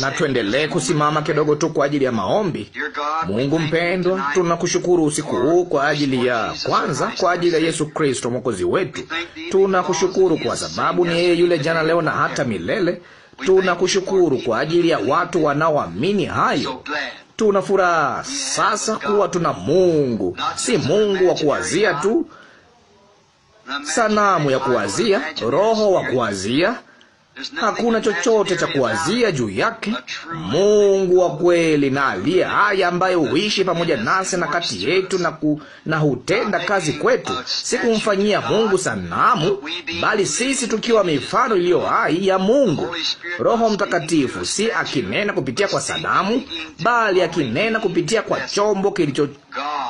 Na tuendelee kusimama kidogo tu kwa ajili ya maombi. Mungu mpendwa, tunakushukuru usiku huu kwa ajili ya kwanza, kwa ajili ya Yesu Kristo mwokozi wetu. Tunakushukuru kwa sababu ni yeye yule jana, leo na hata milele. Tunakushukuru kwa ajili ya watu wanaoamini hayo. Tuna furaha sasa kuwa tuna Mungu, si Mungu wa kuwazia tu, sanamu ya kuwazia, roho wa kuwazia hakuna chochote cha kuwazia juu yake. Mungu wa kweli na aliye haya ambaye huishi pamoja nasi na kati yetu na, ku, na hutenda kazi kwetu, si kumfanyia Mungu sanamu, bali sisi tukiwa mifano iliyo hai ya Mungu. Roho Mtakatifu si akinena kupitia kwa sanamu, bali akinena kupitia kwa chombo kilicho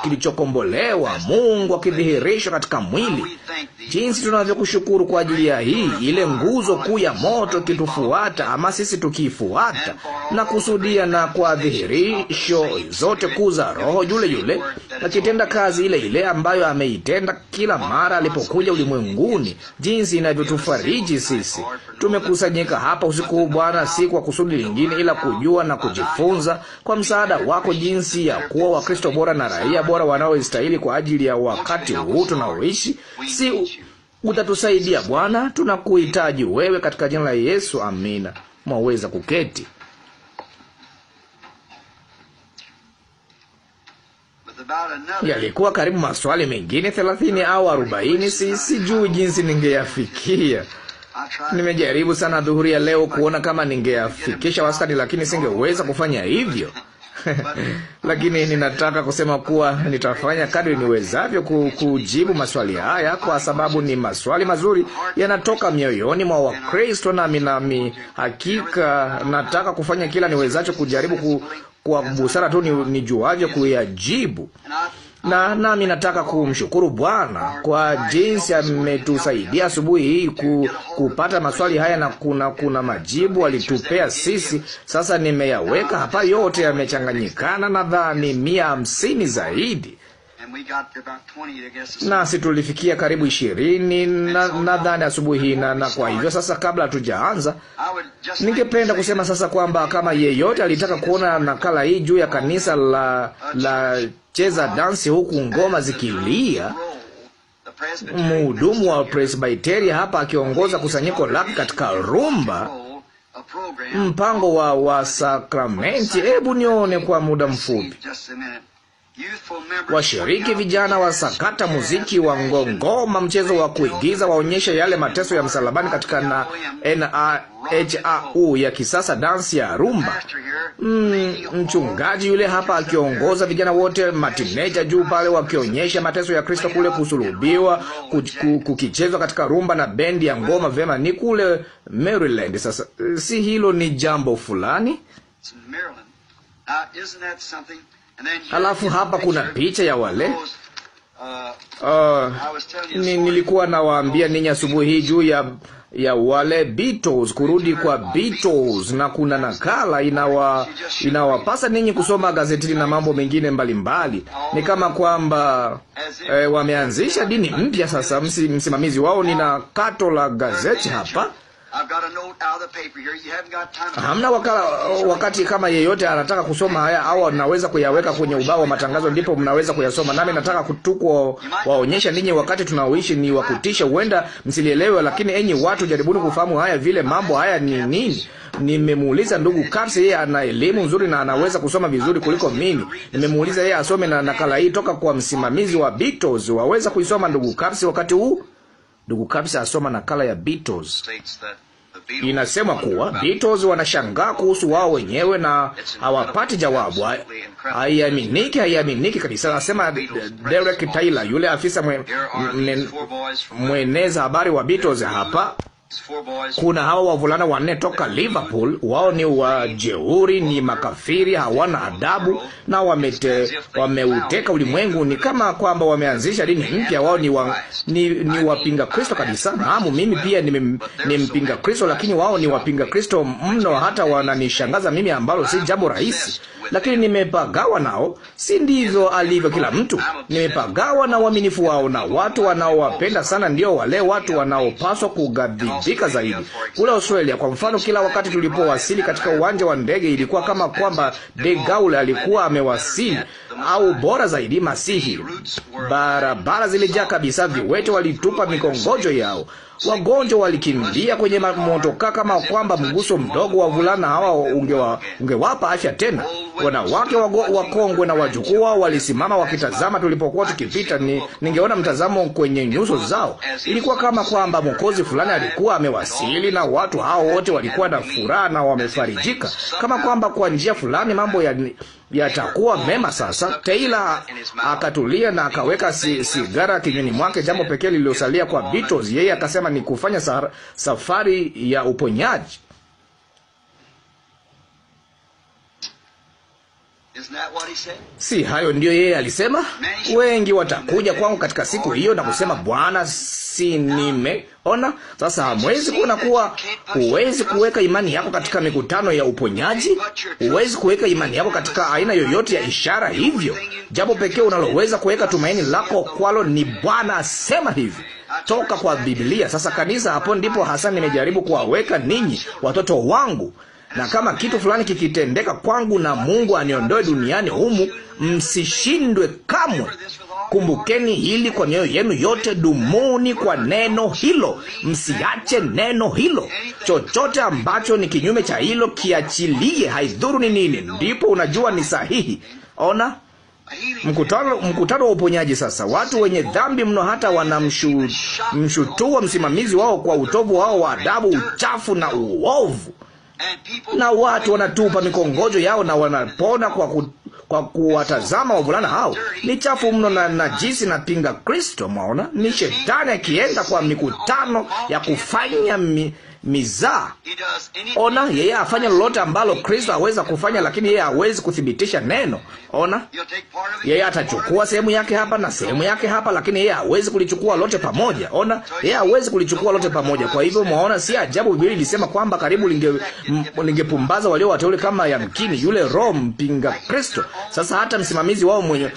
kilichokombolewa, Mungu akidhihirishwa katika mwili. Jinsi tunavyokushukuru kwa ajili ya hii, ile nguzo kuu ya Mungu moto kitufuata ama sisi tukifuata na kusudia, na kwa dhihirisho zote kuu za Roho yule yule akitenda kazi ile ile ambayo ameitenda kila mara alipokuja ulimwenguni, jinsi inavyotufariji sisi. Tumekusanyika hapa usiku huu Bwana, si kwa kusudi lingine ila kujua na kujifunza kwa msaada wako jinsi ya kuwa Wakristo bora na raia bora wanaostahili kwa ajili ya wakati huu tunaoishi si utatusaidia Bwana, tunakuhitaji wewe, katika jina la Yesu, amina. Mwaweza kuketi. Yalikuwa karibu maswali mengine thelathini au arobaini. Si sijui jinsi ningeyafikia. Nimejaribu sana dhuhuri ya leo kuona kama ningeyafikisha wastani, lakini singeweza kufanya hivyo. lakini ninataka kusema kuwa nitafanya kadri niwezavyo kujibu maswali haya, kwa sababu ni maswali mazuri, yanatoka mioyoni mwa Wakristo, nami nami hakika nataka kufanya kila niwezacho kujaribu ku, kwa busara tu nijuavyo kuyajibu na nami nataka kumshukuru Bwana kwa jinsi ametusaidia asubuhi hii ku, kupata maswali haya na kuna kuna majibu alitupea sisi. Sasa nimeyaweka hapa, yote yamechanganyikana, nadhani mia hamsini zaidi nasi tulifikia karibu ishirini nadhani na asubuhi hii na, na kwa hivyo sasa, kabla hatujaanza, ningependa kusema sasa kwamba kama yeyote alitaka kuona nakala hii juu ya kanisa la la kucheza dansi huku ngoma zikilia. Mhudumu wa Presbiteria hapa akiongoza kusanyiko lake katika rumba, mpango wa wasakramenti Hebu nione kwa muda mfupi washiriki vijana wasakata muziki wa ngongoma, mchezo wa kuigiza, waonyesha yale mateso ya msalabani katika na nhau ya kisasa, dansi ya rumba. Mm, mchungaji yule hapa akiongoza vijana wote matineja juu pale, wakionyesha mateso ya Kristo kule kusulubiwa, kukichezwa katika rumba na bendi ya ngoma. vema ni kule Maryland. Sasa si hilo ni jambo fulani? halafu hapa kuna picha ya wale uh, ni, nilikuwa nawaambia ninyi asubuhi hii juu ya ya wale Beatles, kurudi kwa Beatles, na kuna nakala inawa inawapasa ninyi kusoma gazetini na mambo mengine mbalimbali mbali. Ni kama kwamba e, wameanzisha dini mpya sasa. Msi, msimamizi wao ni na kato la gazeti hapa Hamna wakala, wakati kama yeyote anataka kusoma haya au anaweza kuyaweka kwenye ubao wa matangazo, ndipo mnaweza kuyasoma. Nami nataka kutukwa waonyesha ninyi wakati tunaoishi ni wa kutisha. Huenda msilielewe, lakini enyi watu, jaribuni kufahamu haya, vile mambo haya ni nini. Nimemuuliza ndugu Kapsi, yeye ana elimu nzuri na anaweza kusoma vizuri kuliko mimi. Nimemuuliza yeye asome na nakala hii toka kwa msimamizi wa Beatles. Waweza kuisoma ndugu Kapsi wakati huu? Ndugu kabisa asoma nakala ya Beatles inasema kuwa Beatles wanashangaa kuhusu wao wenyewe na hawapati jawabu. Haiaminiki, haiaminiki kabisa, anasema Derek Taylor, yule afisa mweneza habari wa Beatles hapa kuna hawa wavulana wanne toka Liverpool. Wao ni wajeuri, ni makafiri, hawana adabu na wamete, wameuteka ulimwengu. Ni kama kwamba wameanzisha dini mpya. Wao ni, wa, ni, ni wapinga Kristo kabisa. Naam, mimi pia ni, ni mpinga Kristo, lakini wao ni wapinga Kristo mno, hata wananishangaza mimi, ambalo si jambo rahisi lakini nimepagawa nao. Si ndivyo alivyo kila mtu? Nimepagawa na uaminifu wao, na watu wanaowapenda sana ndio wale watu wanaopaswa kugadhibika zaidi. Kule Australia kwa mfano, kila wakati tulipowasili katika uwanja wa ndege, ilikuwa kama kwamba De Gaulle alikuwa amewasili au bora zaidi Masihi. Barabara zilijaa kabisa, viwete walitupa mikongojo yao, wagonjwa walikimbia kwenye motokaa, kama kwamba mguso mdogo wa vulana hawa ungewa, ungewapa afya tena. Wanawake wakongwe na wajukuu wao walisimama wakitazama tulipokuwa tukipita. Ni, ningeona mtazamo kwenye nyuso zao, ilikuwa kama kwamba mwokozi fulani alikuwa amewasili, na watu hao wote walikuwa na furaha na wamefarijika, kama kwamba kwa njia fulani mambo yatakuwa ya mema sasa kabisa. Taylor akatulia na akaweka si, sigara kinywani mwake, jambo pekee lililosalia kwa Beatles. Yeye akasema ni kufanya safari ya uponyaji. Si hayo ndiyo yeye alisema? Wengi watakuja kwangu katika siku hiyo na kusema, Bwana, si nimeona. Sasa hamwezi kuona kuwa huwezi kuweka imani yako katika mikutano ya uponyaji, huwezi kuweka imani yako katika aina yoyote ya ishara. Hivyo jambo pekee unaloweza kuweka tumaini lako kwalo ni Bwana asema hivi toka kwa Biblia. Sasa kanisa, hapo ndipo hasa nimejaribu kuwaweka ninyi watoto wangu na kama kitu fulani kikitendeka kwangu na Mungu aniondoe duniani humu, msishindwe kamwe. Kumbukeni hili kwa mioyo yenu yote, dumuni kwa neno hilo, msiache neno hilo. Chochote ambacho ni kinyume cha hilo kiachilie, haidhuru ni nini, ndipo unajua ni sahihi. Ona mkutano, mkutano wa uponyaji. Sasa watu wenye dhambi mno hata wanamshutua msimamizi wao kwa utovu wao wa adabu, uchafu na uovu na watu wanatupa mikongojo yao na wanapona kwa ku, kwa kuwatazama wavulana hao. Ni chafu mno na najisi na pinga Kristo. Mwaona, ni shetani akienda kwa mikutano ya kufanya mi, mizaa. Ona, yeye afanya lolote ambalo Kristo aweza kufanya, lakini yeye hawezi kuthibitisha neno. Ona, yeye atachukua sehemu yake hapa na sehemu yake hapa, lakini yeye hawezi kulichukua lote pamoja. Ona, yeye hawezi kulichukua lote pamoja. Kwa hivyo mwaona, si ajabu Biblia ilisema kwamba karibu linge lingepumbaza walio wateule kama yamkini yule roho mpinga Kristo. Sasa hata msimamizi wao mwenye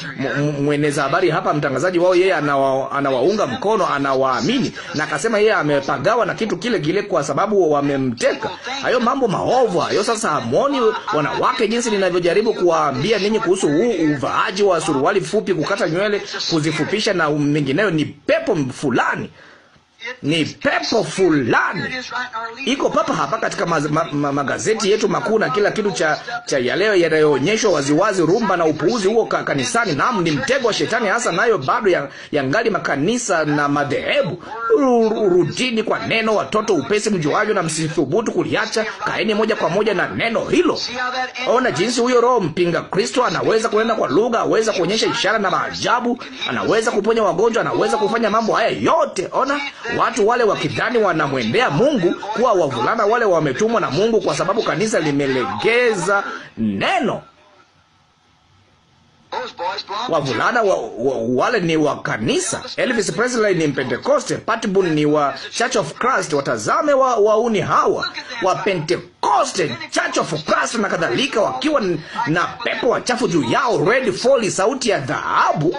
mweneza habari hapa, mtangazaji wao, yeye anawa, anawaunga mkono, anawaamini na akasema yeye amepagawa na kitu kile kile kwa sababu sababu wamemteka. Hayo mambo maovu hayo. Sasa hamwoni wanawake, jinsi ninavyojaribu kuwaambia ninyi kuhusu huu uvaaji wa suruali fupi, kukata nywele, kuzifupisha na mengineyo, ni pepo fulani ni pepo fulani iko papa hapa katika ma, ma, ma, magazeti yetu makuu na kila kitu cha, cha ya leo yanayoonyeshwa waziwazi rumba na upuuzi huo ka, kanisani. Naam, ni mtego wa shetani hasa, nayo bado yangali ya makanisa na madhehebu. Rudini kwa neno, watoto upesi mjuavyo, na msithubutu kuliacha. Kaeni moja kwa moja na neno hilo. Ona jinsi huyo roho mpinga Kristo anaweza kuenda kwa lugha, aweza kuonyesha ishara na maajabu, anaweza kuponya wagonjwa, anaweza kufanya mambo haya yote. Ona watu wale wakidhani wanamwendea Mungu, kuwa wavulana wale wametumwa na Mungu, kwa sababu kanisa limelegeza neno. Wavulana wa, wa, wale ni wa kanisa. Elvis Presley ni Mpentekoste, Patbun ni wa Church of Christ. Watazame wa wauni hawa wa Pentekoste, Church of Christ na kadhalika, wakiwa na pepo wachafu juu yao. Red Foley, sauti ya dhahabu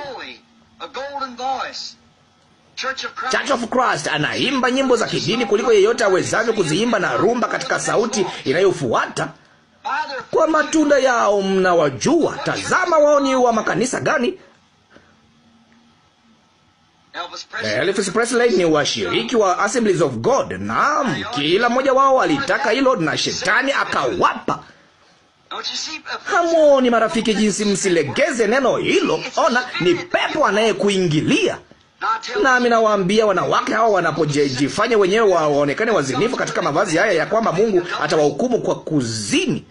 Church of Christ anaimba nyimbo za kidini kuliko yeyote awezavyo kuziimba na rumba katika sauti inayofuata. Kwa matunda yao mnawajua. Tazama wao ni wa makanisa gani? Elvis Presley ni washiriki wa Assemblies of God. Naam, kila mmoja wao alitaka hilo na shetani akawapa. Uh, hamoni marafiki, jinsi msilegeze neno hilo? Ona, ni pepo anayekuingilia Nami nawaambia wanawake hawa wanapojifanya wenyewe waonekane wazinifu katika mavazi haya, ya kwamba Mungu atawahukumu kwa kuzini.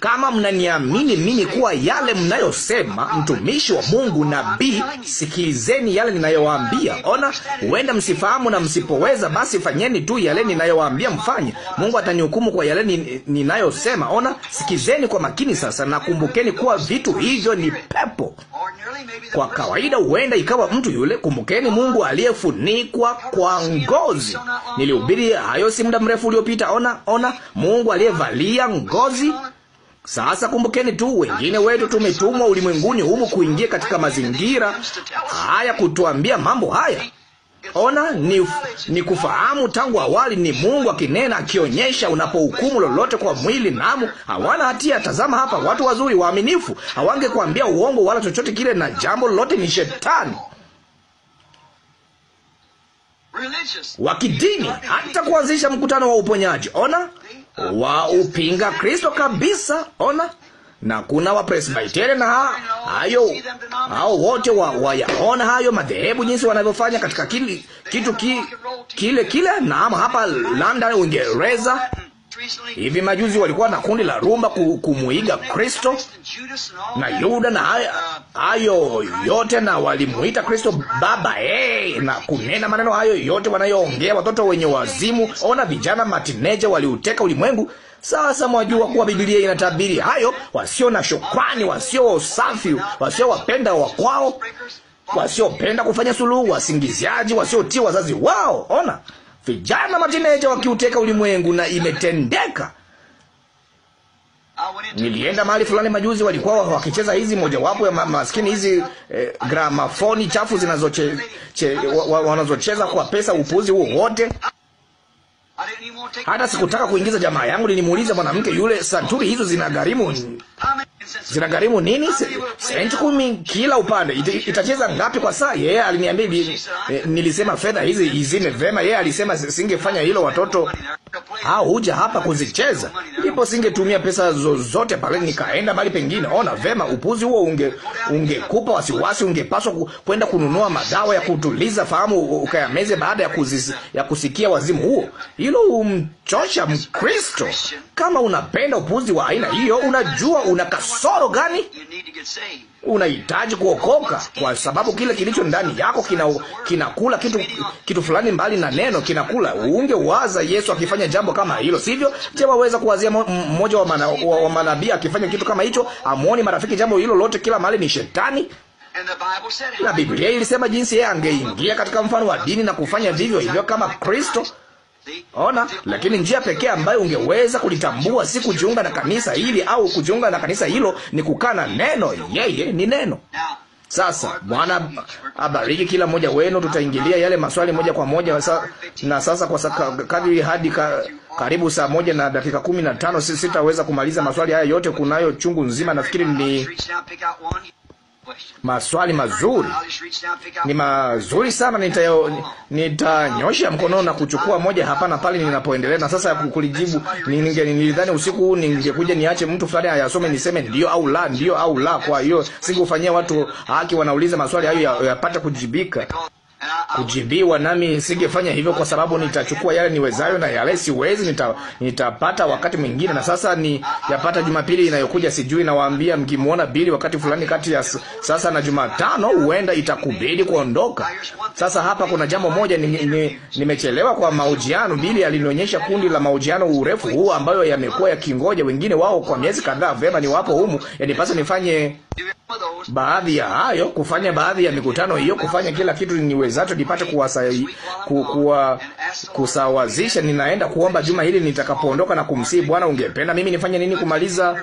Kama mnaniamini mimi kuwa yale mnayosema, mtumishi wa Mungu, nabii, sikilizeni yale ninayowaambia. Ona, huenda msifahamu na msipoweza, basi fanyeni tu yale ninayowaambia mfanye. Mungu atanihukumu kwa yale ninayosema. Ona, sikizeni kwa makini sasa, na kumbukeni kuwa vitu hivyo ni pepo. Kwa kawaida, huenda ikawa mtu yule. Kumbukeni Mungu aliyefunikwa kwa ngozi. Nilihubiri hayo si muda mrefu uliopita. Ona, ona, Mungu aliyevalia ngozi nasi. Sasa kumbukeni tu, wengine wetu tumetumwa ulimwenguni humu kuingia katika mazingira haya kutuambia mambo haya. Ona, ni, ni kufahamu tangu awali, ni Mungu akinena, akionyesha. Unapohukumu lolote kwa mwili, namu hawana hatia. Tazama hapa, watu wazuri waaminifu, kuambia uongo wala chochote kile, na jambo lolote ni shetani wa kidini, hata kuanzisha mkutano wa uponyaji. Ona, wa upinga Kristo kabisa. Ona, na kuna Wapresbiteri na hayo hao wote wayaona wa hayo madhehebu jinsi wanavyofanya katika kili, kitu ki, kile kile. Naam, hapa London, Uingereza Hivi majuzi walikuwa na kundi la rumba kumuiga Kristo na Yuda na hayo yote, na walimuita Kristo baba hey, eh, na kunena maneno hayo yote wanayoongea watoto wenye wazimu. Ona, vijana matineja waliuteka ulimwengu. Sasa mwajua kuwa Biblia inatabiri hayo, wasio na shukrani, wasio safi, wasio wapenda wakwao, wasiopenda kufanya suluhu, wasingiziaji, wasiotii wazazi wao. Ona vijana matineja wakiuteka ulimwengu, na imetendeka. Nilienda mahali fulani majuzi, walikuwa wakicheza hizi mojawapo ya maskini hizi eh, gramafoni chafu zinazocheza wa, wanazocheza kwa pesa, upuzi huo wote. Hata sikutaka kuingiza jamaa yangu, nilimuuliza mwanamke yule, saturi hizo zinagharimu zinagharimu nini? Senti kumi kila upande. itacheza ngapi kwa saa? Yeye aliniambia eh, nilisema fedha hizi izime vema. Yeye alisema singefanya hilo, watoto hao huja hapa kuzicheza, ndipo singetumia pesa zozote pale, nikaenda bali pengine. Ona vema, upuzi huo unge ungekupa wasiwasi, ungepaswa kwenda kununua madawa ya kutuliza fahamu ukayameze baada ya, kuzis, ya kusikia wazimu huo. Hilo um, kumchosha Mkristo. Kama unapenda upuzi wa aina hiyo, unajua una kasoro gani. Unahitaji kuokoka, kwa sababu kile kilicho ndani yako kina kinakula kitu kitu fulani, mbali na neno kinakula. Unge waza Yesu akifanya jambo kama hilo, sivyo? Je, waweza kuwazia mmoja wa, mana, wa, wa manabii akifanya kitu kama hicho? Amwoni marafiki, jambo hilo lote kila mahali ni shetani na Biblia ilisema jinsi yeye angeingia katika mfano wa dini na kufanya vivyo hivyo kama Kristo. Ona, lakini njia pekee ambayo ungeweza kulitambua si kujiunga na kanisa hili au kujiunga na kanisa hilo, ni kukaa na neno. Yeye ni neno. Sasa Bwana abariki kila mmoja wenu. Tutaingilia yale maswali moja kwa moja sa, na sasa kwa kadri hadi ka, karibu saa moja na dakika kumi na tano sitaweza kumaliza maswali haya yote. Kunayo chungu nzima, nafikiri ni Maswali mazuri, ni mazuri sana. Nitanyosha mkono na kuchukua moja hapa na pale ninapoendelea. Na sasa kulijibu, nilidhani usiku huu ningekuja niache mtu fulani ayasome niseme ndio au la, ndio au la. Kwa hiyo sikufanyia watu haki, wanauliza maswali hayo yapate kujibika kujibiwa, nami singefanya hivyo kwa sababu nitachukua yale niwezayo na yale siwezi nita, nitapata wakati mwingine. Na sasa ni yapata Jumapili inayokuja, sijui. Nawaambia, mkimwona Bili wakati fulani kati ya sasa na Jumatano, huenda itakubidi kuondoka. Sasa hapa kuna jambo moja, nimechelewa ni, ni kwa mahojiano. Bili alinionyesha kundi la mahojiano urefu huu ambayo yamekuwa yakingoja wengine wao kwa miezi kadhaa. Vema, ni wapo humu, yanipasa nifanye baadhi ya hayo, kufanya baadhi ya mikutano hiyo, kufanya kila kitu niwezacho nipate kusawazisha. Ninaenda kuomba juma hili nitakapoondoka na kumsii Bwana, ungependa mimi nifanye nini kumaliza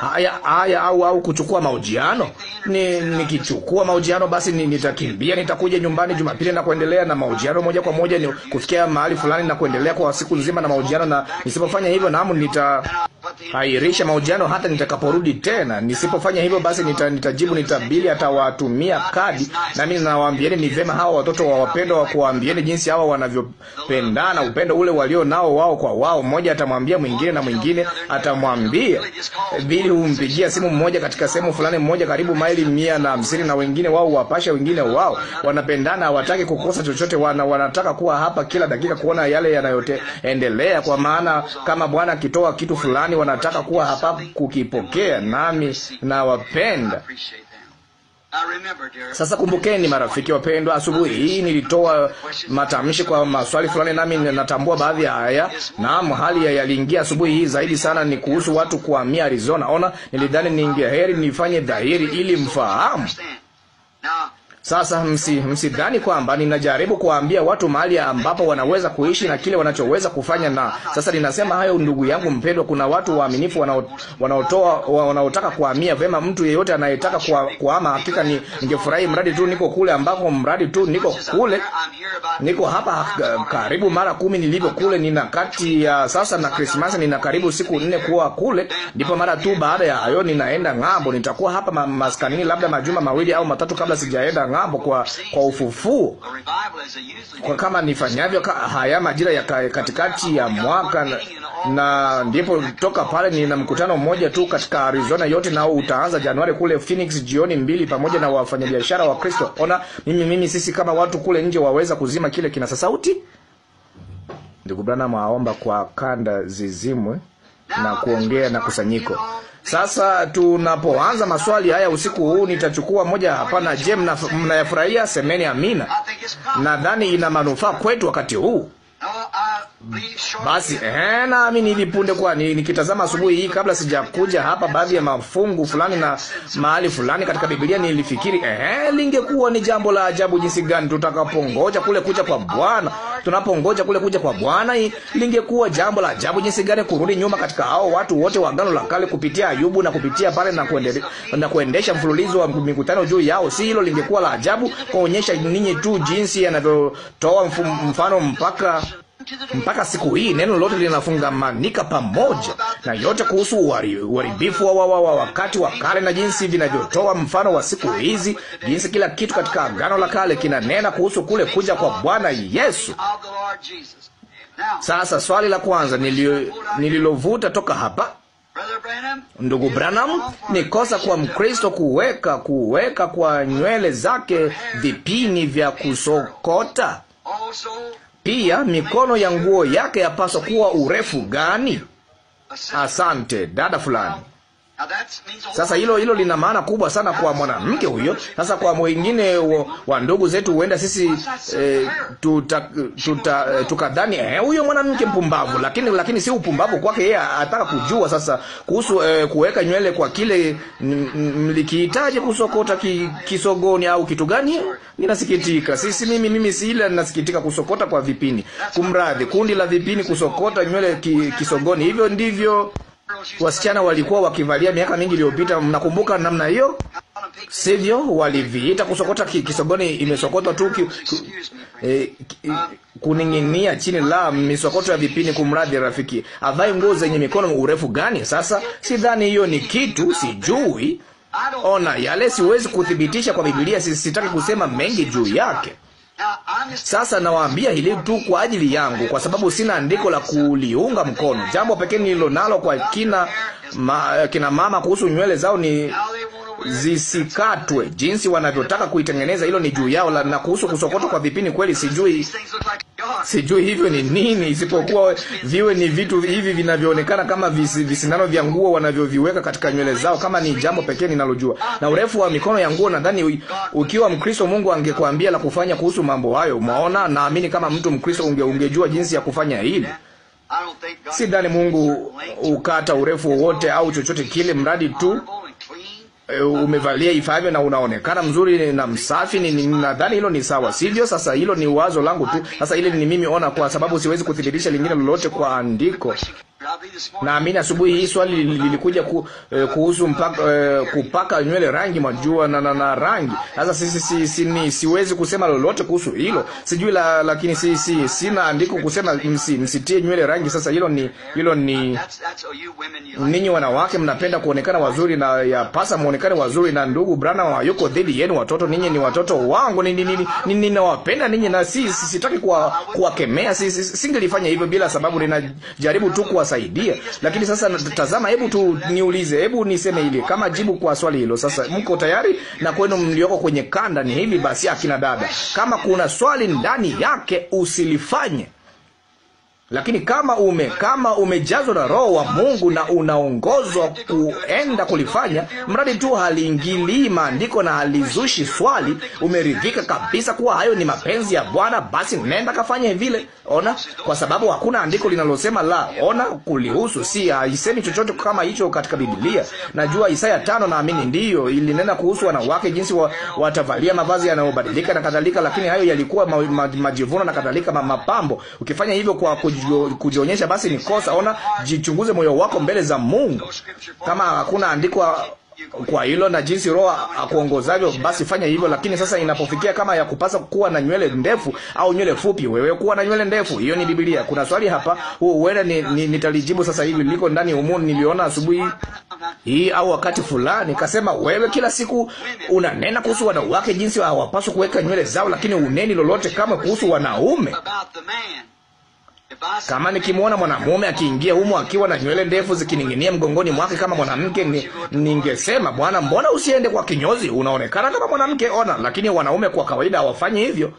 haya haya, au au kuchukua mahojiano. Ni nikichukua mahojiano, basi ni, nitakimbia, nitakuja nyumbani Jumapili na kuendelea na mahojiano moja kwa moja, ni kufikia mahali fulani na kuendelea kwa siku nzima na mahojiano, na nisipofanya hivyo, nita hairisha mahojiano hata nitakaporudi tena. Nisipofanya hivyo, basi nita, nitajibu, nitabili atawatumia kadi, na mimi nawaambieni ni vema hawa watoto wa wapendwa wa kuwaambieni jinsi hawa wanavyopendana, upendo ule walio nao wao kwa wao. Mmoja atamwambia mwingine na mwingine atamwambia vile humpigia simu mmoja katika sehemu fulani, mmoja karibu maili mia na hamsini, na wengine wao wapasha wengine wao wanapendana, hawataki kukosa chochote, wana wanataka kuwa hapa kila dakika kuona yale yanayoendelea, kwa maana kama Bwana akitoa kitu fulani, wanataka kuwa hapa kukipokea. Nami nawapenda. Sasa kumbukeni, marafiki wapendwa, asubuhi hii nilitoa matamshi kwa maswali fulani, nami natambua baadhi ya haya. Naam, hali yaliingia asubuhi hii zaidi sana ni kuhusu watu kuhamia Arizona. Ona, nilidhani ningeheri nifanye dhahiri ili mfahamu sasa msi msidhani kwamba ninajaribu kuwaambia watu mahali ambapo wanaweza kuishi na kile wanachoweza kufanya. Na sasa ninasema hayo, ndugu yangu mpendwa, kuna watu waaminifu wanaotoa wanaotaka kuhamia. Vema, mtu yeyote anayetaka kuhama, hakika ni ningefurahi mradi tu niko kule ambako, mradi tu niko kule, niko hapa karibu mara kumi nilivyo kule. Nina kati ya sasa na Krismasi nina karibu siku nne kuwa kule, ndipo mara tu baada ya hayo ninaenda ng'ambo. Nitakuwa hapa maskanini labda majuma mawili au matatu kabla sijaenda ng'ambo kwa, kwa ufufuo, kwa kama nifanyavyo ka, haya majira ya katikati ya mwaka na, na ndipo toka pale nina mkutano mmoja tu katika Arizona yote, nao utaanza Januari kule Phoenix jioni mbili, pamoja na wafanyabiashara wa Kristo. Ona mimi mimi sisi kama watu kule nje waweza kuzima kile kinasa sauti. Ndugu Branham aomba kwa kanda zizimwe na kuongea na kusanyiko. Sasa tunapoanza maswali haya usiku huu, nitachukua moja hapa na je, mnayafurahia? Semeni amina. Nadhani ina manufaa kwetu wakati huu. Basi eh, nami nilipunde kwa nikitazama asubuhi hii kabla sijakuja hapa, baadhi ya mafungu fulani na mahali fulani katika Biblia nilifikiri, eh, lingekuwa ni jambo la ajabu jinsi gani tutakapongoja kule kuja kwa Bwana. Tunapongoja kule kuja kwa Bwana, lingekuwa jambo la ajabu jinsi gani kurudi nyuma katika hao watu wote wa Agano la Kale kupitia Ayubu na kupitia pale na, kuende, na kuendesha mfululizo wa mikutano juu yao. Si hilo lingekuwa la ajabu kuonyesha ninyi tu jinsi yanavyotoa mfano mpaka mpaka siku hii neno lote linafungamanika pamoja na yote kuhusu uharibifu wa, wa, wa, wa wakati wa kale na jinsi vinavyotoa mfano wa siku hizi, jinsi kila kitu katika Agano la Kale kinanena kuhusu kule kuja kwa Bwana Yesu. Sasa swali la kwanza nililovuta toka hapa, ndugu Branham, ni kosa kwa Mkristo kuweka kuweka kwa nywele zake vipini vya kusokota pia mikono ya nguo yake yapaswa kuwa urefu gani? Asante dada fulani. Sasa hilo hilo lina maana kubwa sana kwa mwanamke huyo. Sasa kwa mwingine wa ndugu zetu, huenda sisi e, tuta, tuta, e, tukadhani e, huyo mwanamke mpumbavu, lakini lakini si upumbavu kwake yeye, anataka kujua sasa kuhusu e, kuweka nywele kwa kile mlikihitaji kusokota ki, kisogoni au kitu gani. Ninasikitika sisi, mimi mimi si ile, ninasikitika kusokota kwa vipini, kumradhi, kundi la vipini, kusokota nywele ki, kisogoni, hivyo ndivyo wasichana walikuwa wakivalia miaka mingi iliyopita. Mnakumbuka namna hiyo, sivyo? Waliviita kusokota kisogoni. Imesokotwa tu ki, ki, eh, ki, kuning'inia chini la misokoto ya vipini. Kumradhi rafiki, avai nguo zenye mikono urefu gani? Sasa sidhani hiyo ni kitu, sijui. Ona yale, siwezi kuthibitisha kwa Biblia, sisitaki kusema mengi juu yake. Sasa nawaambia hili tu kwa ajili yangu, kwa sababu sina andiko la kuliunga mkono. Jambo pekee nililonalo kwa kina, ma, kina mama kuhusu nywele zao ni zisikatwe. Jinsi wanavyotaka kuitengeneza, hilo ni juu yao. Na kuhusu kusokotwa kwa vipini, kweli sijui Sijui hivyo ni nini, isipokuwa viwe ni vitu hivi vinavyoonekana kama visinano visindano vya nguo wanavyoviweka katika nywele zao, kama ni jambo pekee ninalojua. Na urefu wa mikono ya nguo, nadhani ukiwa Mkristo Mungu angekuambia la kufanya kuhusu mambo hayo. Umeona, naamini kama mtu Mkristo unge, ungejua jinsi ya kufanya hili. Sidhani Mungu ukata urefu wote au chochote kile, mradi tu Eh, umevalia ifavyo na unaonekana mzuri na msafi, ni nadhani hilo ni sawa, sivyo? Sasa hilo ni wazo langu tu. Sasa ile ni mimi ona, kwa sababu siwezi kuthibitisha lingine lolote kwa andiko. Naamini asubuhi hii swali lilikuja ku, eh, kuhusu mpaka, eh, kupaka nywele rangi majua na, na, na rangi. Sasa si, si, si, si, ni, siwezi kusema lolote kuhusu hilo sijui la, lakini si, si, sina andiko kusema msi, msitie nywele rangi. Sasa hilo ni hilo ni ninyi wanawake mnapenda kuonekana wazuri na ya pasa muonekane wazuri, na ndugu Branham hayuko dhidi yenu. Watoto ninyi ni watoto wangu, ninawapenda ninyi na si, si, sitaki kuwakemea kuwa si, si, singelifanya hivyo bila sababu, ninajaribu tu kuwa kuwasaidia. Lakini sasa tazama, hebu tu niulize, hebu niseme hili kama jibu kwa swali hilo. Sasa mko tayari? Na kwenu mlioko kwenye kanda ni hivi basi, akina dada, kama kuna swali ndani yake usilifanye. Lakini kama ume kama umejazwa na Roho wa Mungu na unaongozwa kuenda kulifanya, mradi tu haliingilii maandiko na halizushi swali, umeridhika kabisa kuwa hayo ni mapenzi ya Bwana, basi nenda kafanye vile. Ona, kwa sababu hakuna andiko linalosema la. Ona, kulihusu si haisemi chochote kama hicho katika Biblia. Najua Isaya tano, naamini ndiyo ilinena kuhusu wanawake, jinsi wa, watavalia mavazi yanayobadilika na kadhalika, lakini hayo yalikuwa ma, ma, majivuno na kadhalika, mapambo. Ukifanya hivyo kwa kuj kujionyesha basi ni kosa. Ona, jichunguze moyo wako mbele za Mungu, kama hakuna andiko kwa hilo na jinsi Roho akuongozavyo basi fanya hivyo. Lakini sasa inapofikia kama ya kupasa kuwa na nywele ndefu au nywele fupi, wewe kuwa na nywele ndefu, hiyo ni Biblia. Kuna swali hapa, huenda ni, ni, nitalijibu sasa hivi, liko ndani humo, niliona asubuhi hii au wakati fulani, kasema wewe, kila siku unanena kuhusu wanawake jinsi hawapaswi kuweka nywele zao, lakini uneni lolote kama kuhusu wanaume kama nikimwona mwanamume akiingia humo akiwa na nywele ndefu zikining'inia mgongoni mwake kama mwanamke, ni, ningesema Bwana, mbona usiende kwa kinyozi? Unaonekana kama mwanamke. Ona, lakini wanaume kwa kawaida hawafanyi hivyo.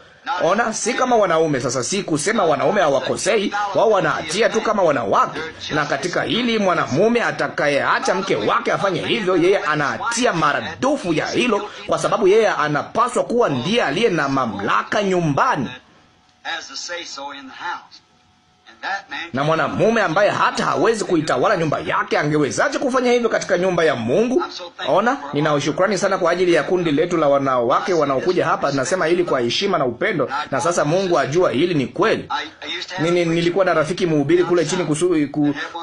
Ona, si kama wanaume. Sasa si kusema wanaume hawakosei, wao wanaatia tu kama wanawake. Na katika hili, mwanamume atakayeacha mke wake afanye hivyo, yeye anaatia maradufu ya hilo, kwa sababu yeye anapaswa kuwa ndiye aliye na mamlaka nyumbani na mwanamume ambaye hata hawezi kuitawala nyumba yake angewezaje kufanya hivyo katika nyumba ya Mungu? Ona, nina sana kwa ajili ya kundi letu la wanawake wanaokuja hapa. Nasema hili kwa heshima na upendo, na sasa Mungu ajua hili ni kweli. Nini, nilikuwa na rafiki mhubiri kule chini kusu,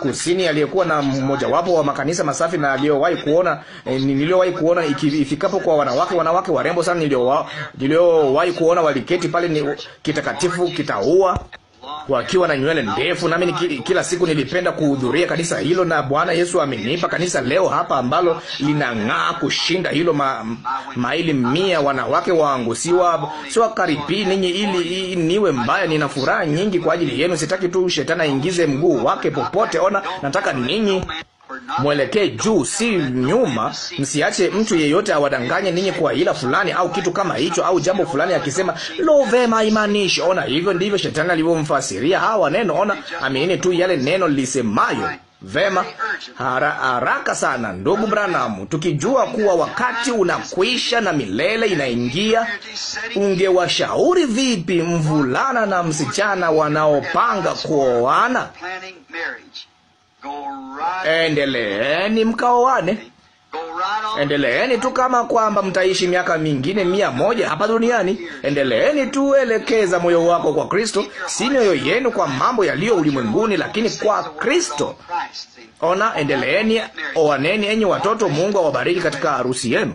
kusini aliyekuwa na mmojawapo wa makanisa masafi na aliyowahi kuona eh, niliyowahi kuona ikifikapo kwa wanawake wanawake warembo sana niliyowahi kuona waliketi pale, ni kitakatifu kitaua wakiwa na nywele ndefu. Nami kila siku nilipenda kuhudhuria kanisa hilo, na Bwana Yesu amenipa kanisa leo hapa ambalo linang'aa kushinda hilo ma, maili mia. Wanawake wangu, siwa siwakaribii ninyi ili niwe mbaya. Nina furaha nyingi kwa ajili yenu. Sitaki tu shetani aingize mguu wake popote. Ona, nataka ninyi mwelekee juu, si nyuma. Msiache mtu yeyote awadanganye ninyi kwa hila fulani au kitu kama hicho au jambo fulani, akisema lo, vema, imanishi. Ona, hivyo ndivyo shetani alivyomfasiria hawa neno. Ona, amini tu yale neno lisemayo. Vema, hara, haraka sana ndugu Branamu, tukijua kuwa wakati unakwisha na milele inaingia, ungewashauri vipi mvulana na msichana wanaopanga kuoana? endeleeni mkaoane, endeleeni tu kama kwamba mtaishi miaka mingine mia moja hapa duniani. Endeleeni tu, elekeza moyo wako kwa Kristo, si mioyo yenu kwa mambo yaliyo ulimwenguni, lakini kwa Kristo. Ona, endeleeni, oaneni enyi watoto. Mungu awabariki katika harusi yenu.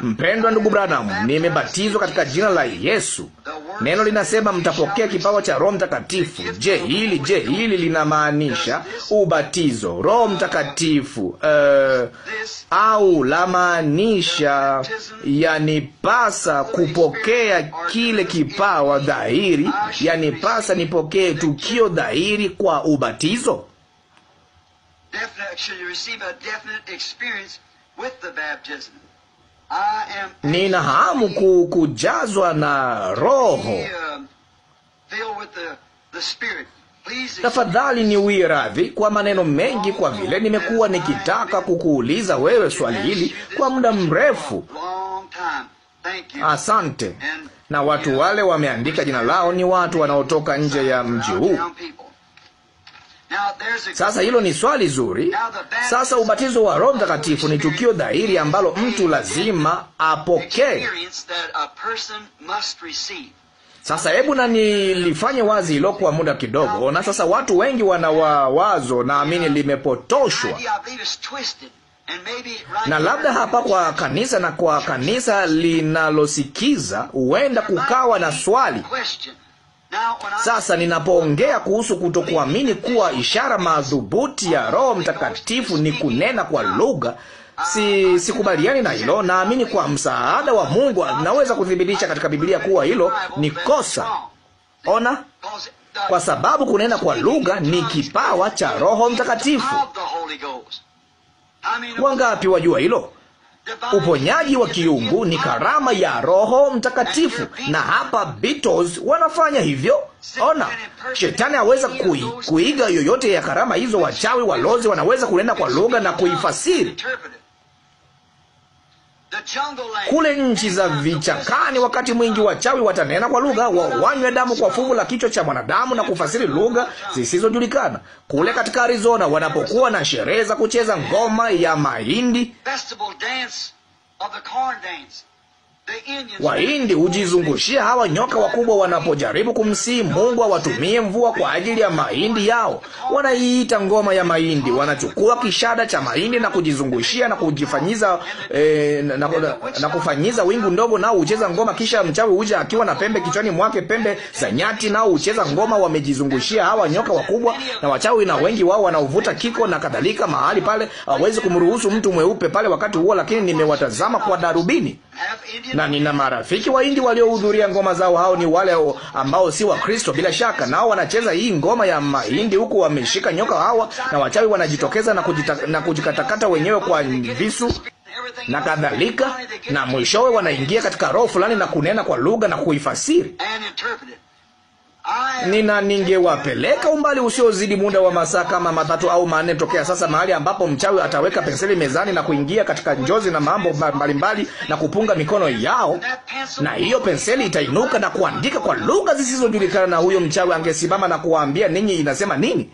Mpendwa ndugu Branham, nimebatizwa katika jina la Yesu. Neno linasema mtapokea kipawa cha Roho Mtakatifu. Je, hili je, hili linamaanisha ubatizo Roho Mtakatifu uh, au lamaanisha yanipasa kupokea kile kipawa dhahiri? Yanipasa nipokee tukio dhahiri kwa ubatizo? Nina hamu ku, kujazwa na Roho. Uh, Tafadhali niwie radhi kwa maneno mengi, kwa vile nimekuwa nikitaka kukuuliza wewe swali hili kwa muda mrefu. Asante. Na watu uh, wale wameandika jina lao, ni watu wanaotoka nje ya mji huu. Sasa hilo ni swali zuri. Sasa ubatizo wa Roho Mtakatifu ni tukio dhahiri ambalo mtu lazima apokee. Sasa hebu na nilifanye wazi hilo kwa muda kidogo. Na sasa watu wengi wana wazo, naamini limepotoshwa na labda hapa kwa kanisa na kwa kanisa linalosikiza, huenda kukawa na swali sasa ninapoongea kuhusu kutokuamini kuwa ishara madhubuti ya Roho Mtakatifu ni kunena kwa lugha, si sikubaliani na hilo. Naamini kwa msaada wa Mungu naweza kuthibitisha katika Biblia kuwa hilo ni kosa. Ona, kwa sababu kunena kwa lugha ni kipawa cha Roho Mtakatifu. Wangapi wajua hilo? Uponyaji wa kiungu ni karama ya Roho Mtakatifu, na hapa Beatles wanafanya hivyo. Ona, shetani aweza kui, kuiga yoyote ya karama hizo. Wachawi, walozi wanaweza kunena kwa lugha na kuifasiri kule nchi za vichakani, wakati mwingi wachawi watanena kwa lugha, wanywe damu kwa fuvu la kichwa cha mwanadamu na kufasiri lugha zisizojulikana. Kule katika Arizona wanapokuwa na sherehe za kucheza ngoma ya mahindi Wahindi hujizungushia hawa nyoka wakubwa wanapojaribu kumsii Mungu awatumie mvua kwa ajili ya mahindi yao. Wanaiita ngoma ya mahindi. Wanachukua kishada cha mahindi na kujizungushia na kujifanyiza eh, na, na, na, na kufanyiza wingu ndogo, nao hucheza ngoma. Kisha mchawi huja akiwa na pembe kichwani mwake, pembe za nyati, nao hucheza ngoma. Wamejizungushia hawa nyoka wakubwa na wachawi, na wengi wao wanaovuta kiko na kadhalika. Mahali pale hawezi kumruhusu mtu mweupe pale wakati huo, lakini nimewatazama kwa darubini na nina marafiki waindi waliohudhuria ngoma zao. Hao ni wale ambao si wa Kristo bila shaka, nao wanacheza hii ngoma ya mahindi huku wameshika nyoka hawa, na wachawi wanajitokeza na, kujita, na kujikatakata wenyewe kwa visu na kadhalika, na mwishowe wanaingia katika roho fulani na kunena kwa lugha na kuifasiri nina ningewapeleka umbali usiozidi muda wa masaa kama matatu au manne tokea sasa, mahali ambapo mchawi ataweka penseli mezani na kuingia katika njozi na mambo mbalimbali mbali na kupunga mikono yao, na hiyo penseli itainuka na kuandika kwa lugha zisizojulikana, na huyo mchawi angesimama na kuwaambia ninyi inasema nini.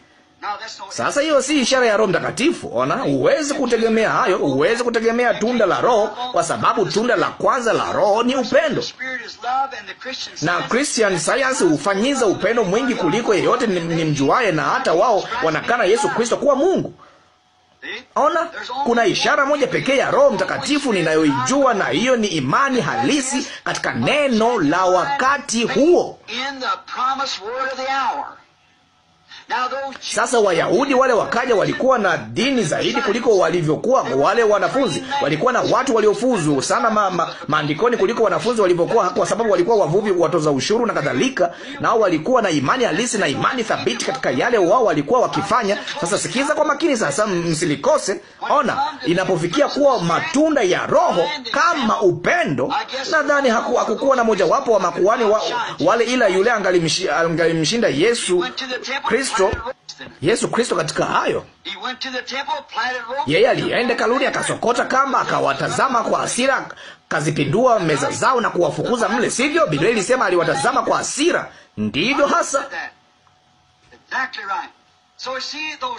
Sasa hiyo si ishara ya Roho Mtakatifu. Ona, huwezi kutegemea hayo, huwezi kutegemea tunda la Roho, kwa sababu tunda la kwanza la Roho ni upendo, na Christian Science hufanyiza upendo mwingi kuliko yeyote ni mjuaye, na hata wao wanakana Yesu Kristo kuwa Mungu. Ona, kuna ishara moja pekee ya Roho Mtakatifu ninayoijua, na hiyo ni imani halisi katika neno la wakati huo. Sasa Wayahudi wale wakaja, walikuwa na dini zaidi kuliko walivyokuwa wale wanafunzi. Walikuwa na watu waliofuzu sana ma, ma, maandikoni kuliko wanafunzi walivyokuwa, kwa sababu walikuwa wavuvi, watoza ushuru na kadhalika. Nao walikuwa na imani halisi na imani thabiti katika yale wao walikuwa wakifanya. Sasa sikiza kwa makini, sasa msilikose. Ona, inapofikia kuwa matunda ya Roho kama upendo, nadhani hakukuwa na mojawapo wa makuhani wa, wale, ila yule angalimshinda Yesu Kristo Kristo, Yesu Kristo katika hayo. Yeye alienda kaluni, akasokota kamba, akawatazama kwa hasira, kazipindua meza zao na kuwafukuza mle, sivyo? Biblia ilisema aliwatazama kwa hasira. Ndivyo hasa.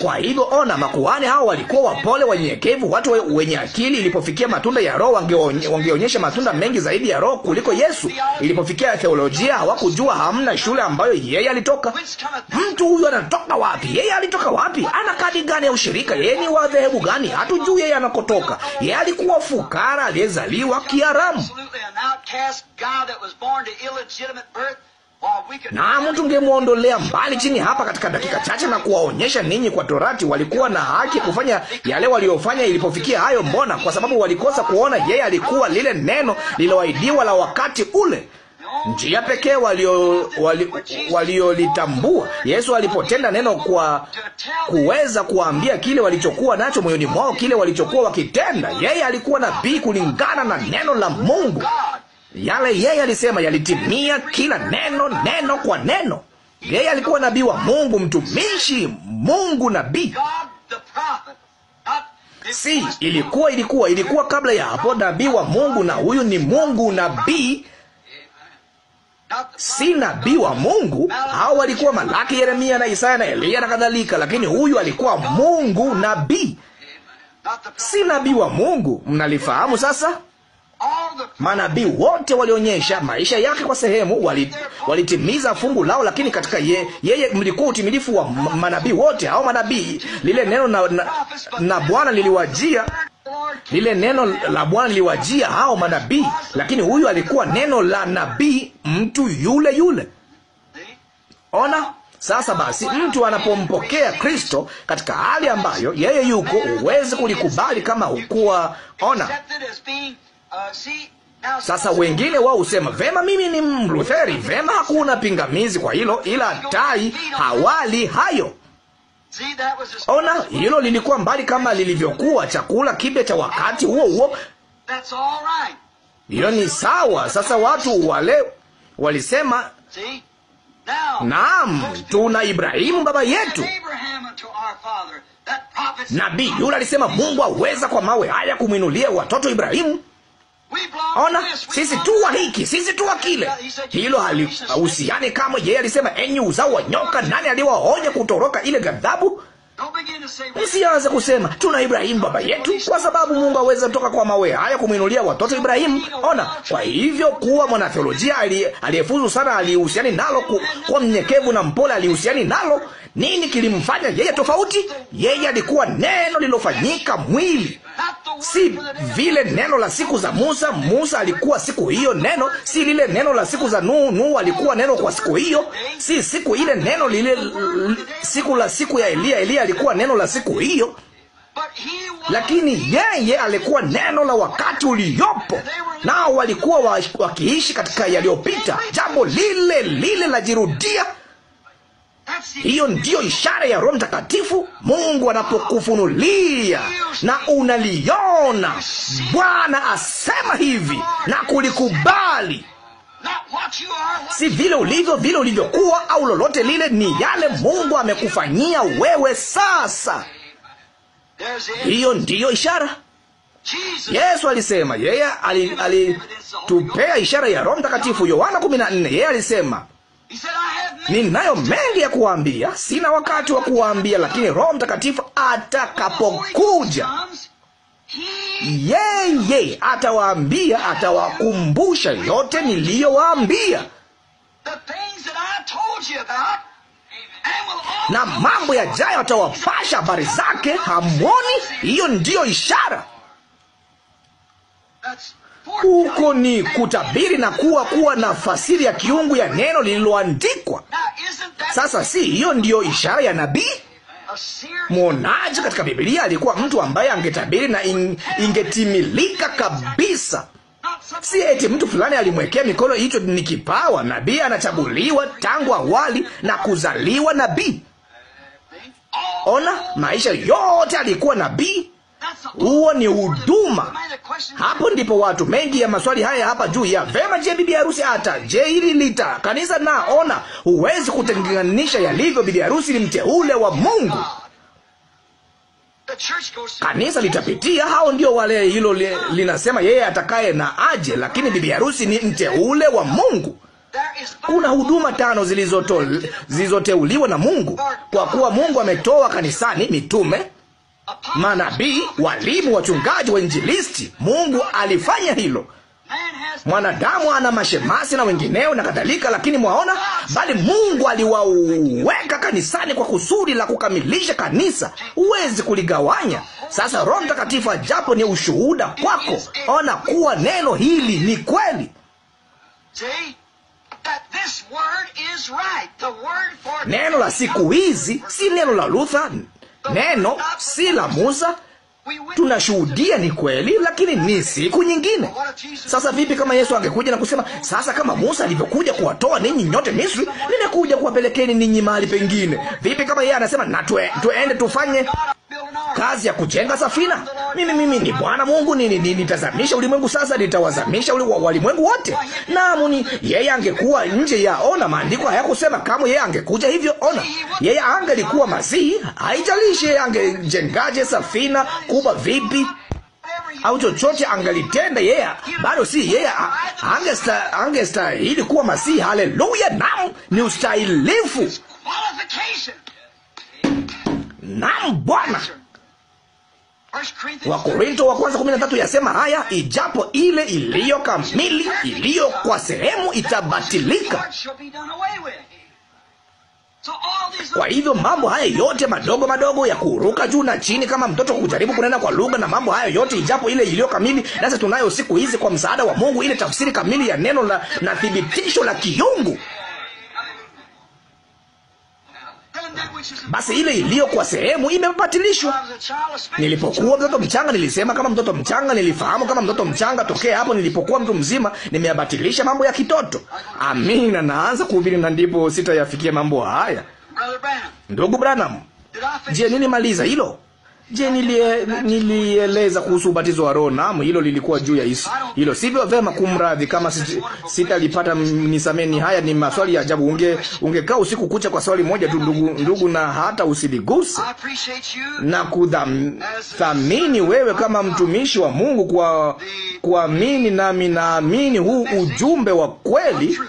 Kwa hivyo ona, makuhani hao walikuwa wapole, wanyenyekevu, watu wenye akili. Ilipofikia matunda ya Roho, wangeonyesha matunda mengi zaidi ya Roho kuliko Yesu. Ilipofikia theolojia, hawakujua, hamna shule ambayo yeye alitoka. Mtu huyu anatoka wapi? Yeye alitoka wapi? Ana kadi gani ya ushirika? Yeye ni wa dhehebu gani? Hatujui yeye anakotoka. Yeye alikuwa fukara aliyezaliwa Kiaramu na mtu ngemwondolea mbali chini hapa katika dakika chache na kuwaonyesha ninyi kwa Torati walikuwa na haki kufanya yale waliofanya ilipofikia hayo. Mbona? Kwa sababu walikosa kuona yeye alikuwa lile neno lililoahidiwa la wakati ule. Njia pekee waliolitambua wali Yesu alipotenda neno kwa kuweza kuwaambia kile walichokuwa nacho moyoni mwao, kile walichokuwa wakitenda. Yeye alikuwa nabii kulingana na neno la Mungu. Yale yeye alisema yalitimia, kila neno, neno kwa neno. Yeye alikuwa nabii wa Mungu, mtumishi Mungu, nabii Si ilikuwa ilikuwa ilikuwa kabla ya hapo, nabii wa Mungu. Na huyu ni Mungu nabii, si nabii wa Mungu. Hao walikuwa Malaki, Yeremia na Isaya na Eliya na kadhalika, lakini huyu alikuwa Mungu nabii, si nabii wa Mungu. Mnalifahamu sasa? Manabii wote walionyesha maisha yake kwa sehemu, walitimiza wali fungu lao, lakini katika ye, yeye mlikuwa utimilifu wa manabii wote au manabii. Lile neno na, na, na Bwana liliwajia lile neno la Bwana liliwajia hao manabii, lakini huyu alikuwa neno la nabii, mtu yule yule. Ona sasa basi, mtu anapompokea Kristo katika hali ambayo yeye yuko, huwezi kulikubali kama hukuwa ona sasa wengine wao husema vema, mimi ni Mlutheri. Vema, hakuna pingamizi kwa hilo, ila tai hawali hayo. Ona, hilo lilikuwa mbali kama lilivyokuwa chakula kipya cha wakati huo huo. Hiyo ni sawa. Sasa watu wale walisema Naam, tuna Ibrahimu baba yetu. Nabii yule alisema Mungu aweza kwa mawe haya kumwinulia watoto Ibrahimu. Ona, sisi tu wa hiki, sisi tu wa kile. Hilo halihusiani kamwe. Yeye alisema, enyi uzao wa nyoka, nani aliwaonya kutoroka ile ghadhabu? Msianze kusema tuna Ibrahimu baba yetu, kwa sababu Mungu aweza kutoka kwa mawe haya kumwinulia watoto Ibrahimu. Ona, kwa hivyo kuwa mwanatheolojia aliyefuzu sana alihusiani nalo, kuwa mnyekevu na mpole alihusiani nalo. Nini kilimfanya yeye tofauti? Yeye alikuwa neno lilofanyika mwili, si vile neno la siku za Musa. Musa alikuwa siku hiyo neno, si lile neno la siku za Nuhu. Nuhu alikuwa neno kwa siku hiyo, si siku ile neno lile. Siku la siku ya Eliya, Eliya alikuwa neno la siku hiyo lakini yeye alikuwa neno la wakati uliopo, nao walikuwa wakiishi katika yaliyopita. Jambo lile lile lajirudia. Hiyo ndiyo ishara ya Roho Mtakatifu. Mungu anapokufunulia na unaliona, Bwana asema hivi na kulikubali, si vile ulivyo, vile ulivyokuwa au lolote lile, ni yale Mungu amekufanyia wewe sasa. Hiyo ndiyo ishara. Yesu alisema, yeye alitupea ishara ya Roho Mtakatifu. Yohana 14, yeye alisema Ninayo mengi ya kuwaambia, sina wakati wa kuwaambia, lakini Roho Mtakatifu atakapokuja yeye atawaambia, atawakumbusha yote niliyowaambia na mambo yajayo atawapasha habari zake. Hamwoni? Hiyo ndiyo ishara. Huko ni kutabiri na kuwa kuwa na fasiri ya kiungu ya neno lililoandikwa. Sasa si hiyo ndiyo ishara ya nabii? Mwonaji katika Biblia alikuwa mtu ambaye angetabiri na in, ingetimilika kabisa. Si eti mtu fulani alimwekea mikono, hicho ni kipawa. Nabii anachaguliwa tangu awali na kuzaliwa nabii. Ona, maisha yote alikuwa nabii. Huo ni huduma. Hapo ndipo watu mengi ya maswali haya hapa juu ya vema. Je, bibi harusi hata je hili lita kanisa? Na ona, huwezi kutenganisha yalivyo. Bibi harusi ni mteule wa Mungu. Kanisa litapitia hao, ndio wale, hilo li, linasema yeye atakaye na aje, lakini bibi harusi ni mteule wa Mungu. Kuna huduma tano zilizoteuliwa na Mungu, kwa kuwa Mungu ametoa kanisani mitume manabii, walimu, wachungaji, wainjilisti. Mungu alifanya hilo. Mwanadamu ana mashemasi na wengineo na kadhalika, lakini mwaona, bali Mungu aliwaweka kanisani kwa kusudi la kukamilisha kanisa. Huwezi kuligawanya. Sasa Roho Mtakatifu ajapo ni ushuhuda kwako, ona kuwa neno hili ni kweli. Neno la siku hizi si neno la Luther, neno si la Musa. Tunashuhudia ni kweli, lakini ni siku nyingine. Sasa vipi kama Yesu angekuja na kusema, sasa kama Musa alivyokuja kuwatoa ninyi nyote Misri, nimekuja kuwapelekeni ninyi mahali pengine? Vipi kama yeye anasema na tuende tufanye kazi ya kujenga safina. Mimi mimi ni Bwana Mungu, nitazamisha ulimwengu sasa, nitawazamisha walimwengu wote. Naam, ni yeye angekuwa nje ya ona, maandiko hayakusema kama yeye angekuja hivyo. Ona, yeye angelikuwa Masihi, haijalishi yeye angejengaje safina kubwa vipi au chochote angalitenda yeye, Bado si yeye yeah. Angestahili kuwa Masihi. Haleluya! Naam, ni ustahilifu Naam Bwana. Wakorinto wa kwanza 13 yasema haya, ijapo ile iliyo kamili, iliyo kwa sehemu itabatilika. Kwa hivyo mambo haya yote madogo madogo ya kuruka juu na chini kama mtoto kujaribu kunena kwa lugha na mambo hayo yote ijapo ile iliyo kamili, nasi tunayo siku hizi kwa msaada wa Mungu, ile tafsiri kamili ya neno la, na thibitisho la kiungu. Basi ile iliyo kwa sehemu imepatilishwa. Nilipokuwa mtoto mchanga, nilisema kama mtoto mchanga, nilifahamu kama mtoto mchanga tokea hapo. Nilipokuwa mtu mzima, nimeyabatilisha mambo ya kitoto. Amina, naanza kuhubiri, na ndipo sitayafikia mambo haya. Ndugu Branham, je, nini maliza hilo? Je, nilieleza kuhusu ubatizo wa Roho? Naam, hilo lilikuwa juu ya isu Hilo sivyo? Vema, kumradhi kama sitalipata nisameni. Haya ni maswali ya ajabu. Unge ungekaa usiku kucha kwa swali moja tu, ndugu, ndugu, na hata usiliguse. Na kudhamini wewe kama mtumishi wa Mungu kwa kuamini, nami naamini huu ujumbe wa kweli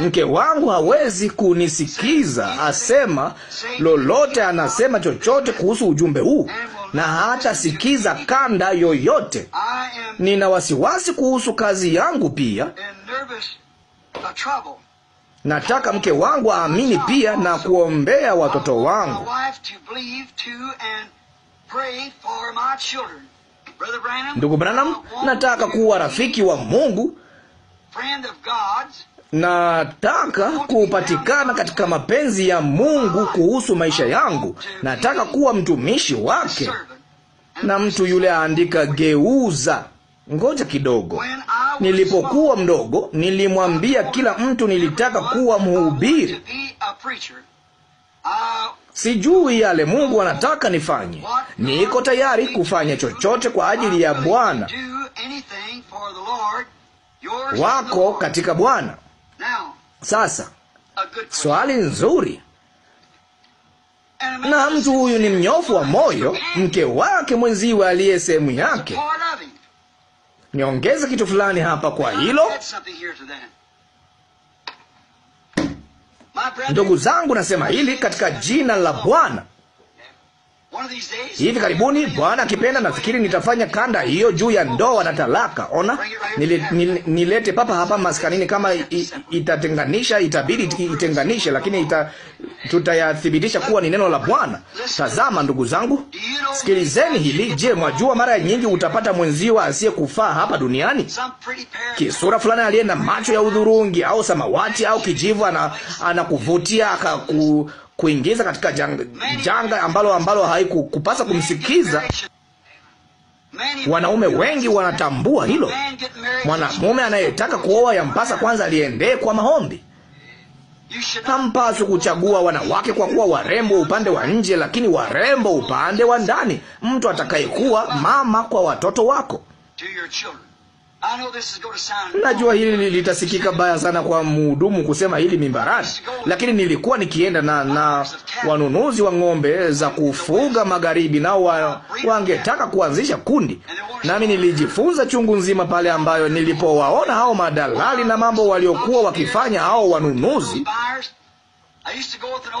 mke wangu hawezi kunisikiza, asema lolote, anasema chochote kuhusu ujumbe huu, na hatasikiza kanda yoyote. Nina wasiwasi kuhusu kazi yangu pia. Nataka mke wangu aamini pia na kuombea watoto wangu. Ndugu Branham, nataka kuwa rafiki wa Mungu Nataka kupatikana katika mapenzi ya Mungu kuhusu maisha yangu. Nataka kuwa mtumishi wake. Na mtu yule aandika geuza. Ngoja kidogo. Nilipokuwa mdogo, nilimwambia kila mtu nilitaka kuwa mhubiri. Sijui yale Mungu anataka nifanye. Niko tayari kufanya chochote kwa ajili ya Bwana wako katika Bwana. Sasa swali nzuri. Na mtu huyu ni mnyofu wa moyo, mke wake mwenziwe aliye sehemu yake. Niongeze kitu fulani hapa kwa hilo. Ndugu zangu, nasema hili katika jina la Bwana. Hivi karibuni, Bwana akipenda, nafikiri nitafanya kanda hiyo juu ya ndoa na talaka. Ona, nile, nile, nilete papa hapa maskanini. Kama itatenganisha, itabidi itenganishe, lakini ita, tutayathibitisha kuwa ni neno la Bwana. Tazama ndugu zangu, sikilizeni hili. Je, mwajua mara nyingi utapata mwenzio asiye kufaa hapa duniani, kisura fulani aliye na macho ya udhurungi au samawati au kijivu, anakuvutia ana akaku kuingiza katika janga, janga ambalo ambalo haikupasa kumsikiza. Wanaume wengi wanatambua hilo. Mwanamume anayetaka kuoa yampasa kwanza aliendee kwa maombi. Hampaswi kuchagua wanawake kwa kuwa warembo upande wa nje, lakini warembo upande wa ndani, mtu atakayekuwa mama kwa watoto wako. Najua hili litasikika baya sana kwa mhudumu kusema hili mimbarani, lakini nilikuwa nikienda na, na wanunuzi wa ng'ombe za kufuga magharibi, nao wa, wangetaka kuanzisha kundi, nami nilijifunza chungu nzima pale, ambayo nilipowaona hao madalali na mambo waliokuwa wakifanya hao wanunuzi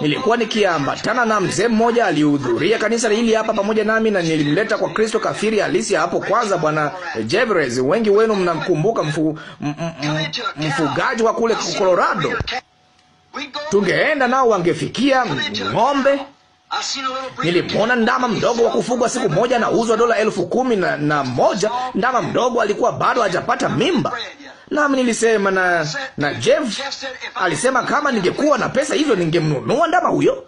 Nilikuwa nikiambatana na mzee mmoja alihudhuria kanisa hili hapa pamoja nami, na nilimleta kwa Kristo kafiri halisi hapo kwanza, Bwana Jevres. Wengi wenu mnamkumbuka, mfu, mfugaji wa kule Colorado. Tungeenda nao wangefikia ng'ombe Nilimwona ndama mdogo wa kufugwa siku moja, na uzwa dola elfu kumi na, na moja. Ndama mdogo alikuwa bado hajapata mimba, nami nilisema na na Jeff alisema kama ningekuwa na pesa hivyo ningemnunua ndama huyo.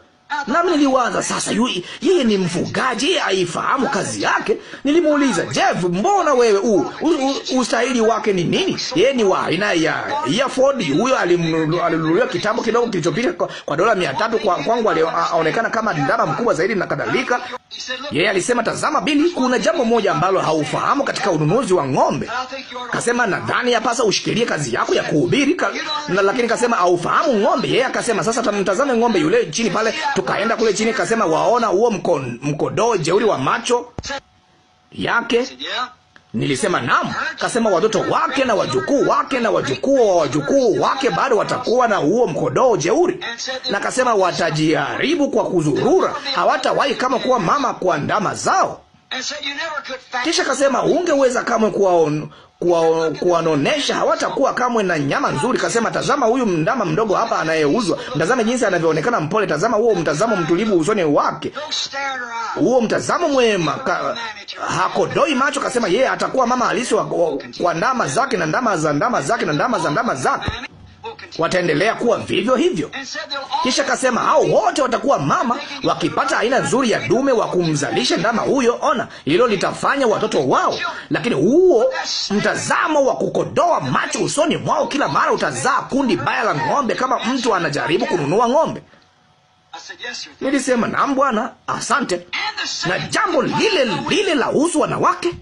Nami niliwaza sasa, yu yeye ni mfugaji, aifahamu kazi yake. Nilimuuliza, Jeff, mbona wewe u, u, u, ustahili wake ni nini? Yeye ni wa aina ya ya Ford. Huyo alinunuliwa kitambo kidogo kilichopita kwa, kwa dola mia tatu. Kwa kwangu alionekana kama ndama mkubwa zaidi na kadhalika. Yeye alisema, tazama Bili, kuna jambo moja ambalo haufahamu katika ununuzi wa ng'ombe. Kasema, nadhani yapasa ushikilie kazi yako ya kuhubiri ka, lakini kasema haufahamu ng'ombe. Yeye akasema, sasa mtazame ng'ombe yule chini pale tukaenda kule chini, kasema waona huo mkodoo mko jeuri wa macho yake? Nilisema naam. Kasema watoto wake na wajukuu wake na wajukuu wa wajukuu wake bado watakuwa na huo mkodoo jeuri, na kasema watajiharibu kwa kuzurura, hawatawahi kama kuwa mama kwa ndama zao. Kisha kasema ungeweza kamwe kuwa, kuwanonesha hawatakuwa kamwe na nyama nzuri. Kasema, tazama huyu mndama mdogo hapa anayeuzwa, mtazame jinsi anavyoonekana mpole, tazama huo mtazamo mtulivu usoni wake, huo mtazamo mwema, hakodoi macho. Kasema yeye atakuwa mama halisi kwa ndama zake na ndama za ndama zake na ndama za ndama zake wataendelea kuwa vivyo hivyo. Kisha kasema hao wote watakuwa mama, wakipata aina nzuri ya dume wa kumzalisha ndama huyo. Ona, hilo litafanya watoto wao, lakini huo mtazamo wa kukodoa macho usoni mwao kila mara utazaa kundi baya la ng'ombe, kama mtu anajaribu kununua ng'ombe. Nilisema, naam bwana, asante. Na jambo lile lile la husu wanawake.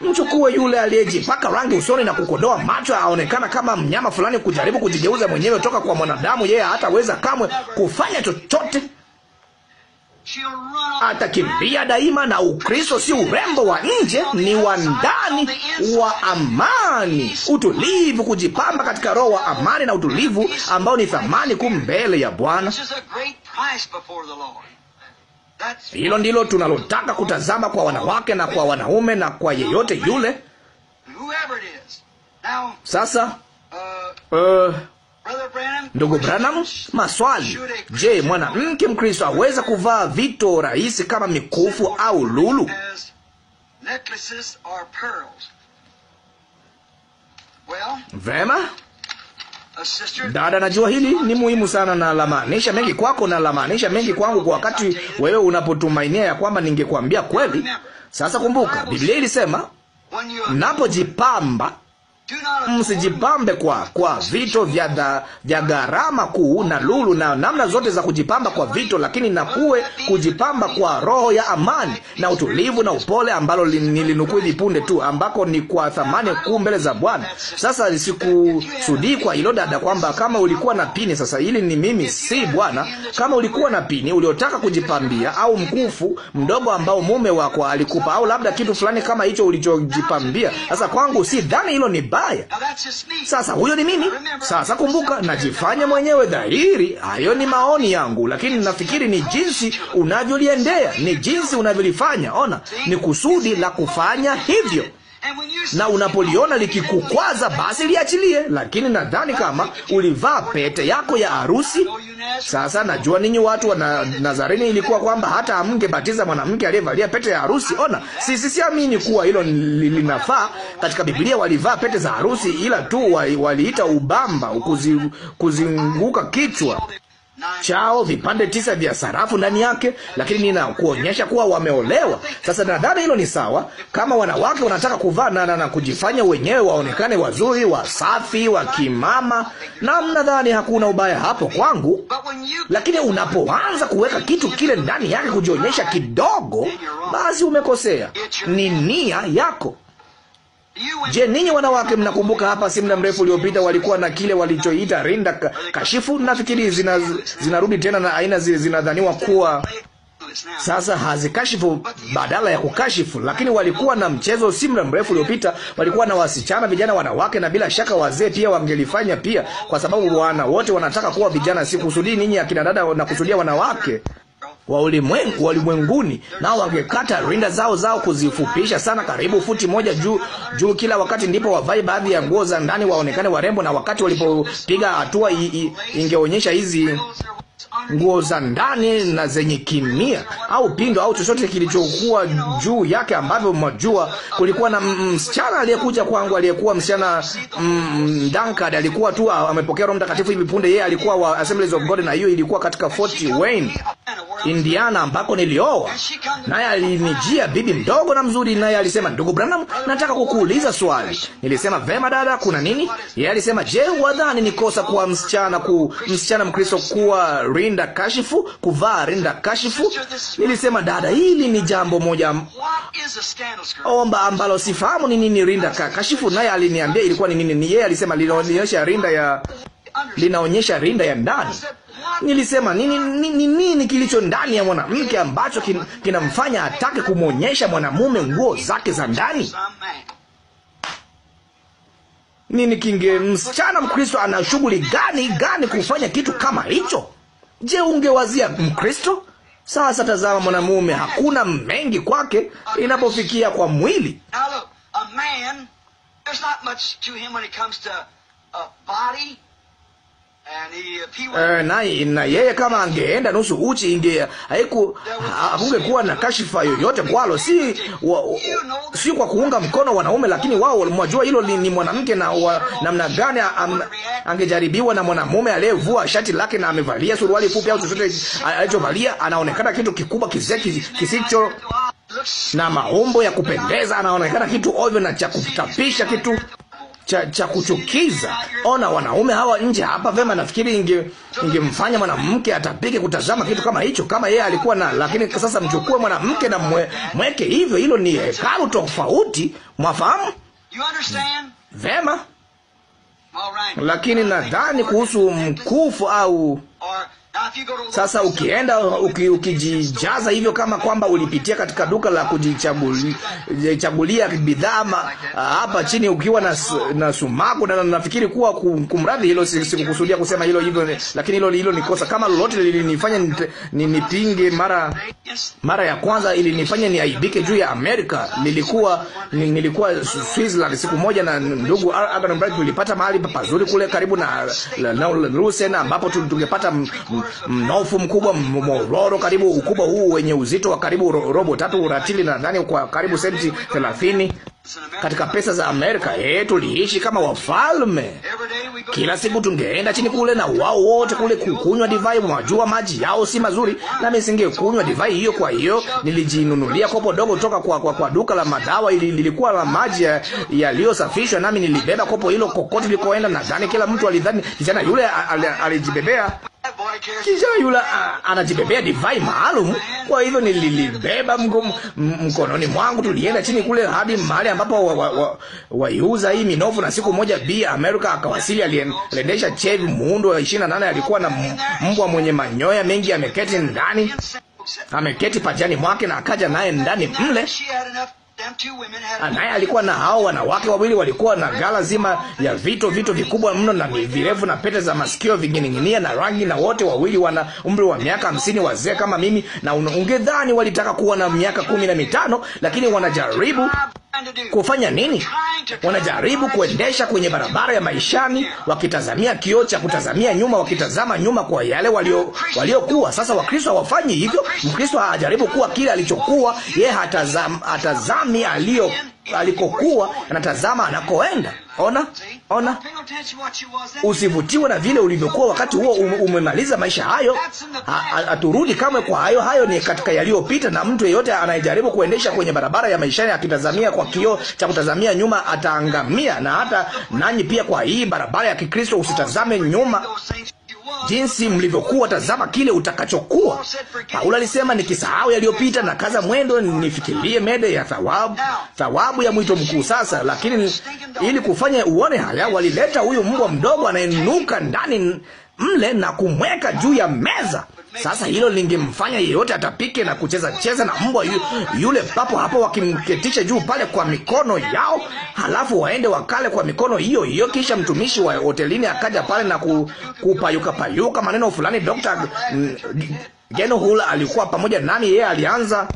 Mchukue yule aliyejipaka rangi usoni na kukodoa macho, aonekana kama mnyama fulani, kujaribu kujigeuza mwenyewe toka kwa mwanadamu. Yeye hataweza kamwe kufanya chochote, atakimbia daima. Na Ukristo si urembo wa nje, ni wa ndani, wa amani, utulivu, kujipamba katika roho wa amani na utulivu, ambao ni thamani kuu mbele ya Bwana. Hilo ndilo tunalotaka kutazama kwa wanawake na kwa wanaume na kwa yeyote yule. Sasa uh, uh ndugu Branham, maswali. Je, mwanamke Mkristo aweza kuvaa vito rahisi kama mikufu au lulu? Vema. Dada, najua hili ni muhimu sana na la maanisha mengi kwako na la maanisha mengi kwangu, kwa wakati wewe unapotumainia ya kwamba ningekwambia kweli. Sasa kumbuka, Biblia ilisema mnapojipamba Msijipambe kwa kwa vito vya da, vya gharama kuu na lulu na namna zote za kujipamba kwa vito, lakini nakuwe kujipamba kwa roho ya amani na utulivu na upole, ambalo nilinukuu hivi punde tu, ambako ni kwa thamani kuu mbele za Bwana. Sasa sikusudii kwa hilo dada, kwamba kama ulikuwa na pini, sasa hili ni mimi, si Bwana. Kama ulikuwa na pini uliotaka kujipambia, au mkufu mdogo ambao mume wako alikupa, au labda kitu fulani kama hicho ulichojipambia, sasa kwangu si dhani hilo ni ba mbaya. Sasa huyo ni mimi. Sasa kumbuka, najifanya mwenyewe dhahiri. Hayo ni maoni yangu, lakini nafikiri ni jinsi unavyoliendea, ni jinsi unavyolifanya. Ona, ni kusudi la kufanya hivyo na unapoliona likikukwaza basi liachilie. Lakini nadhani kama ulivaa pete yako ya harusi. Sasa najua ninyi watu wa na, Nazareni ilikuwa kwamba hata amngebatiza mwanamke aliyevalia pete ya harusi. Ona, sisi siamini kuwa hilo linafaa katika Biblia. Walivaa pete za harusi, ila tu waliita ubamba, kuzinguka kichwa chao vipande tisa vya sarafu ndani yake, lakini ninakuonyesha kuwa wameolewa. Sasa nadhani hilo ni sawa. Kama wanawake wanataka kuvaa na na kujifanya wenyewe waonekane wazuri, wasafi, wakimama, na nadhani hakuna ubaya hapo kwangu, lakini unapoanza kuweka kitu kile ndani yake kujionyesha kidogo, basi umekosea. Ni nia yako. Je, ninyi wanawake mnakumbuka, hapa si muda mrefu uliopita walikuwa na kile walichoita rinda kashifu? Nafikiri zina, zinarudi tena na aina zile zinadhaniwa kuwa sasa hazikashifu badala ya kukashifu, lakini walikuwa na mchezo si muda mrefu uliopita. Walikuwa na wasichana vijana, wanawake, na bila shaka wazee pia wangelifanya pia, kwa sababu wana wote wanataka kuwa vijana. Sikusudii ninyi akina dada, nakusudia wanawake wa ulimwengu ulimwenguni, nao wangekata rinda zao zao kuzifupisha sana, karibu futi moja juu juu kila wakati, ndipo wavae baadhi ya nguo za ndani waonekane warembo, na wakati walipopiga hatua ingeonyesha hizi nguo za ndani na zenye kimia au pindo au chochote kilichokuwa juu yake, ambavyo mwajua, kulikuwa na msichana aliyekuja kwangu aliyekuwa msichana mdankad, alikuwa tu amepokea Roho Mtakatifu hivi punde. Yeye alikuwa wa Assemblies of God, na hiyo ilikuwa katika Fort Wayne Indiana, ambako nilioa naye. Alinijia bibi mdogo na mzuri, naye alisema, ndugu Branham, nataka kukuuliza swali. Nilisema, vema dada, kuna nini? Yeye alisema, je, wadhani ni kosa kwa msichana ku msichana Mkristo kuwa rinda kashifu, kuvaa rinda kashifu. Nilisema dada, hili ni jambo moja omba ambalo sifahamu ni nini rinda ka kashifu, naye aliniambia ilikuwa ni nini. Ni yeye alisema linaonyesha rinda ya linaonyesha rinda ya ndani. Nilisema nini, nini, nini kilicho ndani ya mwanamke ambacho kin, kinamfanya atake kumwonyesha mwanamume nguo zake za ndani? Nini kinge msichana Mkristo ana shughuli gani gani kufanya kitu kama hicho? Je, ungewazia Mkristo? Sasa tazama, mwanamume hakuna mengi kwake inapofikia kwa mwili. Now look, a man, Uh, eh, naye na yeye kama angeenda nusu uchi inge haiku hakungekuwa na kashifa yoyote kwalo, si wa, wa, si kwa kuunga mkono wanaume, lakini wao walimwajua hilo ni mwanamke na namna gani angejaribiwa na mwanamume aliyevua shati lake na amevalia suruali fupi au chochote alichovalia, anaonekana kitu kikubwa kizee kisicho na maumbo ya kupendeza, anaonekana kitu ovyo na cha kutapisha kitu cha, cha kuchukiza. Ona wanaume hawa nje hapa vema, nafikiri inge ingemfanya mwanamke atapike kutazama kitu kama hicho, kama yeye alikuwa na. Lakini sasa mchukue mwanamke na mwe, mweke hivyo, hilo ni hekalu tofauti, mwafahamu vema. Lakini nadhani kuhusu mkufu au sasa ukienda uki, ukijijaza hivyo kama kwamba ulipitia katika duka la kujichagulia bidhaa hapa chini ukiwa na, na sumaku na nafikiri kuwa kumradhi, hilo sikukusudia kusema hilo hivyo, lakini hilo hilo ni kosa kama lolote. Lilinifanya nipinge mara mara ya kwanza, ilinifanya niaibike juu ya Amerika. Nilikuwa nilikuwa Switzerland siku moja na ndugu Argan Bright, tulipata mahali pazuri kule karibu na Lausanne ambapo tungepata mnofu mkubwa, mororo karibu ukubwa huu wenye uzito wa karibu ro robo tatu, uratili nadhani kwa karibu senti thelathini katika pesa za Amerika. Eh, tuliishi kama wafalme. Kila siku tungeenda chini kule na wao wote kule kukunywa divai. Mwajua maji yao si mazuri, nami singekunywa divai hiyo. Kwa hiyo nilijinunulia kopo dogo toka kwa, kwa, kwa duka la madawa. ili Lilikuwa la maji yaliyosafishwa, nami nilibeba kopo hilo kokote likoenda. Nadhani kila mtu alidhani kijana yule alijibebea al, al, al, al, kisha yule anajibebea divai maalum. Kwa hivyo nililibeba mkononi mwangu, tulienda chini kule hadi mahali ambapo waiuza wa, wa, hii minofu. Na siku moja B America akawasili, aliendesha chevi muundo wa 28 alikuwa na mbwa mwenye manyoya mengi, ameketi ndani, ameketi pajani mwake, na akaja naye ndani mle Ah, naye alikuwa na hao wanawake wawili, walikuwa na gala zima ya vito, vito vikubwa mno na virefu na pete za masikio vingining'inia na rangi, na wote wawili wana umri wa miaka hamsini, wazee kama mimi, na ungedhani walitaka kuwa na miaka kumi na mitano, lakini wanajaribu kufanya nini? Wanajaribu kuendesha kwenye barabara ya maishani, wakitazamia kioo cha kutazamia nyuma, wakitazama nyuma kwa yale waliokuwa walio. Sasa Wakristo hawafanyi hivyo. Mkristo hajaribu kuwa kile alichokuwa yeye, hatazama, hatazama Hahami alio alikokuwa anatazama anakoenda. Ona, ona, usivutiwe na vile ulivyokuwa wakati huo. Umemaliza maisha hayo, haturudi kamwe kwa hayo. Hayo ni katika yaliyopita, na mtu yeyote anayejaribu kuendesha kwenye barabara ya maishani akitazamia kwa kioo cha kutazamia nyuma ataangamia. Na hata nanyi pia, kwa hii barabara ya Kikristo, usitazame nyuma jinsi mlivyokuwa, tazama kile utakachokuwa. Paulo alisema, nikisahau yaliyopita na kaza mwendo, nifikirie mede ya thawabu, thawabu ya mwito mkuu. Sasa lakini, ili kufanya uone haya, walileta huyu mbwa mdogo anayenuka ndani mle na kumweka juu ya meza. Sasa hilo lingemfanya yeyote atapike na kucheza cheza na mbwa yu, yule papo hapo, wakimketisha juu pale kwa mikono yao, halafu waende wakale kwa mikono hiyo hiyo. Kisha mtumishi wa hotelini akaja pale na ku, kupayuka payuka maneno fulani. Dr. Mm, Genohul alikuwa pamoja nami, yeye alianza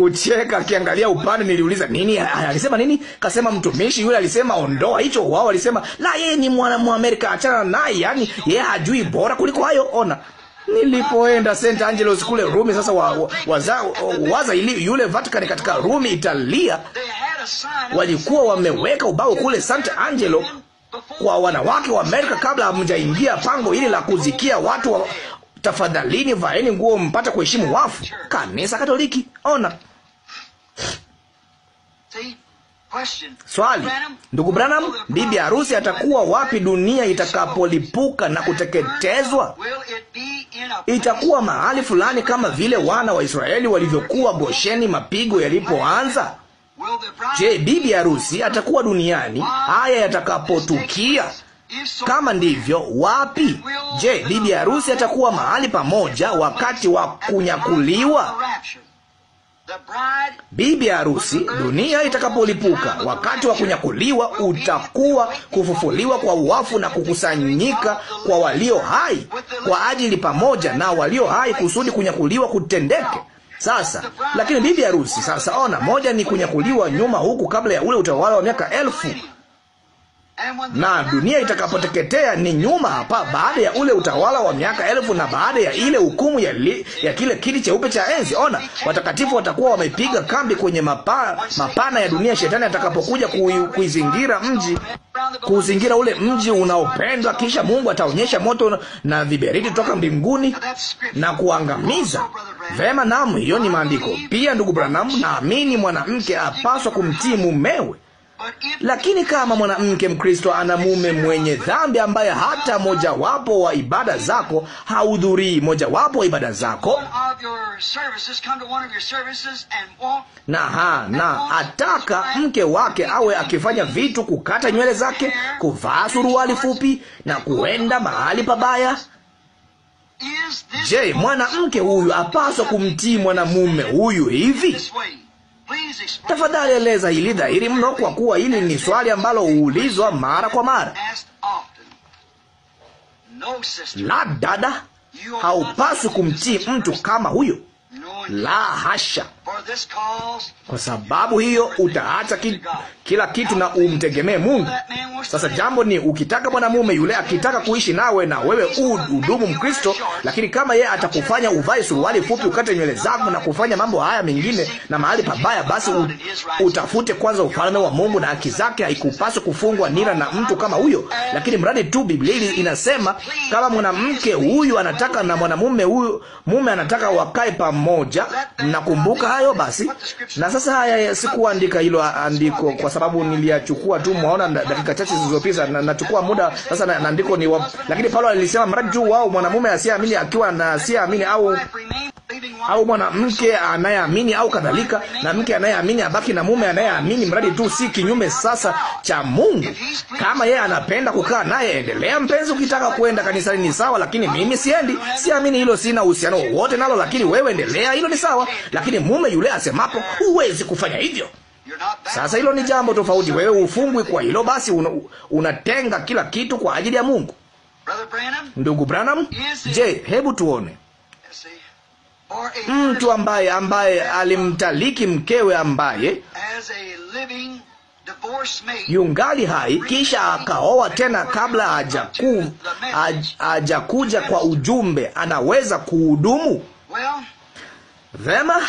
kucheka akiangalia upande. Niliuliza nini, alisema nini? Kasema mtumishi yule alisema ondoa hicho. Wao alisema la, yeye ni mwana wa Amerika, achana naye, yani yeye hajui bora kuliko hayo. Ona Nilipoenda St Angelos kule Rumi, sasa wa, wa, waza, waza ili, yule Vatican katika Rumi, Italia, walikuwa wameweka ubao kule St Angelo kwa wanawake wa Amerika kabla hamjaingia pango hili la kuzikia watu wa, tafadhalini vaeni nguo mpate kuheshimu wafu. Kanisa Katoliki, ona Swali, ndugu Branham, bibi harusi atakuwa wapi dunia itakapolipuka na kuteketezwa? Itakuwa mahali fulani kama vile wana wa Israeli walivyokuwa Gosheni mapigo yalipoanza. Je, bibi harusi atakuwa duniani haya yatakapotukia? Kama ndivyo, wapi? Je, bibi harusi atakuwa mahali pamoja wakati wa kunyakuliwa? bibi harusi, dunia itakapolipuka, wakati wa kunyakuliwa utakuwa kufufuliwa kwa uwafu na kukusanyika kwa walio hai kwa ajili pamoja na walio hai kusudi kunyakuliwa kutendeke. Sasa lakini bibi harusi sasa, ona, moja ni kunyakuliwa nyuma huku kabla ya ule utawala wa miaka elfu na dunia itakapoteketea ni nyuma hapa, baada ya ule utawala wa miaka elfu na baada ya ile hukumu ya, li, ya kile kiti cheupe cha enzi. Ona, watakatifu watakuwa wamepiga kambi kwenye mapa, mapana ya dunia, shetani atakapokuja kuizingira mji, kuzingira ule mji unaopendwa. Kisha Mungu ataonyesha moto na viberiti toka mbinguni na kuangamiza. Vema, naam, hiyo ni maandiko pia. Ndugu Branham, naamini mwanamke apaswa kumtii mumewe. Lakini kama mwanamke Mkristo ana mume mwenye dhambi ambaye hata mojawapo wa ibada zako hahudhurii mojawapo wa ibada zako, na ha na ataka mke wake awe akifanya vitu, kukata nywele zake, kuvaa suruali fupi na kuenda mahali pabaya Je, mwanamke huyu apaswa kumtii mwanamume huyu hivi? Tafadhali eleza hili dhahiri mno, kwa kuwa hili ni swali ambalo huulizwa mara kwa mara. La, dada, haupaswi kumtii mtu kama huyo. La hasha! Kwa sababu hiyo utaacha ki, kila kitu na umtegemee Mungu. Sasa jambo ni ukitaka mwanamume yule akitaka kuishi nawe na wewe udumu Mkristo, lakini kama yeye atakufanya uvae suruali fupi, ukate nywele zako na kufanya mambo haya mengine na mahali pabaya, basi utafute kwanza ufalme wa Mungu na haki zake. Haikupaswi kufungwa nira na mtu kama huyo, lakini mradi tu Biblia inasema kama mwanamke huyu anataka na mwanamume huyu mume anataka wakae pamoja. Mnakumbuka hayo basi. Na sasa haya, eh, sikuandika hilo andiko kwa sababu niliachukua tu, mwaona, dakika chache zilizopita, na nachukua muda sasa na andiko ni wa... lakini Paulo alisema mradi juu wao mwanamume asiamini akiwa na asiamini au au mwanamke anayeamini au kadhalika, na mke anayeamini abaki na mume anayeamini, mradi tu si kinyume sasa cha Mungu. Kama yeye anapenda kukaa naye, endelea mpenzi. Ukitaka kwenda kanisani ni sawa, lakini mimi siendi, siamini hilo, sina uhusiano wowote nalo, lakini wewe endelea, hilo ni sawa. Lakini mume yule asemapo huwezi kufanya hivyo sasa hilo ni jambo tofauti. Wewe ufungwi kwa hilo, basi unatenga una kila kitu kwa ajili ya Mungu. Ndugu Branham, je, hebu tuone mtu ambaye ambaye alimtaliki mkewe ambaye yungali hai, kisha akaoa tena kabla hajaku hajakuja kwa ujumbe, anaweza kuhudumu vema.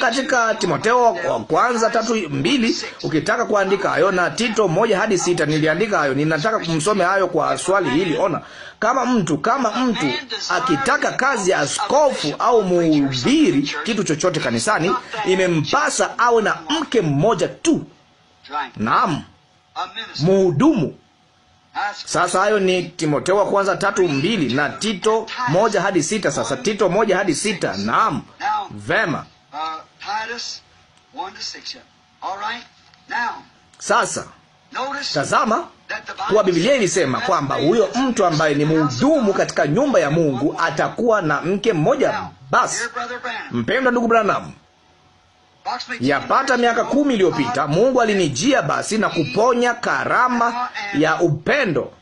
Katika Timoteo wa kwanza tatu mbili, ukitaka kuandika hayo, na Tito moja hadi sita, niliandika hayo. Ninataka kumsome hayo kwa swali hili. Ona, kama mtu kama mtu akitaka kazi ya askofu au mhubiri kitu chochote kanisani, imempasa awe na mke mmoja tu. Naam, mhudumu Sasa hayo ni timoteo wa kwanza tatu mbili na Tito moja hadi sita. Sasa Tito moja hadi sita. Naam, vema. Sasa tazama kuwa Biblia ilisema kwamba huyo mtu ambaye ni mhudumu katika nyumba ya Mungu atakuwa na mke mmoja basi. Mpendwa ndugu Branham, yapata miaka kumi iliyopita Mungu alinijia basi na kuponya karama ya upendo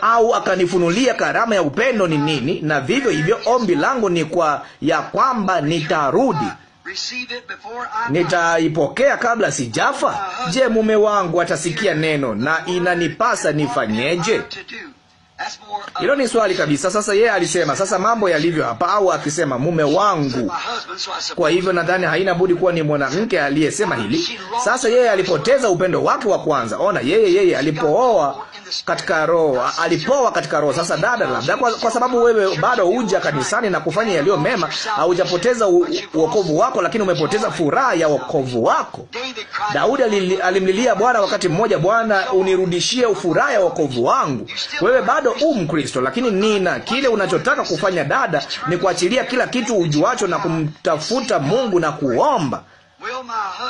au akanifunulia karama ya upendo ni nini, na vivyo hivyo ombi langu ni kwa ya kwamba nitarudi nitaipokea kabla sijafa. Je, mume wangu atasikia neno na inanipasa nifanyeje? Hilo ni swali kabisa. Sasa yeye alisema sasa mambo yalivyo hapa, au akisema mume wangu. Kwa hivyo nadhani haina budi kuwa ni mwanamke aliyesema hili. Sasa yeye alipoteza upendo wake wa kwanza. Ona, yeye yeye alipooa katika roho, alipoa katika roho. Sasa dada, labda kwa, kwa sababu wewe bado huja kanisani na kufanya yaliyo mema, haujapoteza wokovu wako, lakini umepoteza furaha ya wokovu wako. Daudi alimlilia Bwana wakati mmoja, Bwana unirudishie furaha ya wokovu wangu. Wewe bado bado u Mkristo, lakini nina kile unachotaka kufanya dada, ni kuachilia kila kitu ujuacho na kumtafuta Mungu na kuomba.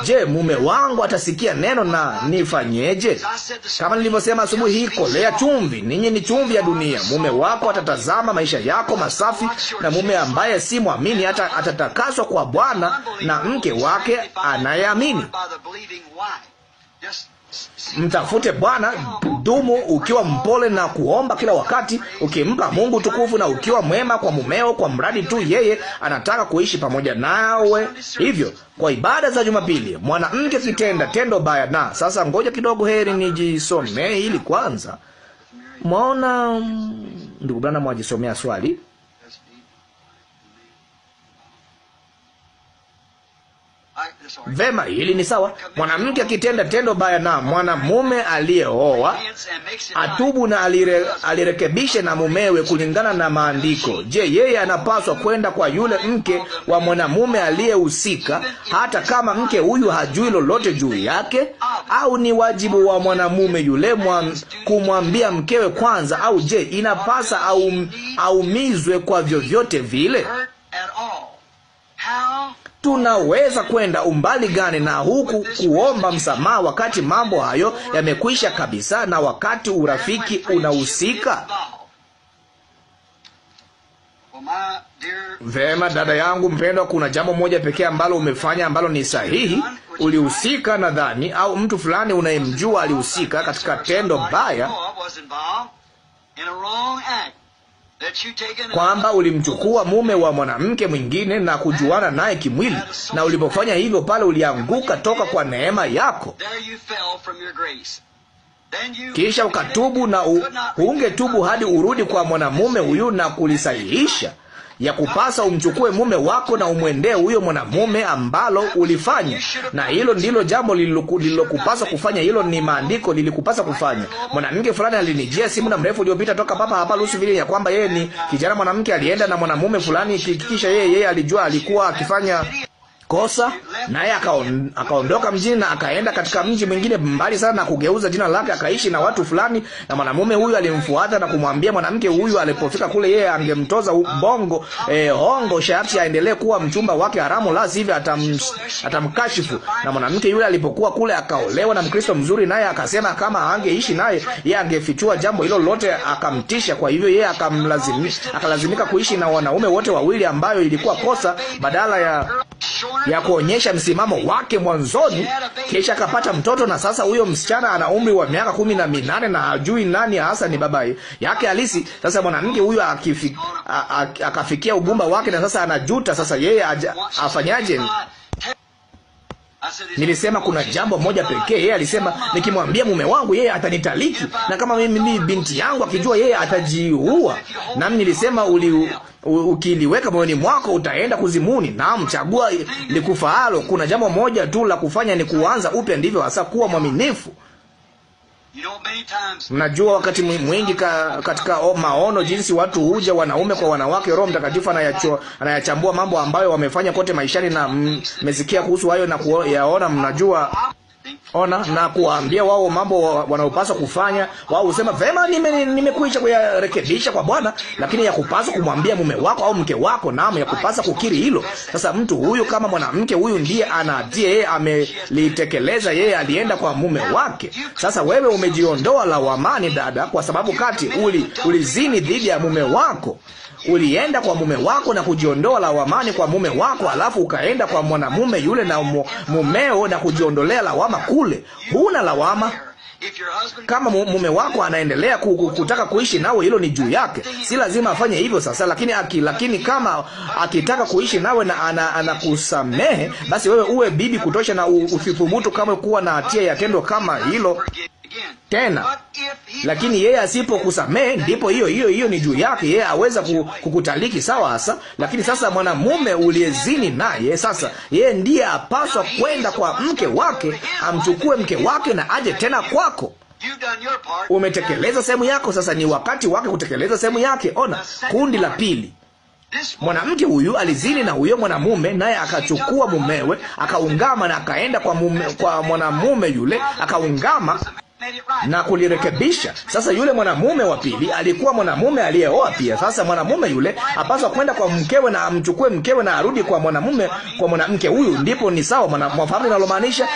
Je, mume wangu atasikia neno na nifanyeje? Kama nilivyosema asubuhi hii, kolea chumvi. Ninyi ni chumvi ya dunia. Mume wako atatazama maisha yako masafi, na mume ambaye si mwamini atatakaswa kwa Bwana na mke wake anayeamini mtafute Bwana, dumu ukiwa mpole na kuomba kila wakati, ukimpa Mungu tukufu na ukiwa mwema kwa mumeo, kwa mradi tu yeye anataka kuishi pamoja nawe. Hivyo kwa ibada za Jumapili, mwanamke sitenda tendo baya. Na sasa ngoja kidogo, heri nijisomee hili kwanza. Mwaona mm, ndugu Bwana, mwajisomea swali Vema, hili ni sawa. Mwanamke akitenda tendo baya na mwanamume aliyeoa atubu na alire, alirekebishe na mumewe kulingana na maandiko. Je, yeye anapaswa kwenda kwa yule mke wa mwanamume aliyehusika hata kama mke huyu hajui lolote juu yake, au ni wajibu wa mwanamume yule kumwambia mkewe kwanza? Au je, inapasa aum, aumizwe kwa vyovyote vile? tunaweza kwenda umbali gani na huku kuomba msamaha wakati mambo hayo yamekwisha kabisa, na wakati urafiki unahusika. Vema, dada yangu mpendwa, kuna jambo moja pekee ambalo umefanya ambalo ni sahihi. Ulihusika nadhani, au mtu fulani unayemjua alihusika katika tendo baya kwamba ulimchukua mume wa mwanamke mwingine na kujuana naye kimwili, na ulipofanya hivyo, pale ulianguka toka kwa neema yako, kisha ukatubu, na ungetubu hadi urudi kwa mwanamume huyu na kulisahihisha ya kupasa umchukue mume wako na umwendee huyo mwanamume, ambalo ulifanya. Na hilo ndilo jambo lililokupasa kufanya, hilo ni maandiko lilikupasa kufanya. Mwanamke fulani alinijia simu na mrefu uliopita toka papa hapa Louisville, ya kwamba yeye ni kijana mwanamke alienda na mwanamume fulani, kisha yeye yeye alijua alikuwa akifanya kosa, naye akaondoka mjini na akaenda katika mji mwingine mbali sana na kugeuza jina lake, akaishi na watu fulani. Na mwanamume huyu alimfuata na kumwambia mwanamke huyu alipofika kule, yeye angemtoza bongo eh, hongo sharti aendelee kuwa mchumba wake haramu, la sivyo atam, atamkashifu. Na mwanamke yule alipokuwa kule, akaolewa na Mkristo mzuri, naye akasema kama angeishi naye yeye angefichua jambo hilo lote, akamtisha. Kwa hivyo yeye akamlazimika akalazimika kuishi na wanaume wote wawili, ambayo ilikuwa kosa badala ya ya kuonyesha msimamo wake mwanzoni, kisha akapata mtoto, na sasa huyo msichana ana umri wa miaka kumi na minane na hajui nani hasa ni baba yake halisi. Sasa mwanamke huyo akafikia ugumba wake, na sasa anajuta. Sasa yeye afanyaje? Nilisema kuna jambo moja pekee. Yeye alisema nikimwambia mume wangu yeye atanitaliki, na kama mimi binti yangu akijua yeye atajiua. Nami nilisema uli, ukiliweka moyoni mwako utaenda kuzimuni. Naam, chagua likufaalo. Kuna jambo moja tu la kufanya, ni kuanza upya. Ndivyo hasa kuwa mwaminifu. Mnajua wakati mwingi ka, katika maono jinsi watu huja wanaume kwa wanawake, Roho Mtakatifu anayachambua mambo ambayo wamefanya kote maishani, na mmesikia kuhusu hayo na kuyaona. Mnajua ona na kuambia wao mambo wanaopaswa kufanya. Wao husema vema, nimekuisha nime kuyarekebisha kwa Bwana, lakini yakupaswa kumwambia mume wako au mke wako, naam, kupaswa kukiri hilo. Sasa mtu huyu kama mwanamke huyu ndiye anatie, yeye amelitekeleza, yeye alienda kwa mume wake. Sasa wewe umejiondoa lawamani, dada, kwa sababu kati uli ulizini dhidi ya mume wako ulienda kwa mume wako na kujiondoa lawamani kwa mume wako, alafu ukaenda kwa mwanamume yule na mumeo na kujiondolea lawama kule. Huna lawama. Kama mume wako anaendelea kutaka kuishi nawe, hilo ni juu yake, si lazima afanye hivyo sasa. Lakini aki, lakini kama akitaka kuishi nawe na anakusamehe, ana basi wewe uwe bibi kutosha na usithubutu kama kuwa na hatia ya tendo kama hilo tena. Lakini yeye asipokusamehe, ndipo hiyo hiyo hiyo ni juu yake, yeye aweza kukutaliki sawa hasa. Lakini sasa mwanamume uliyezini naye, sasa yeye ndiye apaswa kwenda kwa mke wake, amchukue mke wake na aje tena kwako. Umetekeleza sehemu yako, sasa ni wakati wake kutekeleza sehemu yake. Ona kundi la pili. Mwanamke huyu alizini na huyo mwanamume, naye akachukua mumewe, akaungama na akaenda kwa, mume, kwa mwanamume yule, akaungama na kulirekebisha. Sasa yule mwanamume wa pili alikuwa mwanamume aliyeoa pia. Sasa mwanamume yule apaswa kwenda kwa mkewe na amchukue mkewe na arudi kwa mwanamume kwa mwanamke huyu, ndipo ni sawa. Mwafahamu linalomaanisha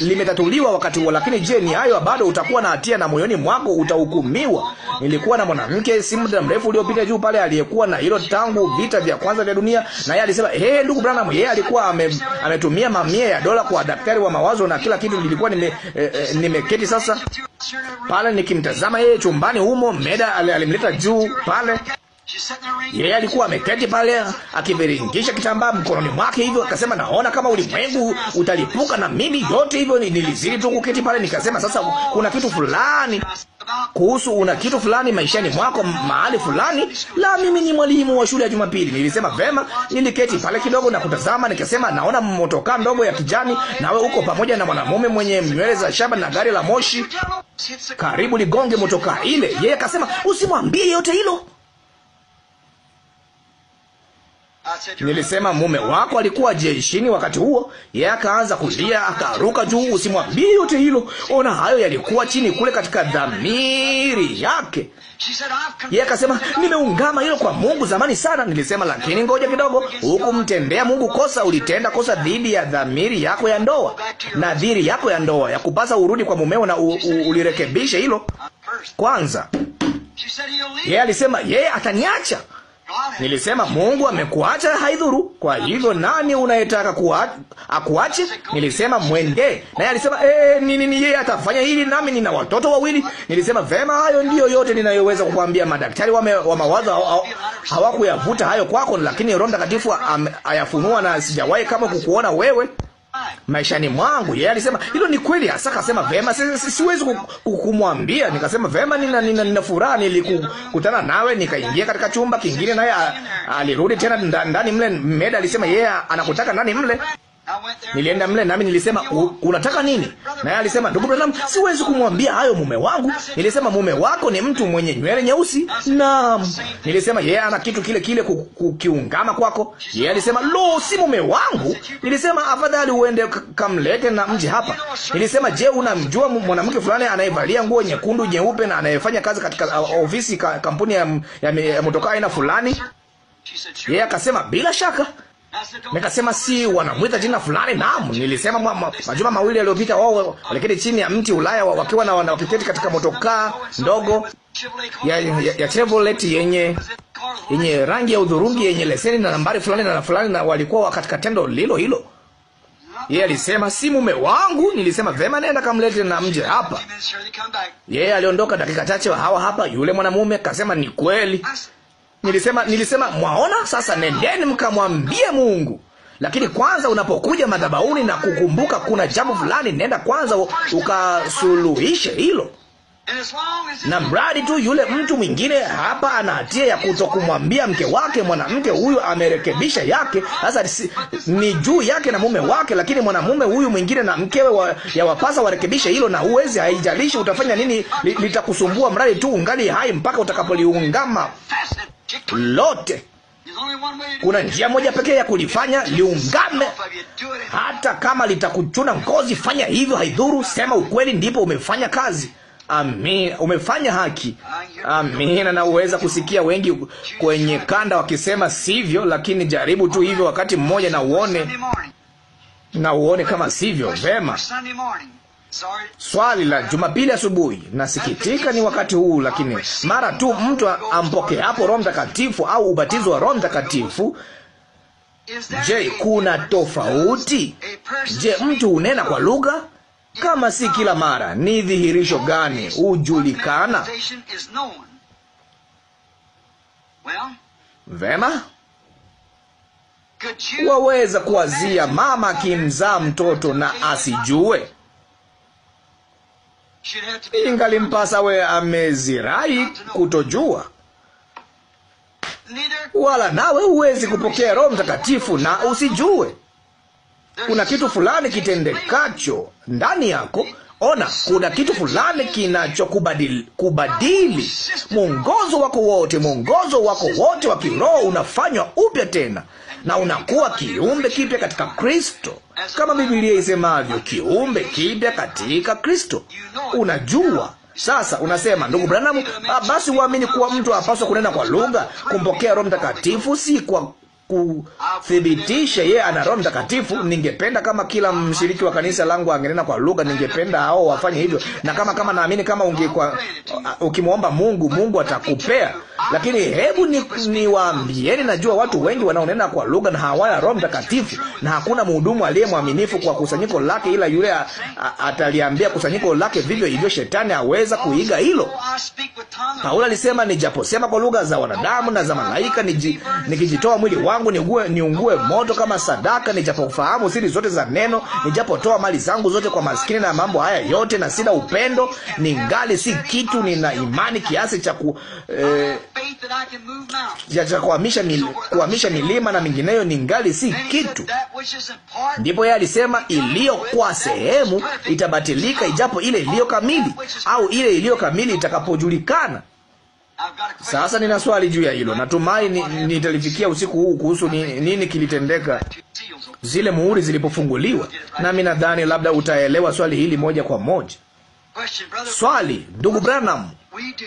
limetatuliwa li, wakati huo. Lakini je, ni hayo bado utakuwa na hatia na moyoni mwako utahukumiwa. Nilikuwa na mwanamke si muda mrefu uliopita juu pale aliyekuwa na hilo tangu vita vya kwanza vya dunia, na yeye alisema eh, hey, ndugu Branham, yeye alikuwa ametumia ame mamia ya dola kwa daktari wa mawazo na kila kitu, nilikuwa nime, eh, eh nimeketi sasa pale nikimtazama yeye chumbani humo. Meda alimleta juu pale, yeye alikuwa ameketi pale akiviringisha kitambaa mkononi mwake hivyo. Akasema, naona kama ulimwengu utalipuka na mimi yote hivyo. Nilizidi tu kuketi pale, nikasema sasa kuna kitu fulani kuhusu una kitu fulani maishani mwako mahali fulani. La, mimi ni mwalimu wa shule ya Jumapili. Nilisema vema, niliketi pale kidogo na kutazama, nikasema naona motokaa ndogo ya kijani, nawe uko pamoja na mwanamume mwenye nywele za shaba na gari la moshi karibu ligonge motokaa ile. Yeye akasema usimwambie yote hilo. Nilisema mume wako alikuwa jeshini wakati huo. Yeye akaanza kulia, akaruka juu. Usimwambie yote hilo. Ona, hayo yalikuwa chini kule katika dhamiri yake. Yeye akasema nimeungama hilo kwa Mungu zamani sana. Nilisema lakini ngoja kidogo, hukumtendea Mungu kosa, ulitenda kosa dhidi ya dhamiri yako ya ndoa, nadhiri yako ya ndoa. Yakupasa urudi kwa mumeo na ulirekebishe hilo kwanza. Yeye alisema yeye ataniacha. Nilisema Mungu amekuacha haidhuru. Kwa hivyo nani unayetaka kuwa akuache? Nilisema mwende naye, alisema eh, eh ni nini? Yeye atafanya hili, nami nina watoto wawili. Nilisema vema, hayo ndiyo yote ninayoweza kukwambia. Madaktari wame, wa mawazo hawakuyavuta hayo kwako, lakini Roho Mtakatifu ayafunua, na sijawahi kama kukuona wewe maishani mwangu. Yeye alisema hilo ni kweli hasa. Akasema vema, siwezi kumwambia. Nikasema vema, nina nina, nina furaha nilikutana nawe. Nikaingia katika chumba kingine, naye alirudi tena ndani mle. Meda alisema yeye anakutaka ndani mle. Nilienda mle nami nilisema, unataka nini? Naye alisema, ndugu Branham, siwezi kumwambia hayo mume wangu. Nilisema, mume wako ni mtu mwenye nywele nyeusi. Naam, nilisema, yeye ana kitu kile kile kukiungama kwako. Yeye alisema, lo, si mume wangu. Nilisema, afadhali uende kamlete na mji hapa. Nilisema, je, unamjua mwanamke fulani anayevalia nguo nyekundu nyeupe na anayefanya kazi katika ofisi kampuni ya, ya, ya motokaa aina fulani? Yeye akasema, bila shaka Nikasema si wanamwita jina fulani. Naam, nilisema ma, ma, majuma mawili yaliyopita, wao oh, oh, oh. waliketi chini ya mti Ulaya wakiwa na wanapiketi katika motokaa ndogo ya, ya, ya Chevrolet yenye yenye rangi ya udhurungi yenye leseni na nambari fulani na fulani, na walikuwa katika tendo lilo hilo. Yeye alisema si mume wangu. Nilisema vema, nenda kamlete na mje hapa. Yeye aliondoka dakika chache, hawa hapa. Yule mwanamume akasema ni kweli. Nilisema, nilisema mwaona, sasa nendeni mkamwambie Mungu. Lakini kwanza unapokuja madhabahuni na kukumbuka kuna jambo fulani, nenda kwanza ukasuluhishe hilo na mradi tu yule mtu mwingine hapa ana hatia ya kutokumwambia mke wake, mwanamke huyu amerekebisha yake sasa ni juu yake na mume wake, lakini mwanamume huyu mwingine na mkewe wa, ya wapasa warekebishe hilo, na uwezi, haijalishi utafanya nini, li, litakusumbua mradi tu ungali hai mpaka utakapoliungama lote. Kuna njia moja pekee ya kulifanya liungame, hata kama litakuchuna ngozi. Fanya hivyo, haidhuru. Sema ukweli, ndipo umefanya kazi. Amina, umefanya haki. Amina, na uweza kusikia wengi kwenye kanda wakisema sivyo, lakini jaribu tu hivyo wakati mmoja na uone, na uone kama sivyo. Vema. Swali la Jumapili asubuhi. Nasikitika ni wakati huu, lakini mara tu mtu ampoke hapo Roho Mtakatifu au ubatizo wa Roho Mtakatifu, je, kuna tofauti? Je, mtu unena kwa lugha? Kama si kila mara, ni dhihirisho gani? Hujulikana vema. Waweza kuwazia mama akimzaa mtoto na asijue ingalimpasa we amezirai kutojua, wala nawe huwezi kupokea Roho Mtakatifu na usijue kuna kitu fulani kitendekacho ndani yako. Ona, kuna kitu fulani kinachokubadili kubadili mwongozo wako wote. Mwongozo wako wote wa kiroho unafanywa upya tena, na unakuwa kiumbe kipya katika Kristo, kama Biblia isemavyo, kiumbe kipya katika Kristo. Unajua sasa unasema, ndugu Branham, ah, basi uamini kuwa mtu apaswa kunena kwa lugha, kumpokea Roho Mtakatifu si kwa kuthibitisha yeye ana Roho Mtakatifu. Ningependa kama kila mshiriki wa kanisa langu angenena kwa lugha, ningependa hao wafanye hivyo, na kama kama naamini kama ungekuwa ukimwomba Mungu, Mungu atakupea. Lakini hebu niwaambieni, ni najua watu wengi wanaonena kwa lugha na hawana Roho Mtakatifu, na hakuna mhudumu aliye mwaminifu kwa kusanyiko lake, ila yule ataliambia kusanyiko lake vivyo hivyo. Shetani aweza kuiga hilo. Paulo alisema, nijaposema kwa lugha za wanadamu na za malaika, nikijitoa mwili wangu wangu niungue, niungue moto kama sadaka, nijapofahamu siri zote za neno, nijapotoa mali zangu zote kwa maskini na mambo haya yote, na sina upendo, ni ngali si kitu. Nina imani kiasi cha ku eh, cha kuhamisha mil, kuhamisha milima na mingineyo, ni ngali si kitu. Ndipo yeye alisema, iliyo kwa sehemu itabatilika, ijapo ile iliyo kamili au ile iliyo kamili itakapojulikana. Sasa nina swali juu ya hilo, natumai nitalifikia ni usiku huu kuhusu ni, nini kilitendeka zile muhuri zilipofunguliwa, nami nadhani labda utaelewa swali hili moja kwa moja. Swali, ndugu Branham,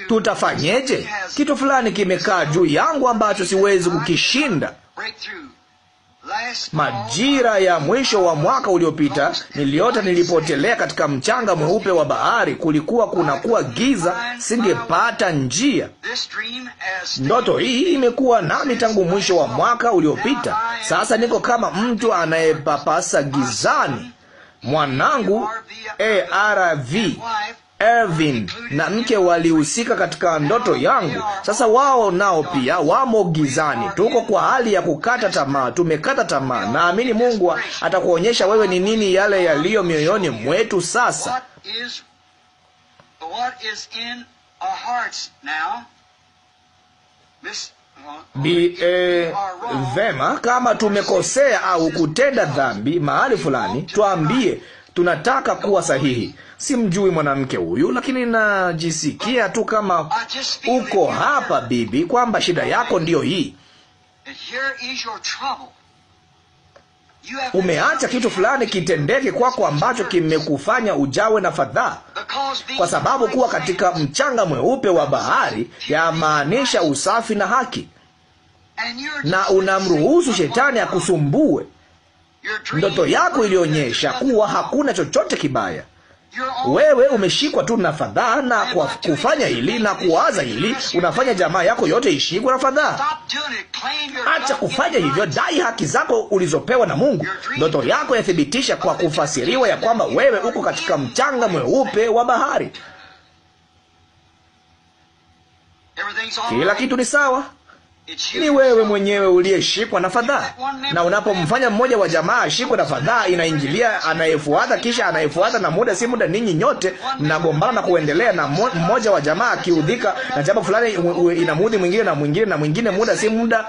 tutafanyeje? Kitu fulani kimekaa juu yangu ambacho siwezi kukishinda. Majira ya mwisho wa mwaka uliopita, niliota nilipotelea katika mchanga mweupe wa bahari. Kulikuwa kunakuwa giza, singepata njia. Ndoto hii imekuwa nami tangu mwisho wa mwaka uliopita. Sasa niko kama mtu anayepapasa gizani. Mwanangu ARV Ervin na mke walihusika katika ndoto yangu. Sasa wao nao pia wamo gizani. Tuko kwa hali ya kukata tamaa, tumekata tamaa. Naamini Mungu atakuonyesha wewe ni nini yale yaliyo mioyoni mwetu sasa Bi, eh, vema kama tumekosea au kutenda dhambi mahali fulani, tuambie. Tunataka kuwa sahihi. Simjui mwanamke huyu, lakini najisikia tu kama uko hapa bibi, kwamba shida yako ndiyo hii. Umeacha kitu fulani kitendeke kwako ambacho kimekufanya ujawe na fadhaa, kwa sababu kuwa katika mchanga mweupe wa bahari yamaanisha usafi na haki, na unamruhusu shetani akusumbue. Ndoto yako ilionyesha kuwa hakuna chochote kibaya. Wewe umeshikwa tu na fadhaa na kwa kufanya hili na kuwaza hili, unafanya jamaa yako yote ishikwe na fadhaa. Acha kufanya hivyo, dai haki zako ulizopewa na Mungu. Ndoto yako yathibitisha kwa kufasiriwa ya kwamba wewe uko katika mchanga mweupe wa bahari. Kila kitu ni sawa. Ni wewe mwenyewe uliyeshikwa na fadhaa, na unapomfanya mmoja wa jamaa ashikwe na fadhaa, inaingilia anayefuata, kisha anayefuata, na muda si muda ninyi nyote mnagombana na kuendelea, na mmoja wa jamaa akiudhika na jambo fulani, inamudhi mwingine na mwingine na mwingine, muda si muda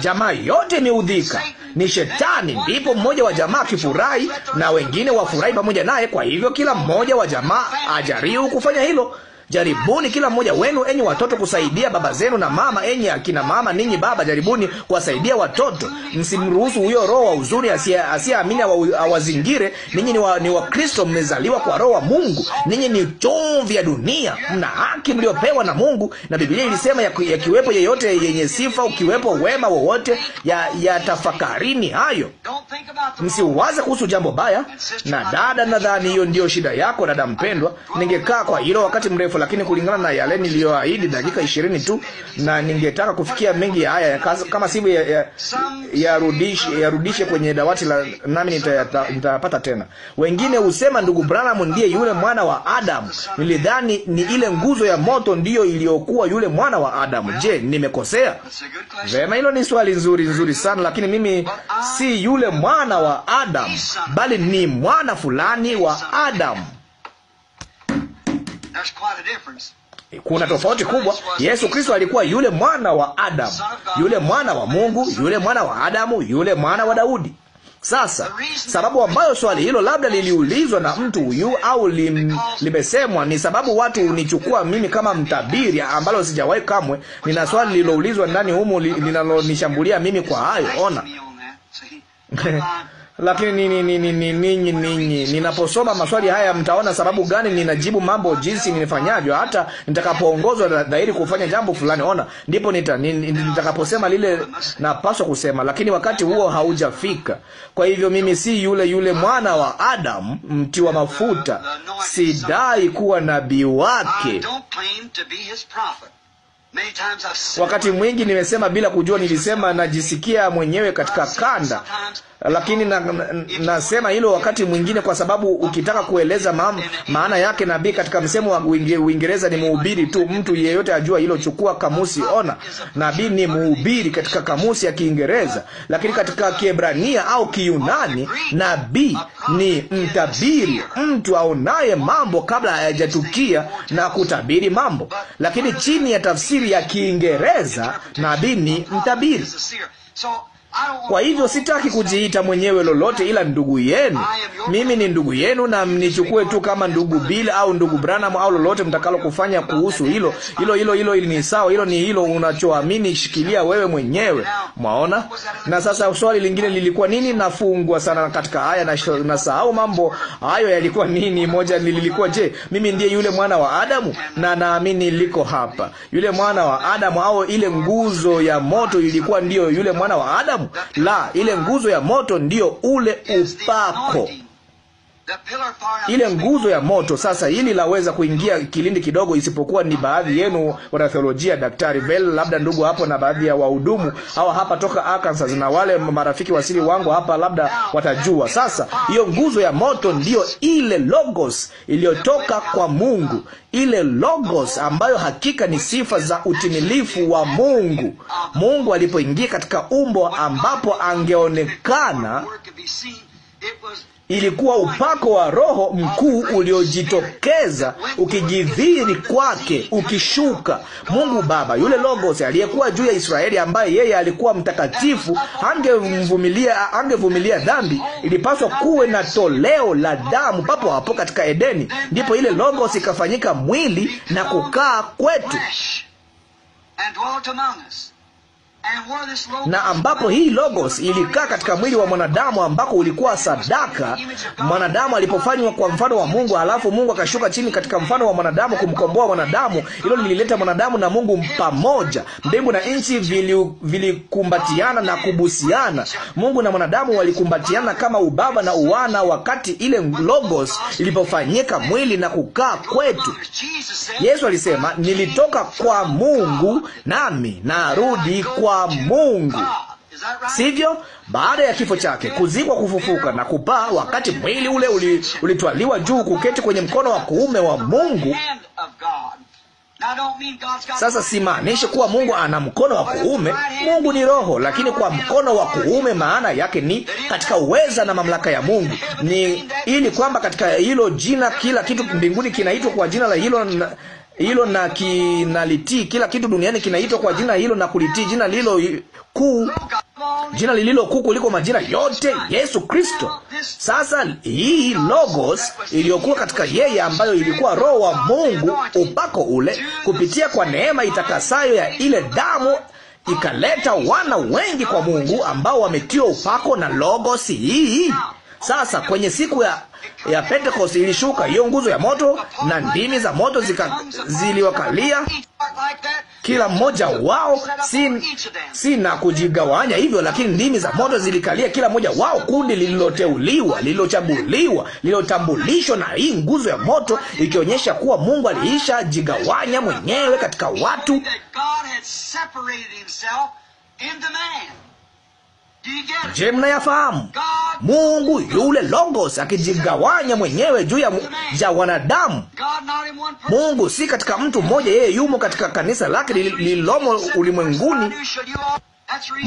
jamaa yote imeudhika. Ni Shetani. Ndipo mmoja wa jamaa akifurahi na wengine wafurahi pamoja naye. Kwa hivyo kila mmoja wa jamaa ajaribu kufanya hilo. Jaribuni kila mmoja wenu, enyi watoto, kusaidia baba zenu na mama. Enyi akina mama, ninyi baba, jaribuni kuwasaidia watoto. Msimruhusu huyo roho wa uzuri asiyeamini awazingire. Ninyi ni wa, ni wa Kristo, mmezaliwa kwa roho wa Mungu. Ninyi ni chumvi ya dunia, mna haki mliopewa na Mungu, na Biblia ilisema yakiwepo ya yeyote yenye sifa, ukiwepo wema wowote, ya, ya tafakarini hayo. Msiwaze kuhusu jambo baya. Na dada, nadhani hiyo ndiyo shida yako, dada mpendwa. Ningekaa kwa hilo wakati mrefu lakini kulingana na yale niliyoahidi, dakika ishirini tu, na ningetaka kufikia mengi ya haya, kama sivyo yarudishe ya, ya ya kwenye dawati la nami nitayapata tena. Wengine husema ndugu Branham ndiye yule mwana wa Adamu. Nilidhani ni ile nguzo ya moto ndiyo iliyokuwa yule mwana wa Adamu. Je, nimekosea? Vema, hilo ni swali nzuri nzuri sana, lakini mimi si yule mwana wa Adamu, bali ni mwana fulani wa Adamu. Kuna tofauti kubwa. Yesu Kristo alikuwa yule mwana wa Adamu, yule mwana wa Mungu, yule mwana wa Adamu, yule mwana wa Daudi. Sasa sababu ambayo swali hilo labda liliulizwa na mtu huyu au lim, limesemwa ni sababu watu unichukua mimi kama mtabiri, ambalo sijawahi kamwe. Nina swali lililoulizwa ndani humu linalonishambulia mimi kwa hayo. Ona Lakini ninyi ninyi ninyi ninyi, ninaposoma maswali haya, mtaona sababu gani ninajibu mambo jinsi ninifanyavyo, hata nitakapoongozwa dhahiri kufanya jambo fulani. Ona, ndipo nita, nitakaposema lile napaswa kusema, lakini wakati huo haujafika. Kwa hivyo mimi si yule yule mwana wa Adamu, mti wa mafuta, sidai kuwa nabii wake. Wakati mwingi nimesema bila kujua, nilisema najisikia mwenyewe katika kanda, lakini na, na, nasema hilo wakati mwingine, kwa sababu ukitaka kueleza ma, maana yake nabii katika msemo wa Uingereza ni mhubiri tu. Mtu yeyote ajua hilo, chukua kamusi, ona nabii ni mhubiri katika kamusi ya Kiingereza, lakini katika Kiebrania au Kiyunani nabii ni mtabiri, mtu aonaye mambo kabla hayajatukia na kutabiri mambo, lakini chini ya tafsiri tafsiri ya Kiingereza nabii ni mtabiri. Kwa hivyo sitaki kujiita mwenyewe lolote ila ndugu yenu. Mimi ni ndugu yenu, na mnichukue tu kama ndugu Bill au ndugu Branham au lolote mtakalo kufanya kuhusu hilo. Hilo hilo hilo ni sawa, hilo ni hilo unachoamini, shikilia wewe mwenyewe. Mwaona? Na sasa swali lingine lilikuwa nini? Nafungwa sana katika haya na nasahau mambo hayo yalikuwa nini. Moja lilikuwa je, mimi ndiye yule mwana wa Adamu? Na naamini liko hapa. Yule mwana wa Adamu au ile nguzo ya moto ilikuwa ndiyo yule mwana wa Adamu la ile nguzo ya moto, ndiyo ule upako ile nguzo ya moto. Sasa hili laweza kuingia kilindi kidogo, isipokuwa ni baadhi yenu theolojia, Daktari Bell labda ndugu hapo na baadhi ya wahudumu hawa hapa toka Arkansas na wale marafiki siri wangu hapa labda watajua. Sasa hiyo nguzo ya moto ndiyo ile logos iliyotoka kwa Mungu, ile logos ambayo hakika ni sifa za utimilifu wa Mungu. Mungu alipoingia katika umbo ambapo angeonekana Ilikuwa upako wa Roho mkuu uliojitokeza ukijidhiri kwake ukishuka. Mungu Baba, yule Logos aliyekuwa juu ya Israeli, ambaye yeye alikuwa mtakatifu, angemvumilia angevumilia dhambi, ilipaswa kuwe na toleo la damu papo hapo katika Edeni. Ndipo ile Logos ikafanyika mwili na kukaa kwetu na ambapo hii logos ilikaa katika mwili wa mwanadamu, ambako ulikuwa sadaka. Mwanadamu alipofanywa kwa mfano wa Mungu, alafu Mungu akashuka chini katika mfano wa mwanadamu kumkomboa mwanadamu. Hilo lilileta mwanadamu na Mungu pamoja. Mbingu na nchi vilikumbatiana vili na kubusiana. Mungu na mwanadamu walikumbatiana kama ubaba na uwana, wakati ile logos ilipofanyika mwili na kukaa kwetu. Yesu alisema, nilitoka kwa Mungu nami narudi kwa Mungu, ah, sivyo? Baada ya kifo chake, kuzikwa, kufufuka na kupaa, wakati mwili ule ulitwaliwa juu kuketi kwenye mkono wa kuume wa Mungu. Sasa simaanishi kuwa Mungu ana mkono wa kuume. Mungu ni roho, lakini kwa mkono wa kuume maana yake ni katika uweza na mamlaka ya Mungu, ni ili kwamba katika hilo jina kila kitu mbinguni kinaitwa kwa jina la hilo na, hilo na kinalitii. Kila kitu duniani kinaitwa kwa jina hilo na kulitii jina lilo kuu, jina lililo kuu kuliko majina yote, Yesu Kristo. Sasa hii logos iliyokuwa katika yeye, ambayo ilikuwa roho wa Mungu, upako ule, kupitia kwa neema itakasayo ya ile damu ikaleta wana wengi kwa Mungu ambao wametiwa upako na logos hii. Sasa kwenye siku ya ya Pentecost ilishuka hiyo nguzo ya moto, na ndimi za moto zika, ziliwakalia kila mmoja wao. si na kujigawanya hivyo, lakini ndimi za moto zilikalia kila mmoja wao, kundi lililoteuliwa, lililochambuliwa, lililotambulishwa na hii nguzo ya moto, ikionyesha kuwa Mungu aliisha jigawanya mwenyewe katika watu. Je, mnayafahamu? Mungu yule Logos akijigawanya mwenyewe juu ya, ya wanadamu. Mungu si katika mtu mmoja, yeye yumo katika kanisa lake lililomo ulimwenguni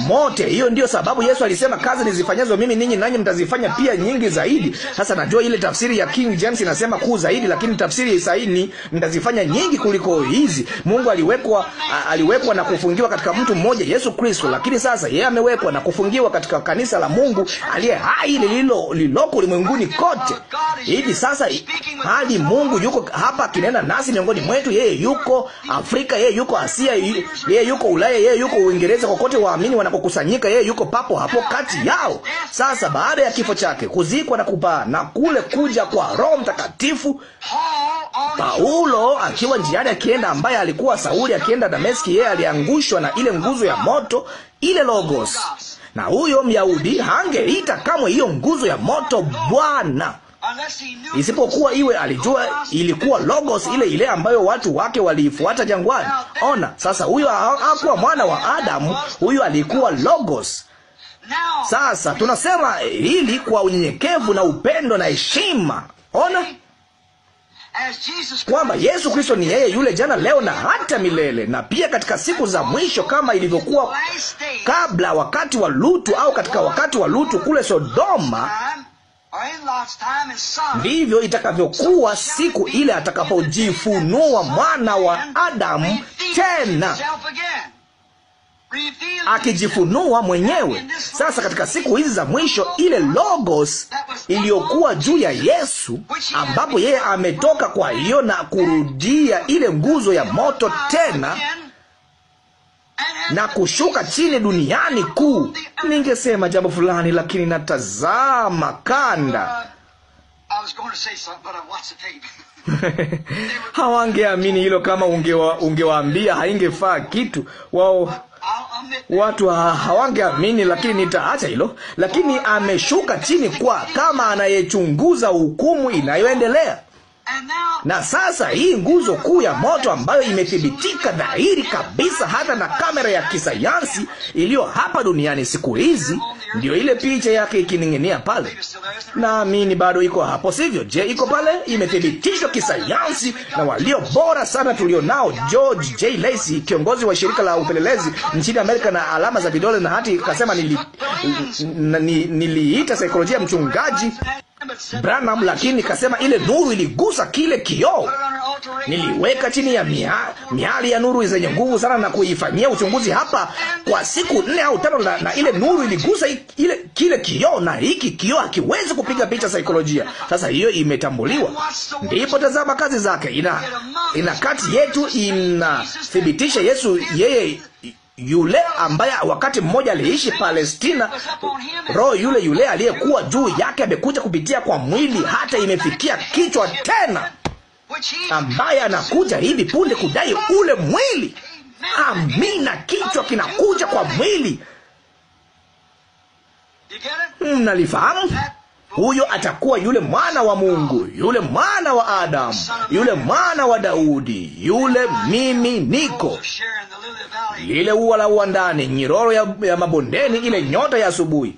mote. Hiyo ndiyo sababu Yesu alisema kazi nizifanyazo mimi ninyi nanyi mtazifanya pia nyingi zaidi. Sasa najua ile tafsiri ya King James inasema kuu zaidi, lakini tafsiri ya Isaini mtazifanya nyingi kuliko hizi. Mungu aliwekwa, aliwekwa na kufungiwa katika mtu mmoja Yesu Kristo, lakini sasa yeye amewekwa na kufungiwa katika kanisa la Mungu aliye hai lililo liloko ulimwenguni kote. Hivi sasa hadi Mungu yuko hapa akinena nasi miongoni mwetu, yeye yuko Afrika, yeye yuko Asia, yeye yuko Ulaya, yeye yuko Uingereza, kokote wa waamini wanapokusanyika, yeye yuko papo hapo kati yao. Sasa baada ya kifo chake, kuzikwa na kupaa na kule kuja kwa Roho Mtakatifu, Paulo akiwa njiani akienda, ambaye alikuwa Sauli akienda Dameski, yeye aliangushwa na ile nguzo ya moto, ile logos, na huyo Myahudi hangeita kamwe hiyo nguzo ya moto Bwana isipokuwa iwe alijua ilikuwa logos ile ile ambayo watu wake waliifuata jangwani. Ona sasa, huyo hakuwa mwana wa Adamu, huyu alikuwa logos. Sasa tunasema hili kwa unyenyekevu na upendo na heshima. Ona kwamba Yesu Kristo ni yeye yule jana leo na hata milele, na pia katika siku za mwisho, kama ilivyokuwa kabla wakati wa Lutu au katika wakati wa Lutu kule Sodoma ndivyo itakavyokuwa siku ile atakapojifunua mwana wa Adamu tena akijifunua mwenyewe. Sasa katika siku hizi za mwisho, ile logos iliyokuwa juu ya Yesu, ambapo yeye ametoka kwa hiyo na kurudia ile nguzo ya moto tena na kushuka chini duniani kuu. Ningesema jambo fulani, lakini natazama kanda hawangeamini hilo kama ungewa, ungewaambia haingefaa kitu wao watu hawangeamini, lakini nitaacha hilo. Lakini ameshuka chini kwa kama anayechunguza hukumu inayoendelea. Na sasa hii nguzo kuu ya moto ambayo imethibitika dhahiri kabisa hata na kamera ya kisayansi iliyo hapa duniani siku hizi, ndio ile picha yake ikining'inia pale. Naamini bado iko hapo, sivyo? Je, iko pale, imethibitishwa kisayansi na walio bora sana tulionao, George J. Lacey, kiongozi wa shirika la upelelezi nchini Amerika na alama za vidole, na hati kasema nili, niliita saikolojia mchungaji Branham, lakini kasema ile nuru iligusa kile kioo. Niliweka chini ya mia, miali ya nuru zenye nguvu sana na kuifanyia uchunguzi hapa kwa siku nne au tano, na, na ile nuru iligusa ile kile kioo, na hiki kioo hakiwezi kupiga picha saikolojia. Sasa hiyo imetambuliwa, ndipo tazama kazi zake. Ina, ina kati yetu inathibitisha Yesu yeye yule ambaye wakati mmoja aliishi Palestina, roho yule yule aliyekuwa juu yake amekuja kupitia kwa mwili, hata imefikia kichwa tena, ambaye anakuja hivi punde kudai ule mwili. Amina, kichwa kinakuja kwa mwili. Mnalifahamu? Huyo atakuwa yule mwana wa Mungu, yule mwana wa Adamu, yule mwana wa Daudi, yule mimi niko lile ua la ndani nyiroro ya, ya mabondeni, ile nyota ya asubuhi.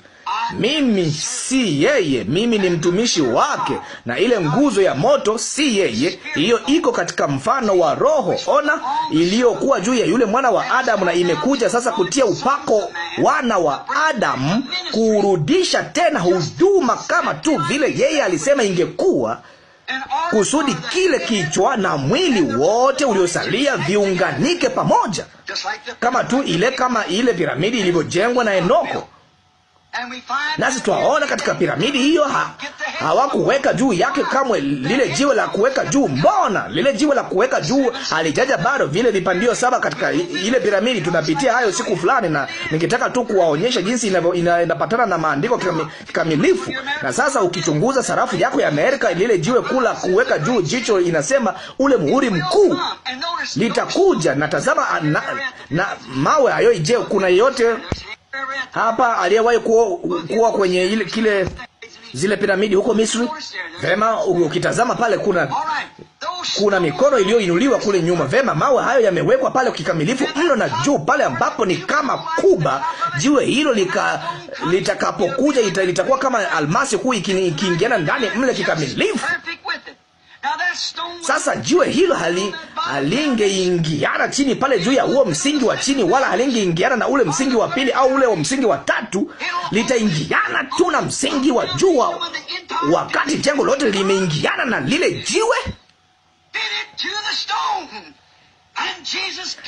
Mimi si yeye, mimi ni mtumishi wake, na ile nguzo ya moto si yeye. Hiyo iko katika mfano wa roho, ona, iliyokuwa juu ya yule mwana wa Adamu, na imekuja sasa kutia upako wana wa Adamu, kurudisha tena huduma kama tu vile yeye alisema ingekuwa kusudi kile kichwa na mwili wote uliosalia viunganike pamoja, kama tu ile kama ile piramidi ilivyojengwa na Enoko. Nasi twaona katika piramidi hiyo ha, hawakuweka juu yake kamwe lile jiwe la kuweka juu. Mbona lile jiwe la kuweka juu alijaja bado? Vile vipandio saba katika ile piramidi, tunapitia hayo siku fulani, na ningetaka tu kuwaonyesha jinsi inapatana na maandiko kikamilifu. Na sasa ukichunguza sarafu yako ya Amerika, lile jiwe kula kuweka juu, jicho inasema ule muhuri mkuu litakuja, na tazama na, na mawe hayo. Je, kuna yote hapa aliyewahi kuwa, kuwa kwenye ile kile zile piramidi huko Misri. Vema, ukitazama pale kuna kuna mikono iliyoinuliwa kule nyuma. Vema, mawe hayo yamewekwa pale kikamilifu mno, na juu pale ambapo ni kama kuba, jiwe hilo litakapokuja ita, litakuwa kama almasi kuu ikiingiana ndani mle kikamilifu. Sasa jiwe hilo hali halingeingiana chini pale juu ya huo msingi wa chini, wala halingeingiana na ule msingi wa pili au ule wa msingi wa tatu, litaingiana tu na msingi wa juu. Wakati jengo lote limeingiana na lile jiwe,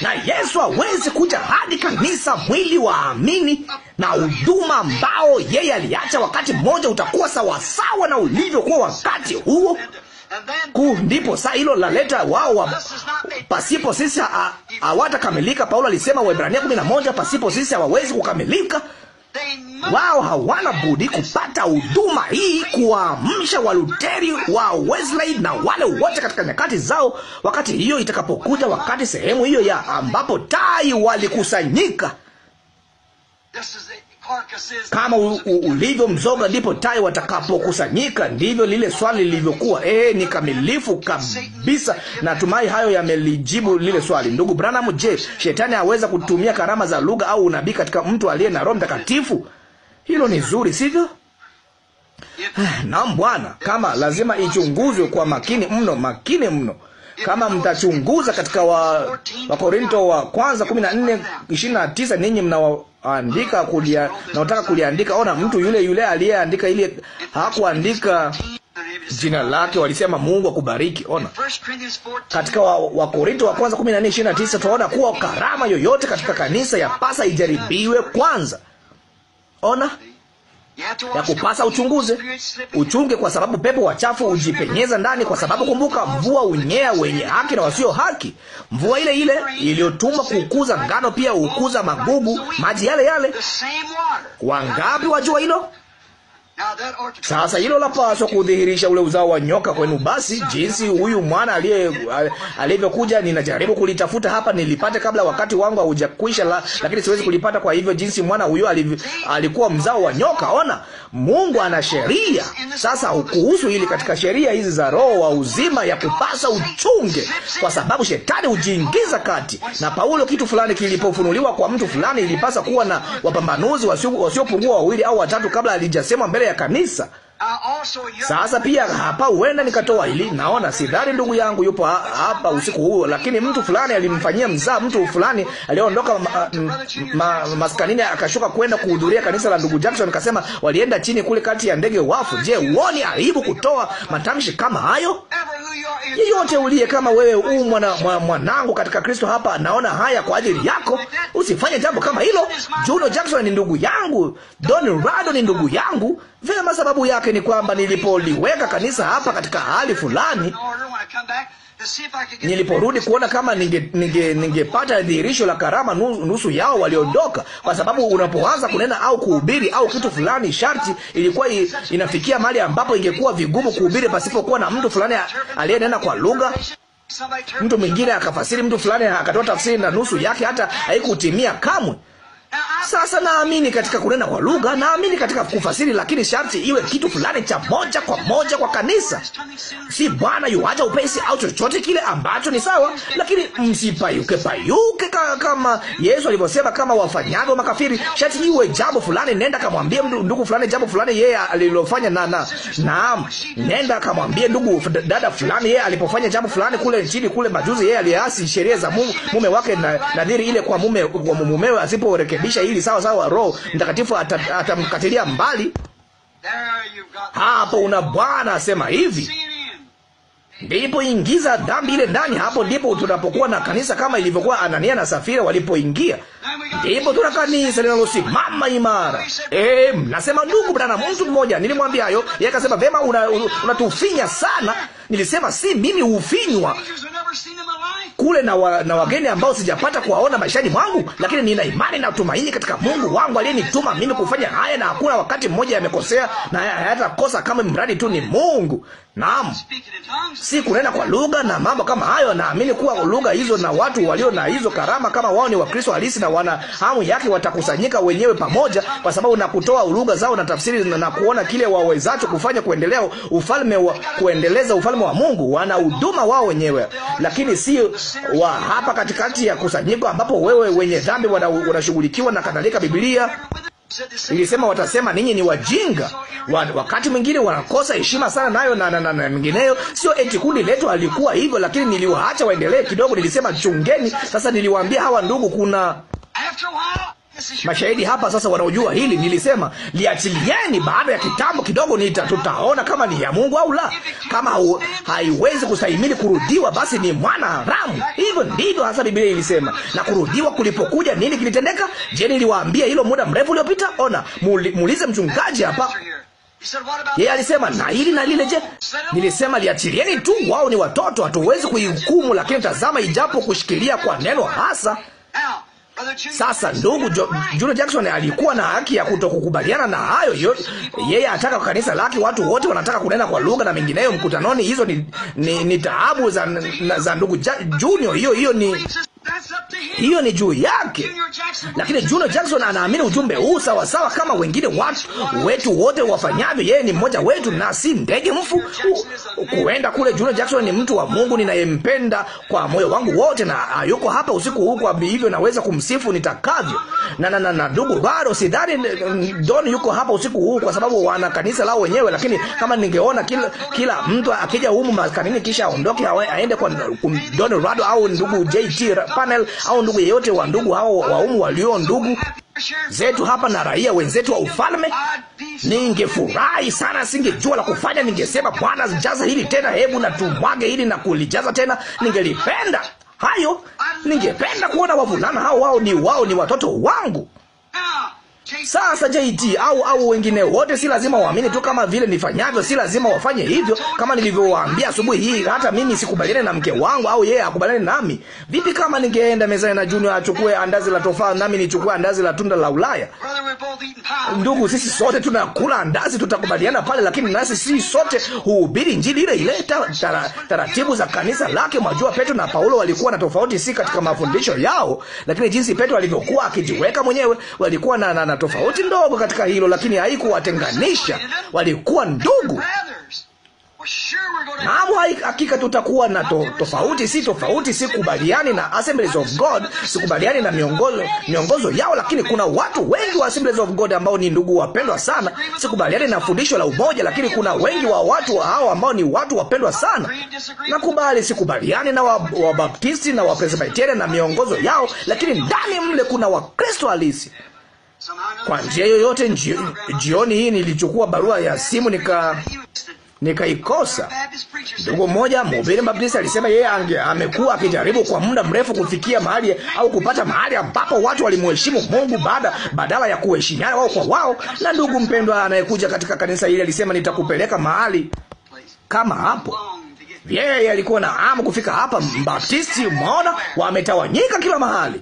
na Yesu hawezi kuja hadi kanisa, mwili wa amini na huduma ambao yeye aliacha wakati mmoja utakuwa sawasawa na ulivyokuwa wakati huo kuu, ndipo saa hilo laleta wao pasipo sisi hawatakamilika. Paulo alisema Waebrania moja, pasipo sisi hawawezi kukamilika. Wao hawana budi kupata huduma hii, kuwaamsha Waluteri wa Wesley na wale wote katika nyakati zao, wakati hiyo itakapokuja, wakati sehemu hiyo ya ambapo tai walikusanyika. Kama ulivyo mzoga ndipo tai watakapokusanyika, ndivyo lile swali lilivyokuwa. Ee, ni kamilifu kabisa. Natumai hayo yamelijibu lile swali. Ndugu Branham, je, shetani aweza kutumia karama za lugha au unabii katika mtu aliye na Roho Mtakatifu? Hilo ni zuri, sivyo? Ah, naam Bwana, kama lazima ichunguzwe kwa makini mno, makini mno. Kama mtachunguza katika wa Wakorinto wa kwanza 14:29 ninyi mnaoandika kulia naotaka kuliandika, ona mtu yule yule aliyeandika ile hakuandika jina lake, walisema Mungu akubariki. Ona katika Wakorinto wa, wa kwanza 14:29 tunaona kuwa karama yoyote katika kanisa ya pasa ijaribiwe kwanza. Ona ya kupasa uchunguze, uchunge, kwa sababu pepo wachafu hujipenyeza ndani, kwa sababu kumbuka, mvua unyea wenye haki na wasio haki. Mvua ile ile iliyotumwa kukuza ngano pia hukuza magugu, maji yale yale. Wangapi wajua hilo? Sasa hilo lapaswa kudhihirisha ule uzao wa nyoka kwenu. Basi jinsi huyu mwana alivyokuja, ninajaribu kulitafuta hapa nilipate kabla wakati wangu haujakwisha, la, lakini siwezi kulipata. Kwa hivyo jinsi mwana huyu alikuwa mzao wa nyoka. Ona, Mungu ana sheria. Sasa hukuhusu hili katika sheria hizi za roho wa uzima, ya kupasa uchunge, kwa sababu shetani hujiingiza kati. Na Paulo, kitu fulani kilipofunuliwa kwa mtu fulani, ilipasa kuwa na wapambanuzi wasiopungua wasio wawili au watatu kabla alijasema mbele ya kanisa. Sasa pia hapa huenda nikatoa hili. Naona sidhani ndugu yangu yupo hapa usiku huu, lakini mtu fulani alimfanyia mzaa mtu fulani aliondoka ma, ma, ma, maskanini akashuka kwenda kuhudhuria kanisa la ndugu Jackson. Akasema walienda chini kule kati ya ndege wafu. Je, uone aibu kutoa matamshi kama hayo? Yeyote uliye kama wewe u mwana, mwanangu katika Kristo, hapa naona haya kwa ajili yako. Usifanye jambo kama hilo. Juno Jackson ni ndugu yangu, Don Rado ni ndugu yangu vema. sababu yake ni kwamba nilipoliweka kanisa hapa katika hali fulani niliporudi kuona kama ningepata ninge, ninge dhihirisho la karama, nusu yao waliondoka, kwa sababu unapoanza kunena au kuhubiri au kitu fulani, sharti ilikuwa inafikia mahali ambapo ingekuwa vigumu kuhubiri pasipokuwa na mtu fulani aliyenena kwa lugha. Mtu mwingine akafasiri, mtu fulani akatoa tafsiri na nusu yake hata haikutimia kamwe. Sasa naamini katika kunena kwa lugha, naamini katika kufasiri, lakini sharti iwe kitu fulani cha moja kwa moja kwa kanisa, si Bwana yuaja upesi au chochote kile ambacho ni sawa, lakini msipayuke payuke ka, kama Yesu alivyosema, kama wafanyavyo makafiri. Sharti iwe jambo fulani, nenda kamwambie ndugu fulani jambo fulani yeye alilofanya, na na naam, nenda kamwambie ndugu dada fulani yeye alipofanya jambo fulani kule nchini kule majuzi, yeye aliasi sheria za Mungu, mume wake na nadhiri ile kwa mume wa mumewe asiporekebisha kulibisha hili sawa sawa, Roho Mtakatifu atamkatilia ata mbali. Hapo una Bwana asema hivi, ndipo ingiza dhambi ile ndani. Hapo ndipo tunapokuwa na kanisa kama ilivyokuwa Anania na Safira walipoingia, ndipo tuna kanisa linalosimama imara. Eh, nasema ndugu bwana, mtu mmoja nilimwambia hayo, yeye akasema vema, unatufinya una, una sana. Nilisema si mimi hufinywa kule na, wa, na wageni ambao sijapata kuwaona maishani mwangu, lakini nina imani na tumaini katika Mungu wangu aliyenituma mimi kufanya haya, na hakuna wakati mmoja yamekosea na hayatakosa kama mradi tu ni Mungu. Naam, si kunena kwa lugha na mambo kama hayo. Naamini kuwa lugha hizo na watu walio na hizo karama, kama wao ni Wakristo halisi na wana hamu yake, watakusanyika wenyewe pamoja, kwa sababu na kutoa lugha zao na tafsiri na kuona kile wawezacho kufanya kuendelea ufalme wa, kuendeleza ufalme wa Mungu. Wana huduma wao wenyewe, lakini si wa hapa katikati ya kusanyiko, ambapo wewe wenye dhambi wanashughulikiwa na kadhalika. Biblia Nilisema watasema ninyi ni wajinga. Wakati mwingine wanakosa heshima sana nayo na, na, na, na mingineyo. Sio eti kundi letu alikuwa hivyo, lakini niliwaacha waendelee kidogo. Nilisema chungeni. Sasa niliwaambia hawa ndugu, kuna mashahidi hapa sasa wanaojua hili. Nilisema liachilieni, baada ya kitambo kidogo nita, tutaona kama ni ya Mungu au la. Kama hu, haiwezi kustahimili kurudiwa, basi ni mwana haramu. Hivyo ndivyo hasa Biblia ilisema. Na kurudiwa kulipokuja, nini kilitendeka? Je, niliwaambia hilo muda mrefu uliopita? Ona, muulize mchungaji hapa yeye alisema na hili na lile. Je, nilisema liachilieni tu, wao ni watoto, hatuwezi kuihukumu. Lakini tazama, ijapo kushikilia kwa neno hasa sasa ndugu Juno Jackson alikuwa na haki ya kutokukubaliana na hayo yote. Yeye anataka kanisa lake, watu wote wanataka kunena kwa lugha na mengineyo mkutanoni. Hizo ni, ni, ni taabu za, za ndugu Junior. Hiyo hiyo ni hiyo ni juu yake. Lakini Juno Jackson anaamini ujumbe huu sawasawa kama wengine watu wetu wote wafanyavyo. Yeye ni mmoja wetu na si ndege mfu. Kuenda kule, Juno Jackson ni mtu wa Mungu ninayempenda kwa moyo wangu wote, na yuko hapa usiku huu, kwa hivyo naweza kumsifu nitakavyo. Na na na ndugu, bado sidhani Don yuko hapa usiku huu kwa sababu wana kanisa lao wenyewe, lakini kama ningeona kila, kila mtu akija humu makanini kisha aondoke aende kwa Don Rado au ndugu JT panel au au ndugu yeyote wa ndugu hao waumu walio ndugu zetu hapa na raia wenzetu wa ufalme. Ningefurahi sana, singejua la kufanya. Ningesema Bwana, jaza hili tena, hebu na tumwage hili na kulijaza tena. Ningelipenda hayo, ningependa kuona wavulana hao, wao ni wao, ni watoto wangu. Sasa JT au au wengine wote, si lazima waamini tu kama vile nifanyavyo, si lazima wafanye hivyo. Kama nilivyowaambia asubuhi hii, hata mimi sikubaliane na mke wangu au yeye akubaliane nami. Vipi kama ningeenda mezani na Junior achukue andazi la tofaa nami nichukue andazi la tunda la Ulaya? Ndugu, sisi sote tunakula andazi, tutakubaliana pale, lakini nasi si sote huhubiri injili ile ile. Tar, taratibu za kanisa lake, mwajua Petro na Paulo walikuwa na tofauti, si katika mafundisho yao, lakini jinsi Petro alivyokuwa akijiweka mwenyewe, walikuwa na, na, na na tofauti ndogo katika hilo, lakini haikuwatenganisha. Walikuwa ndugu. Naam, hakika tutakuwa na to, tofauti, si tofauti, si kubaliani na Assemblies of God, sikubaliani na miongozo, miongozo yao, lakini kuna watu wengi wa Assemblies of God ambao ni ndugu wapendwa sana. Sikubaliani na fundisho la umoja, lakini kuna wengi wa watu hao ambao ni watu wapendwa sana. Nakubali, sikubaliani na Wabaptisti wa na Wapresbiteria na miongozo yao, lakini ndani mle kuna Wakristo halisi. Kwa njia yoyote, jioni hii nilichukua barua ya simu nika nikaikosa. Ndugu mmoja mhubiri Baptisti alisema yeye ange amekuwa akijaribu kwa muda mrefu kufikia mahali au kupata mahali ambapo watu walimheshimu Mungu baada badala ya kuheshimiana wao kwa wao. Na ndugu mpendwa anayekuja katika kanisa hili alisema nitakupeleka mahali kama hapo. Yeye alikuwa na hamu kufika hapa Mbaptisti, umeona, wametawanyika kila mahali.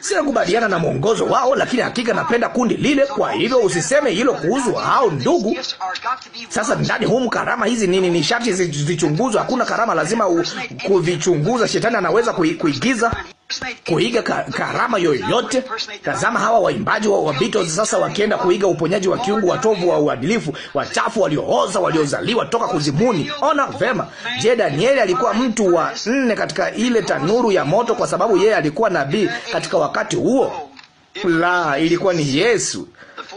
Sikubaliana na mwongozo wao, lakini hakika napenda kundi lile. Kwa hivyo usiseme hilo kuhusu hao ndugu. Sasa ndani humu karama hizi nini, ni sharti zichunguzwe. Hakuna karama lazima kuvichunguza. Shetani anaweza kuigiza kui kuiga karama yoyote. Tazama hawa waimbaji wa, wa Beatles sasa wakienda kuiga uponyaji wa kiungu, watovu wa uadilifu, wachafu, waliooza, waliozaliwa toka kuzimuni. Ona vema. Je, Danieli alikuwa mtu wa nne katika ile tanuru ya moto kwa sababu yeye alikuwa nabii katika wakati huo? La, ilikuwa ni Yesu.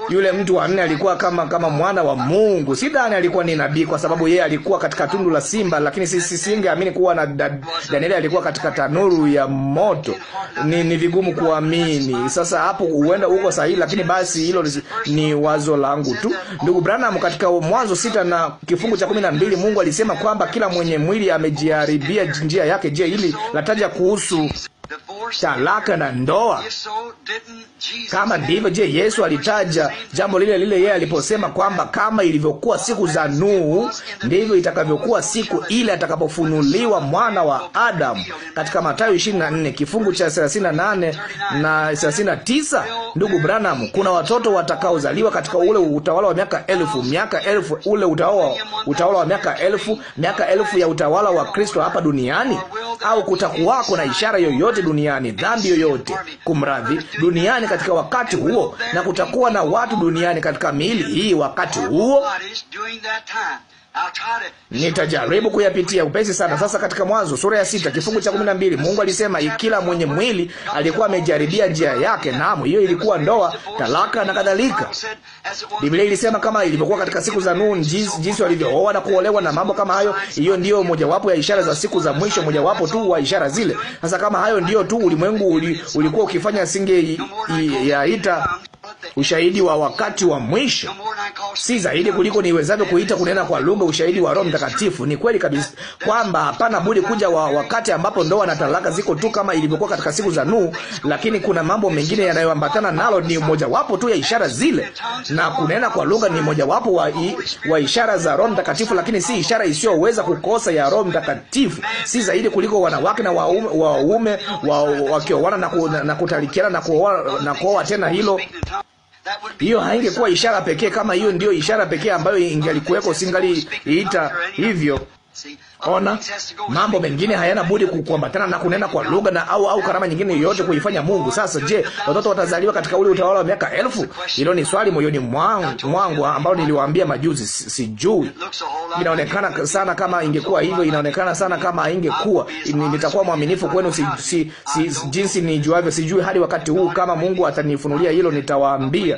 Yule mtu wa nne alikuwa kama kama mwana wa Mungu. Sidhani alikuwa ni nabii, kwa sababu yeye alikuwa katika tundu la simba, lakini sisi singeamini kuwa na da, Danieli alikuwa katika tanuru ya moto. Ni, ni vigumu kuamini. Sasa hapo huenda uko sahihi, lakini basi hilo ni wazo langu tu. Ndugu Branham, katika Mwanzo sita na kifungu cha kumi na mbili Mungu alisema kwamba kila mwenye mwili amejiharibia njia yake. Je, hili lataja kuhusu talaka na ndoa. Kama ndivyo, je, Yesu alitaja jambo lile lile yeye aliposema kwamba kama ilivyokuwa siku za Nuhu, ndivyo itakavyokuwa siku ile atakapofunuliwa mwana wa Adamu, katika Mathayo 24 kifungu cha 38 na 39. Ndugu Branham, kuna watoto watakaozaliwa katika ule utawala wa miaka elfu, miaka elfu, ule utawala, utawala wa miaka elfu, miaka elfu ya utawala wa Kristo hapa duniani, au kutakuwako na ishara yoyote duniani duniani, dhambi yoyote, kumradhi, duniani katika wakati huo, na kutakuwa na watu duniani katika miili hii wakati huo Nitajaribu kuyapitia upesi sana. Sasa katika Mwanzo sura ya sita kifungu cha kumi na mbili Mungu alisema kila mwenye mwili alikuwa amejaribia njia yake. Naam, hiyo ilikuwa ndoa, talaka na kadhalika. Biblia ilisema kama ilivyokuwa katika siku za Nuhu, jinsi, jinsi walivyooa na kuolewa na mambo kama hayo. Hiyo ndiyo mojawapo ya ishara za siku za mwisho, mojawapo tu wa ishara zile. Sasa kama hayo ndiyo tu ulimwengu uli, ulikuwa ukifanya, singe yaita ushahidi wa wakati wa mwisho, si zaidi kuliko niwezavyo kuita kunena kwa lugha ushahidi wa Roho Mtakatifu. Ni kweli kabisa kwamba hapana budi kuja wa wakati ambapo ndoa na talaka ziko tu kama ilivyokuwa katika siku za Nuhu, lakini kuna mambo mengine yanayoambatana nalo. Ni mojawapo tu ya ishara zile, na kunena kwa lugha ni mojawapo wa, i, wa ishara za Roho Mtakatifu, lakini si ishara isiyoweza kukosa ya Roho Mtakatifu, si zaidi kuliko wanawake na waume wakioana wa, wa, wa, na, ku, na, na kutalikiana na kuoa na kuoa tena hilo hiyo haingekuwa ishara pekee. Kama hiyo ndiyo ishara pekee ambayo ingalikuweko, singaliita hivyo. Ona, mambo mengine hayana budi kuambatana na kunena kwa lugha na au au karama nyingine yoyote kuifanya Mungu. Sasa je, watoto watazaliwa katika ule utawala wa miaka elfu? Hilo ni swali moyoni mwangu, mwangu ambao niliwaambia majuzi, sijui. Inaonekana sana kama ingekuwa hivyo, inaonekana sana kama ingekuwa. Nitakuwa mwaminifu kwenu, si, si, si, jinsi nijuavyo. Sijui hadi wakati huu. Kama Mungu atanifunulia hilo, nitawaambia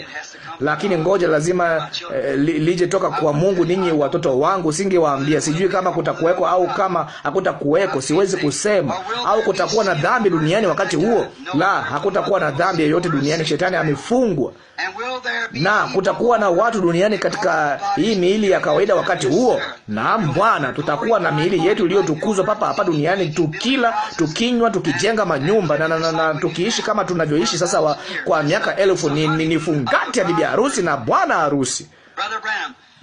lakini ngoja lazima eh, li, lije toka kwa Mungu. Ninyi watoto wangu, singewaambia sijui kama kutakuweko au kama hakutakuweko, siwezi kusema. Au kutakuwa na dhambi duniani wakati huo? La, hakutakuwa na dhambi yoyote duniani. Shetani amefungwa. Na kutakuwa na watu duniani katika hii miili ya kawaida wakati huo? Naam Bwana, tutakuwa na miili yetu iliyotukuzwa papa hapa duniani, tukila, tukinywa, tukijenga manyumba na, na, na, na tukiishi kama tunavyoishi sasa wa, kwa miaka elfu. Ni, ni, ni fungati ya Biblia harusi na bwana harusi.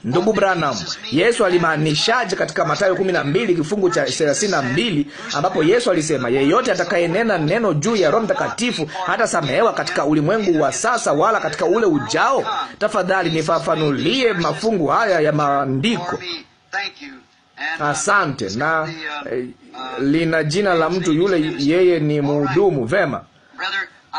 Ndugu Branham, Yesu alimaanishaje katika Mathayo 12 kifungu cha 32 ambapo Yesu alisema yeyote atakayenena neno juu ya Roho Mtakatifu hata samehewa katika ulimwengu wa sasa wala katika ule ujao? Tafadhali nifafanulie mafungu haya ya maandiko. Uh, Asante. Na uh, eh, lina jina la uh, mtu yule, yeye ni mhudumu. Vema.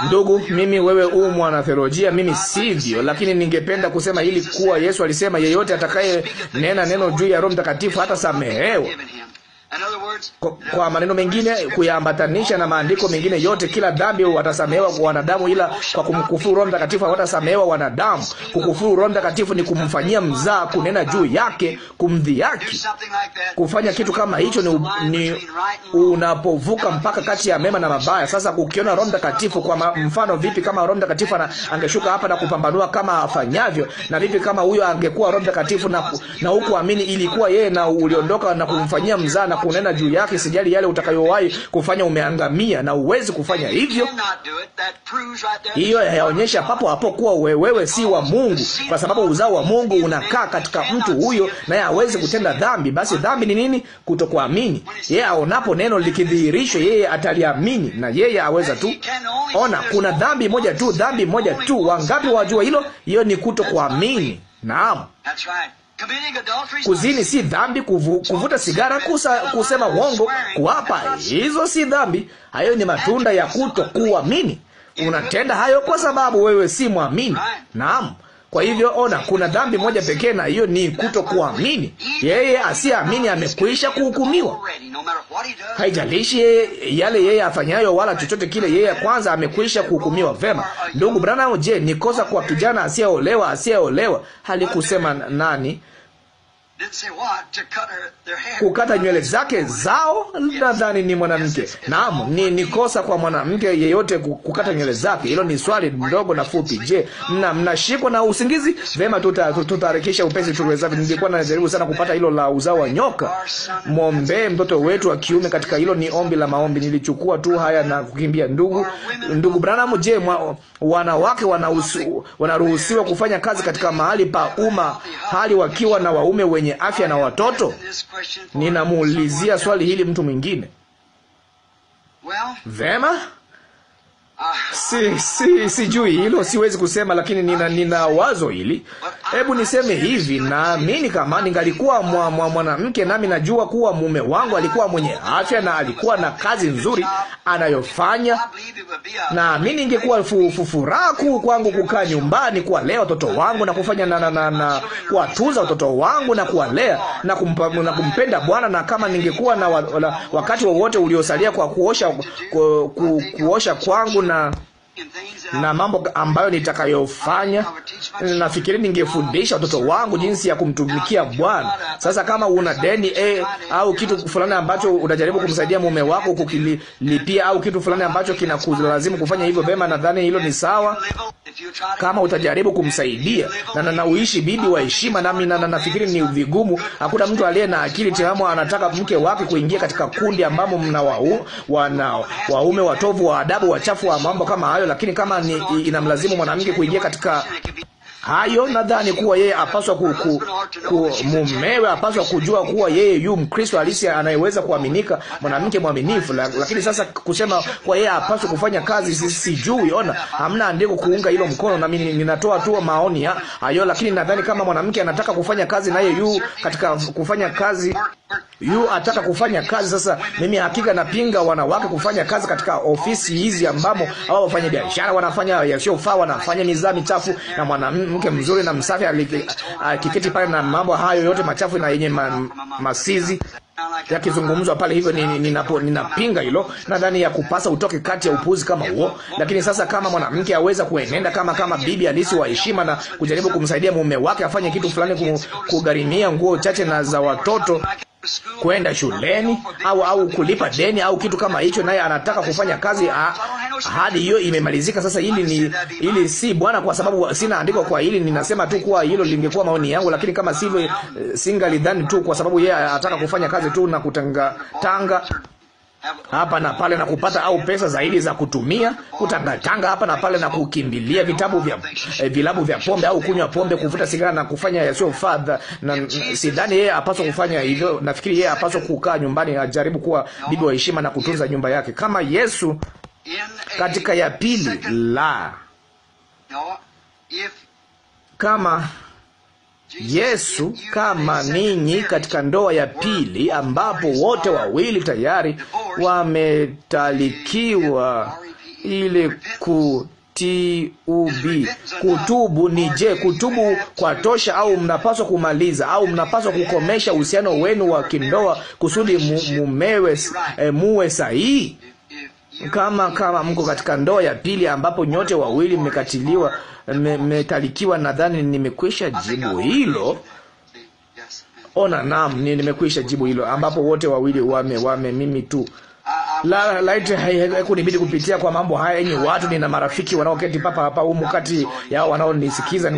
Ndugu, mimi wewe u theolojia mimi sivyo, lakini ningependa kusema ili kuwa Yesu alisema yeyote atakaye nena neno juu ya Roho Mtakatifu hata samehewa. Kwa, maneno mengine kuyaambatanisha na maandiko mengine yote, kila dhambi watasamehewa kwa wanadamu, ila kwa kumkufuru Roho Mtakatifu hawatasamehewa wanadamu. Kukufuru Roho Mtakatifu ni kumfanyia mzaa, kunena juu yake, kumdhihaki. Kufanya kitu kama hicho ni, ni unapovuka mpaka kati ya mema na mabaya. Sasa kukiona Roho Mtakatifu kwa mfano, vipi kama Roho Mtakatifu angeshuka hapa na kupambanua kama afanyavyo, na vipi kama huyo angekuwa Roho Mtakatifu na, na hukuamini ilikuwa yeye na uliondoka na kumfanyia mzaa na kunena juu yake, sijali yale utakayowahi kufanya, umeangamia na uwezi kufanya hivyo. Hiyo yaonyesha papo hapo kuwa wewe si wa Mungu, kwa sababu uzao wa Mungu unakaa katika mtu huyo, naye hawezi kutenda dhambi. Basi dhambi ni nini? Kutokuamini. Yeye aonapo neno likidhihirishwa, yeye ataliamini na yeye aweza tu. Ona, kuna dhambi moja tu, dhambi moja tu. Wangapi wajua hilo? Hiyo ni kutokuamini. Naam. Kuzini si dhambi, kuvu, kuvuta sigara, kusa, kusema uongo, kuapa, hizo si dhambi. Hayo ni matunda ya kuto kuamini Unatenda hayo kwa sababu wewe si mwamini. Naam. Kwa hivyo ona, kuna dhambi moja pekee, na hiyo ni kutokuamini. Yeye asiyeamini amekwisha kuhukumiwa, haijalishi yeye, yale yeye afanyayo wala chochote kile, yeye kwanza amekwisha kuhukumiwa vema. Ndugu Branham, je, ni kosa kwa kijana asiyeolewa asiyeolewa? Halikusema nani kukata nywele zake zao. Nadhani ni mwanamke. Naam, ni, ni kosa kwa mwanamke yeyote kukata nywele zake. Hilo ni swali ndogo na fupi. Je, mna mnashikwa na usingizi? Vema, tutaharakisha upesi tuwezavyo. Ningekuwa najaribu sana kupata hilo la uzao wa nyoka. Mwombee mtoto wetu wa kiume katika hilo, ni ombi la maombi. Nilichukua tu haya na kukimbia. Ndugu ndugu Branham, je, wanawake wanaruhusiwa kufanya kazi katika mahali pa umma hali wakiwa na waume wenye wenye afya na watoto? Ninamuulizia swali hili mtu mwingine. Vema. Si, si, sijui hilo, siwezi kusema, lakini nina, nina wazo hili. Hebu niseme hivi, naamini kama ningalikuwa mwa, mwa mwanamke nami najua kuwa mume wangu alikuwa mwenye afya na alikuwa na kazi nzuri anayofanya, naamini ingekuwa furaha kuu kwangu kukaa nyumbani, kuwalea watoto wangu na kufanya na, na, na, na kuwatunza watoto wangu na kuwalea na, kumpa, na kumpenda Bwana, na kama ningekuwa na wa, la, wakati wowote uliosalia kwa kuosha ku, ku, kuosha kwangu No. na mambo ambayo nitakayofanya. Nafikiri ningefundisha watoto wangu jinsi ya kumtumikia Bwana. Sasa kama una deni eh, au kitu fulani ambacho unajaribu kumsaidia mume wako kukilipia, au kitu fulani ambacho kinakulazimu kufanya hivyo, vema, nadhani hilo ni sawa, kama utajaribu kumsaidia na na, uishi bibi wa heshima. Nami na, na, nafikiri ni vigumu. Hakuna mtu aliye na akili timamu anataka mke wake kuingia katika kundi ambamo mna wau, wana waume watovu wa adabu wachafu wa mambo kama hayo lakini kama ni inamlazimu mwanamke kuingia katika hayo, nadhani kuwa yeye apaswa ku, ku, ku, mumewe apaswa kujua kuwa yeye yu Mkristo halisi anayeweza kuaminika, mwanamke mwaminifu. Lakini sasa kusema kuwa yeye apaswa kufanya kazi, sijui. Ona, hamna andiko kuunga hilo mkono, nami ninatoa tu maoni ya, hayo, lakini nadhani kama mwanamke anataka kufanya kazi, naye yu katika kufanya kazi yu ataka kufanya kazi. Sasa mimi hakika napinga wanawake kufanya kazi katika ofisi hizi ambamo hao wafanya biashara wanafanya yasiyofaa, wanafanya mizaa michafu na mwanamke mke mzuri na msafi akiketi pale na mambo hayo yote machafu na yenye ma, masizi yakizungumzwa pale. Hivyo ni, ninapinga hilo, nadhani ya kupasa utoke kati ya upuzi kama huo. Lakini sasa, kama mwanamke aweza kuenenda kama kama bibi halisi wa heshima na kujaribu kumsaidia mume wake afanye kitu fulani, kugharimia nguo chache na za watoto kwenda shuleni au au kulipa deni au kitu kama hicho, naye anataka kufanya kazi a, hadi hiyo imemalizika. Sasa hili ni hili si bwana, kwa sababu sina andiko kwa hili, ninasema tu kuwa hilo lingekuwa maoni yangu, lakini kama sivyo, eh, singalidhani tu, kwa sababu yeye anataka kufanya kazi kazi tu na kutangatanga hapa na pale na kupata au pesa zaidi za kutumia, kutangatanga hapa na pale na kukimbilia vitabu vya e, vilabu vya pombe au kunywa pombe, kuvuta sigara na kufanya yasiyofaa. Na sidhani yeye apaswa kufanya hivyo. Nafikiri yeye apaswa kukaa nyumbani, ajaribu kuwa bibi wa heshima na kutunza nyumba yake kama Yesu katika ya pili la kama Yesu kama ninyi katika ndoa ya pili, ambapo wote wawili tayari wametalikiwa ili ku Ubi. Kutubu ni je, kutubu kwa tosha au mnapaswa kumaliza au mnapaswa kukomesha uhusiano wenu wa kindoa kusudi mumewe e, muwe sahihi? Kama kama mko katika ndoa ya pili ambapo nyote wawili mmekatiliwa metalikiwa. Nadhani nimekwisha jibu hilo. Ona, naam, nimekwisha jibu hilo, ambapo wote wawili wame wame mimi tu la laiti haikunibidi kupitia kwa mambo haya. Enyi watu, nina marafiki wanaoketi papa hapa humu kati yao wanaonisikiza,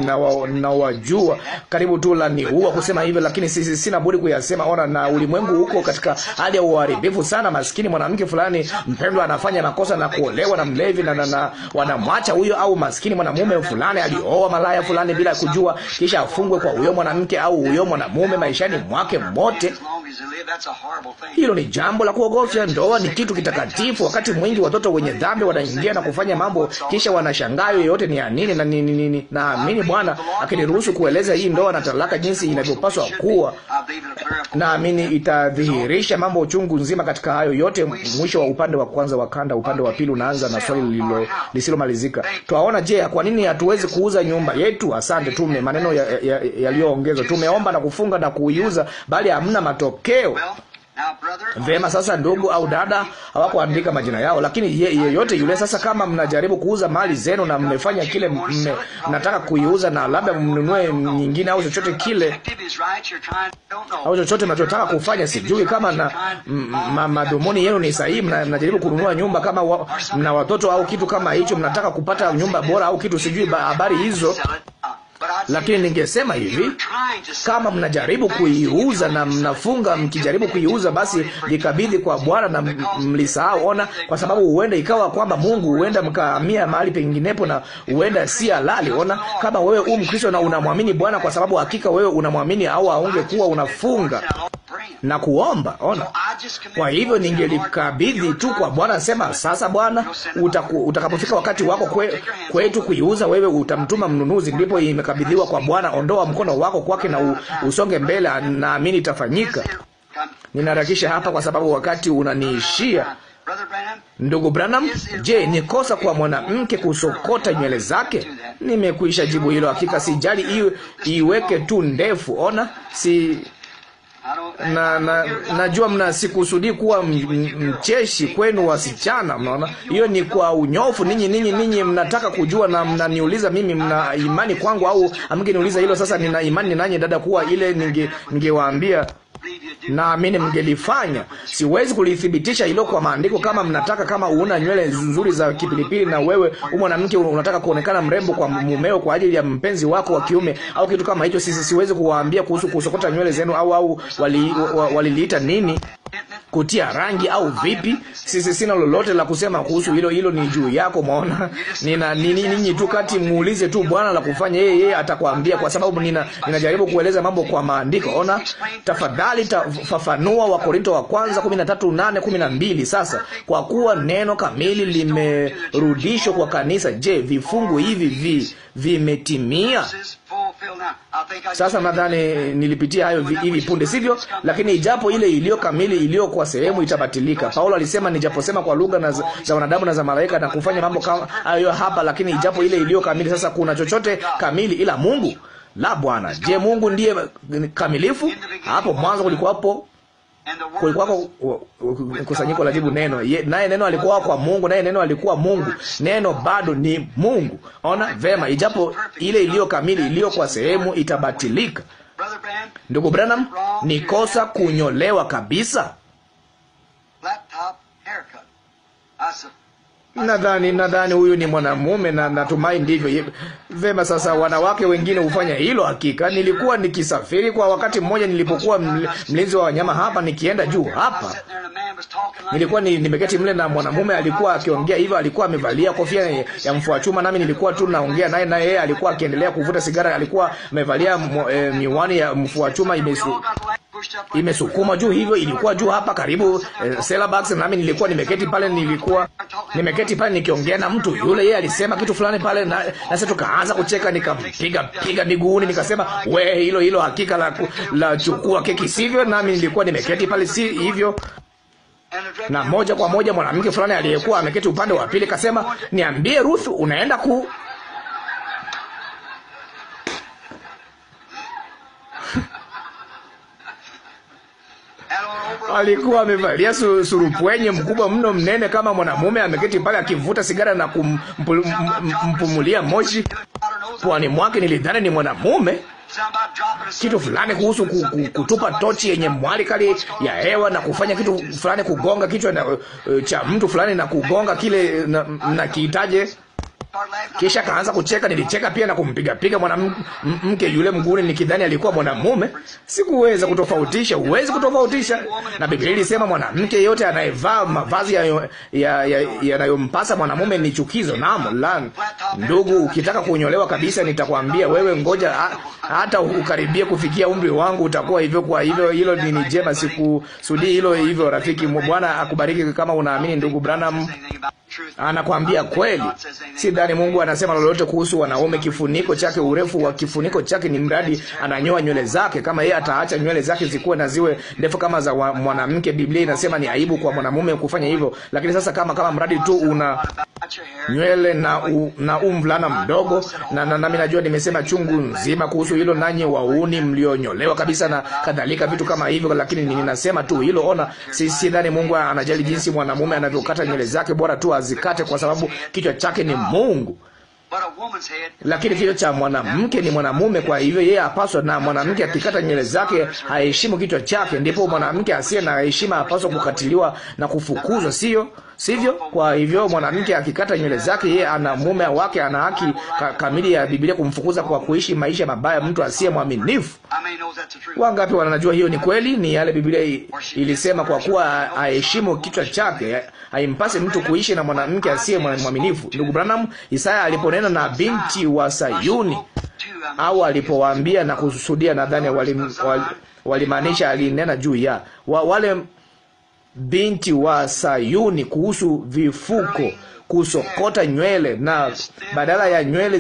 ninawajua karibu tu la ni huwa kusema hivyo, lakini sisi sina budi kuyasema. Ona, na ulimwengu huko katika hali ya uharibifu sana. Maskini mwanamke fulani mpendwa anafanya makosa na kuolewa na mlevi na, na, na wanamwacha huyo, au maskini mwanamume fulani alioa malaya fulani bila kujua, kisha afungwe kwa huyo mwanamke au huyo mwanamume maishani mwake mote. Hilo ni jambo la kuogofya. Ndoa ni kitu kitu kitakatifu. Wakati mwingi watoto wenye dhambi wanaingia na kufanya mambo, kisha wanashangaa yote ni ya nini na nini nini. Naamini Bwana akiniruhusu kueleza hii ndoa na talaka jinsi inavyopaswa kuwa, naamini itadhihirisha mambo chungu nzima katika hayo yote. Mwisho wa upande wa kwanza wa kanda, upande wa pili unaanza na swali lilo lisilomalizika. Twaona, je, kwa nini hatuwezi kuuza nyumba yetu? Asante, tume maneno yaliyoongezwa ya, ya, ya tumeomba na kufunga na kuiuza, bali hamna matokeo. Vema, sasa ndugu au dada hawakuandika majina yao, lakini yeyote ye yule. Sasa kama mnajaribu kuuza mali zenu na mmefanya kile mme, mnataka kuiuza na labda mnunue nyingine au chochote kile au chochote mnachotaka kufanya, sijui kama na madhumuni yenu ni sahihi. Mnajaribu kununua nyumba kama wa, mna watoto au kitu kama hicho, mnataka kupata nyumba bora au kitu, sijui habari hizo lakini ningesema hivi, kama mnajaribu kuiuza na mnafunga mkijaribu kuiuza, basi likabidhi kwa Bwana na mlisahau ona, kwa sababu huenda ikawa kwamba Mungu, huenda mkahamia mahali penginepo, na huenda si halali ona. Kama wewe u Mkristo na unamwamini Bwana, kwa sababu hakika wewe unamwamini, au aungekuwa unafunga na kuomba ona. Kwa hivyo ningelikabidhi tu kwa Bwana, sema sasa, Bwana, utakapofika wakati wako kwe, kwetu kuiuza, wewe utamtuma mnunuzi, ndipo ime kukabidhiwa kwa Bwana, ondoa mkono wako kwake na usonge mbele, naamini itafanyika. Ninaharakisha hapa kwa sababu wakati unaniishia. Ndugu Branham, je, ni kosa kwa mwanamke kusokota nywele zake? Nimekwisha jibu hilo. Hakika sijali, iwe iweke tu ndefu. Ona si na, na najua mnasikusudii kuwa mcheshi kwenu wasichana. Mnaona, hiyo ni kwa unyofu. Ninyi ninyi ninyi mnataka kujua na mnaniuliza mimi, mna imani kwangu au amgeniuliza hilo. Sasa nina imani nanye dada, kuwa ile ningewaambia ninge naamini mngelifanya. Siwezi kulithibitisha hilo kwa maandiko. Kama mnataka, kama una nywele nzuri za kipilipili na wewe mwanamke unataka kuonekana mrembo kwa mumeo kwa ajili ya mpenzi wako wa kiume au kitu kama hicho, sisi siwezi kuwaambia kuhusu kusokota nywele zenu au au waliliita wali, wali nini kutia rangi au vipi. Sisi sina lolote la kusema kuhusu hilo, hilo ni juu yako. Mwaona, nina nini, ninyi tu kati, muulize tu Bwana la kufanya, yeye yeye atakwambia, kwa sababu nina ninajaribu kueleza mambo kwa maandiko. Ona, tafadhali tafafanua wa Korinto wa kwanza 13:8 12. Sasa kwa kuwa neno kamili limerudishwa kwa kanisa, je, vifungu hivi vi vimetimia? Uh, sasa nadhani nilipitia hayo hivi punde, sivyo? Lakini ijapo ile iliyo kamili iliyo kwa sehemu itabatilika. Paulo alisema, nijaposema kwa lugha za wanadamu na za malaika na kufanya mambo kama hayo hapa, lakini ijapo ile iliyo kamili. Sasa kuna chochote kamili ila Mungu? La, Bwana. Je, Mungu ndiye kamilifu? Hapo mwanzo kulikuwapo kulikuwako kusanyiko la jibu neno, naye neno alikuwa kwa Mungu, naye neno alikuwa Mungu. Neno bado ni Mungu. Ona vema, ijapo ile iliyo kamili, iliyo kwa sehemu itabatilika. Ndugu Branham, ni kosa kunyolewa kabisa. Nadhani, nadhani huyu ni mwanamume na natumai ndivyo. Vema, sasa wanawake wengine hufanya hilo. Hakika nilikuwa nikisafiri kwa wakati mmoja, nilipokuwa mlinzi wa wanyama hapa, nikienda juu hapa, nilikuwa ni, nimeketi mle na mwanamume alikuwa akiongea hivyo, alikuwa amevalia kofia ya, mfua chuma, nami nilikuwa tu naongea naye, na yeye alikuwa akiendelea kuvuta sigara, alikuwa amevalia e, miwani ya mfua chuma imesu imesukuma juu hivyo, ilikuwa juu hapa karibu e, eh, sela box, nami nilikuwa nimeketi pale, nilikuwa nimeketi nikaketi pale nikiongea na mtu yule, yeye alisema kitu fulani pale, na sasa tukaanza kucheka, nikampiga piga miguuni, nikasema we, hilo hilo hakika la, la chukua keki, sivyo? Nami nilikuwa nimeketi pale, si hivyo na moja kwa moja mwanamke fulani aliyekuwa ameketi upande wa pili kasema, niambie Ruth, unaenda ku alikuwa amevalia surupwenye mkubwa mno mnene kama mwanamume, ameketi pale akivuta sigara na kumpumulia moshi pwani mwake. Nilidhani ni mwanamume kitu fulani kuhusu kutupa tochi yenye mwali kali ya hewa na kufanya kitu fulani, kugonga kichwa na, eh, cha mtu fulani na kugonga kile na, na kiitaje kisha akaanza kucheka. Nilicheka pia na kumpiga piga mwanamke yule mguni, nikidhani alikuwa mwanamume. Sikuweza kutofautisha. Huwezi kutofautisha, na Biblia ilisema mwanamke yeyote anayevaa mavazi yanayompasa ya, ya, ya ya mwanamume ni chukizo. Naam, la ndugu, ukitaka kunyolewa kabisa, nitakwambia wewe, ngoja hata ukaribie kufikia umri wangu, utakuwa hivyo. Kwa hivyo hilo ni jema, sikusudi hilo hivyo. Rafiki, Bwana akubariki. Kama unaamini ndugu Branham anakwambia kweli, si ndani Mungu anasema lolote kuhusu wanaume. Kifuniko chake, urefu wa kifuniko chake, ni mradi ananyoa nywele zake. Kama yeye ataacha nywele zake zikuwe na ziwe ndefu kama za mwanamke, Biblia inasema ni aibu kwa mwanamume kufanya hivyo. Lakini sasa kama kama mradi tu una nywele na u, na umvulana mdogo na, na, nami najua nimesema chungu nzima kuhusu hilo, nanyi wauni mlionyolewa kabisa na kadhalika, vitu kama hivyo, lakini ninasema tu hilo. Ona, si dhani Mungu anajali jinsi mwanamume anavyokata nywele zake, bora tu azikate, kwa sababu kichwa chake ni Mungu. Mungu. Lakini kichwa cha mwanamke ni mwanamume. Kwa hivyo yeye apaswa, na mwanamke akikata nywele zake haheshimu kichwa chake, ndipo mwanamke asiye na heshima apaswa kukatiliwa na kufukuzwa, sio sivyo? Kwa hivyo mwanamke akikata nywele zake, yeye ana mume wake, ana haki ka, kamili ya Biblia kumfukuza kwa kuishi maisha mabaya, mtu asiye mwaminifu. Wangapi wanajua hiyo ni kweli? Ni yale Biblia ilisema, kwa kuwa aheshimu kichwa chake, haimpasi mtu kuishi na mwanamke asiye mwaminifu. Ndugu Branham, Isaya aliponena na binti wa Sayuni au alipowaambia na kusudia, nadhani walimaanisha wali alinena juu ya wa, wale binti wa Sayuni kuhusu vifuko, kusokota nywele, na badala ya nywele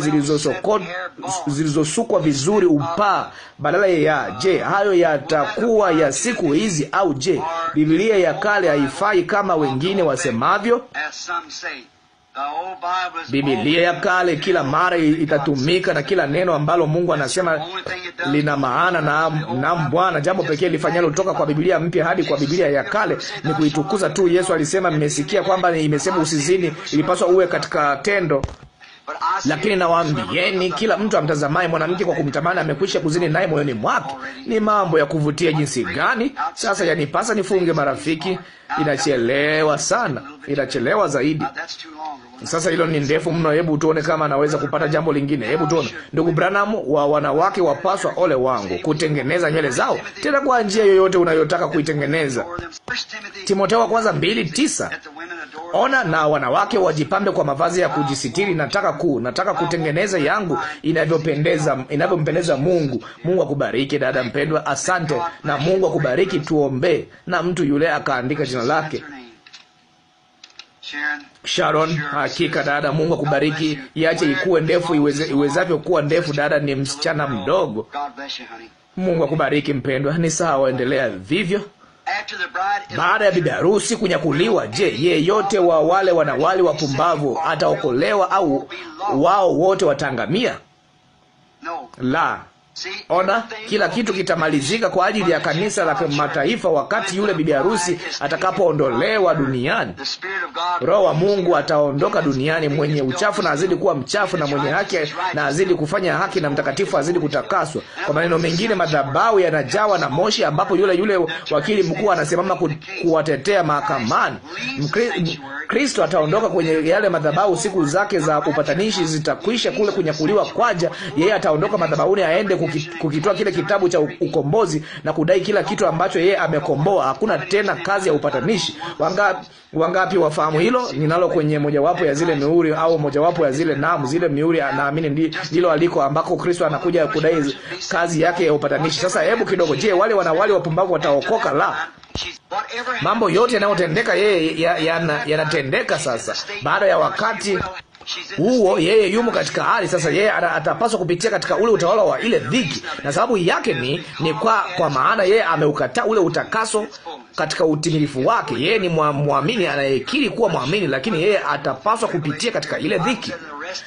zilizosukwa vizuri upaa, badala ya je, hayo yatakuwa ya siku hizi? Au je, Biblia ya kale haifai kama wengine wasemavyo? Bibilia ya kale kila mara itatumika na kila neno ambalo Mungu anasema lina maana na, na Bwana. Jambo pekee lifanyalo toka kwa Bibilia mpya hadi kwa Bibilia ya kale ni kuitukuza tu. Yesu alisema, mmesikia kwamba imesema usizini, ilipaswa uwe katika tendo lakini nawaambieni, kila mtu amtazamaye mwanamke kwa kumtamani amekwisha kuzini naye moyoni mwake. Ni mambo ya kuvutia jinsi gani! Sasa yanipasa nifunge, marafiki. Inachelewa sana, inachelewa zaidi. Sasa hilo ni ndefu mno. Hebu tuone kama anaweza kupata jambo lingine. Hebu tuone, ndugu Branham, wa wanawake wapaswa, ole wangu, kutengeneza nywele zao tena kwa njia yoyote unayotaka kuitengeneza. Timoteo wa kwanza mbili tisa. Ona, na wanawake wajipambe kwa mavazi ya kujisitiri. Nataka ku nataka kutengeneza yangu inavyopendeza inavyompendeza Mungu. Mungu akubariki dada mpendwa, asante. Na Mungu akubariki. tuombe. na mtu yule akaandika jina lake Sharon, hakika dada, Mungu akubariki. Iache ikuwe ndefu iwezavyo kuwa ndefu. Dada ni msichana mdogo. Mungu akubariki mpendwa. Ni sawa, waendelea vivyo. Baada ya bibi harusi kunyakuliwa, je, yeyote wa wale wanawali wapumbavu ataokolewa au wao wote wataangamia? La, Ona, kila kitu kitamalizika kwa ajili ya kanisa la mataifa wakati yule bibi harusi atakapoondolewa duniani. Roho wa Mungu ataondoka duniani, mwenye uchafu na azidi kuwa mchafu, na mwenye haki na azidi kufanya haki, na mtakatifu azidi kutakaswa. Kwa maneno mengine, madhabahu yanajawa na moshi, ambapo yule yule wakili mkuu anasimama ku, kuwatetea mahakamani. Kristo ataondoka kwenye yale madhabahu, siku zake za upatanishi zitakwisha kule kunyakuliwa kwaja. Yeye ataondoka madhabahuni aende kukitoa kile kitabu cha ukombozi na kudai kila kitu ambacho yeye amekomboa. Hakuna tena kazi ya upatanishi. Wangapi, wangapi wafahamu hilo? Ninalo kwenye mojawapo ya zile mihuri au mojawapo ya zile namu, zile mihuri, naamini ndilo aliko ambako Kristo anakuja kudai kazi yake ya upatanishi. Sasa hebu kidogo, je, wale wanawali wapumbavu wataokoka? La, mambo yote yanayotendeka yeye yanatendeka ya, ya, ya, ya sasa baada ya wakati huo, yeye yumo katika hali sasa, yeye atapaswa kupitia katika ule utawala wa ile dhiki, na sababu yake ni ni kwa, kwa maana yeye ameukataa ule utakaso katika utimilifu wake. Yeye ni mwamini anayekiri kuwa mwamini, lakini yeye atapaswa kupitia katika ile dhiki.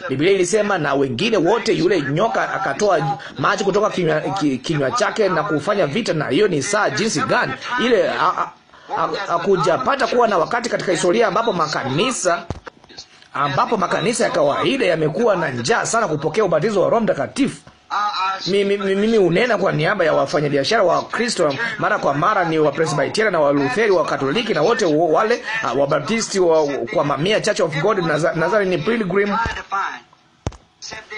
Biblia ilisema, na wengine wote, yule nyoka akatoa maji kutoka kinywa, kinywa chake na kufanya vita. Na hiyo ni saa jinsi gani ile hakujapata kuwa na wakati katika historia ambapo makanisa ambapo makanisa ya kawaida yamekuwa na njaa sana kupokea ubatizo wa Roho Mtakatifu. Mimi, mimi unena kwa niaba ya wafanyabiashara wa Kristo mara kwa mara, ni Wapresbiteria na Walutheri, wa Katoliki na wote wale ah, Wabaptisti, wa, kwa mamia Church of God ni Pilgrim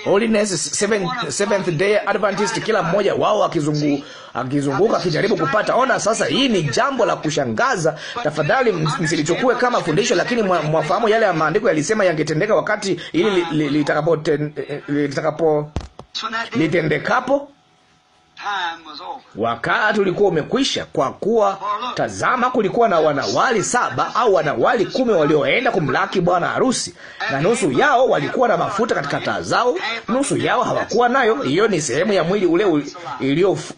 Holiness Seventh, Seventh Day Adventist, kila mmoja wao akizungu, akizunguka akijaribu kupata. Ona sasa, hii ni jambo la kushangaza. Tafadhali msilichukue kama fundisho, lakini mwafahamu yale ya maandiko yalisema yangetendeka wakati ili litakapo eh, eh, litakapo litendekapo wakati ulikuwa umekwisha, kwa kuwa tazama, kulikuwa na wanawali saba au wanawali kumi walioenda kumlaki bwana harusi, na nusu yao walikuwa na mafuta katika taa zao, nusu yao hawakuwa nayo. Hiyo ni sehemu ya mwili ule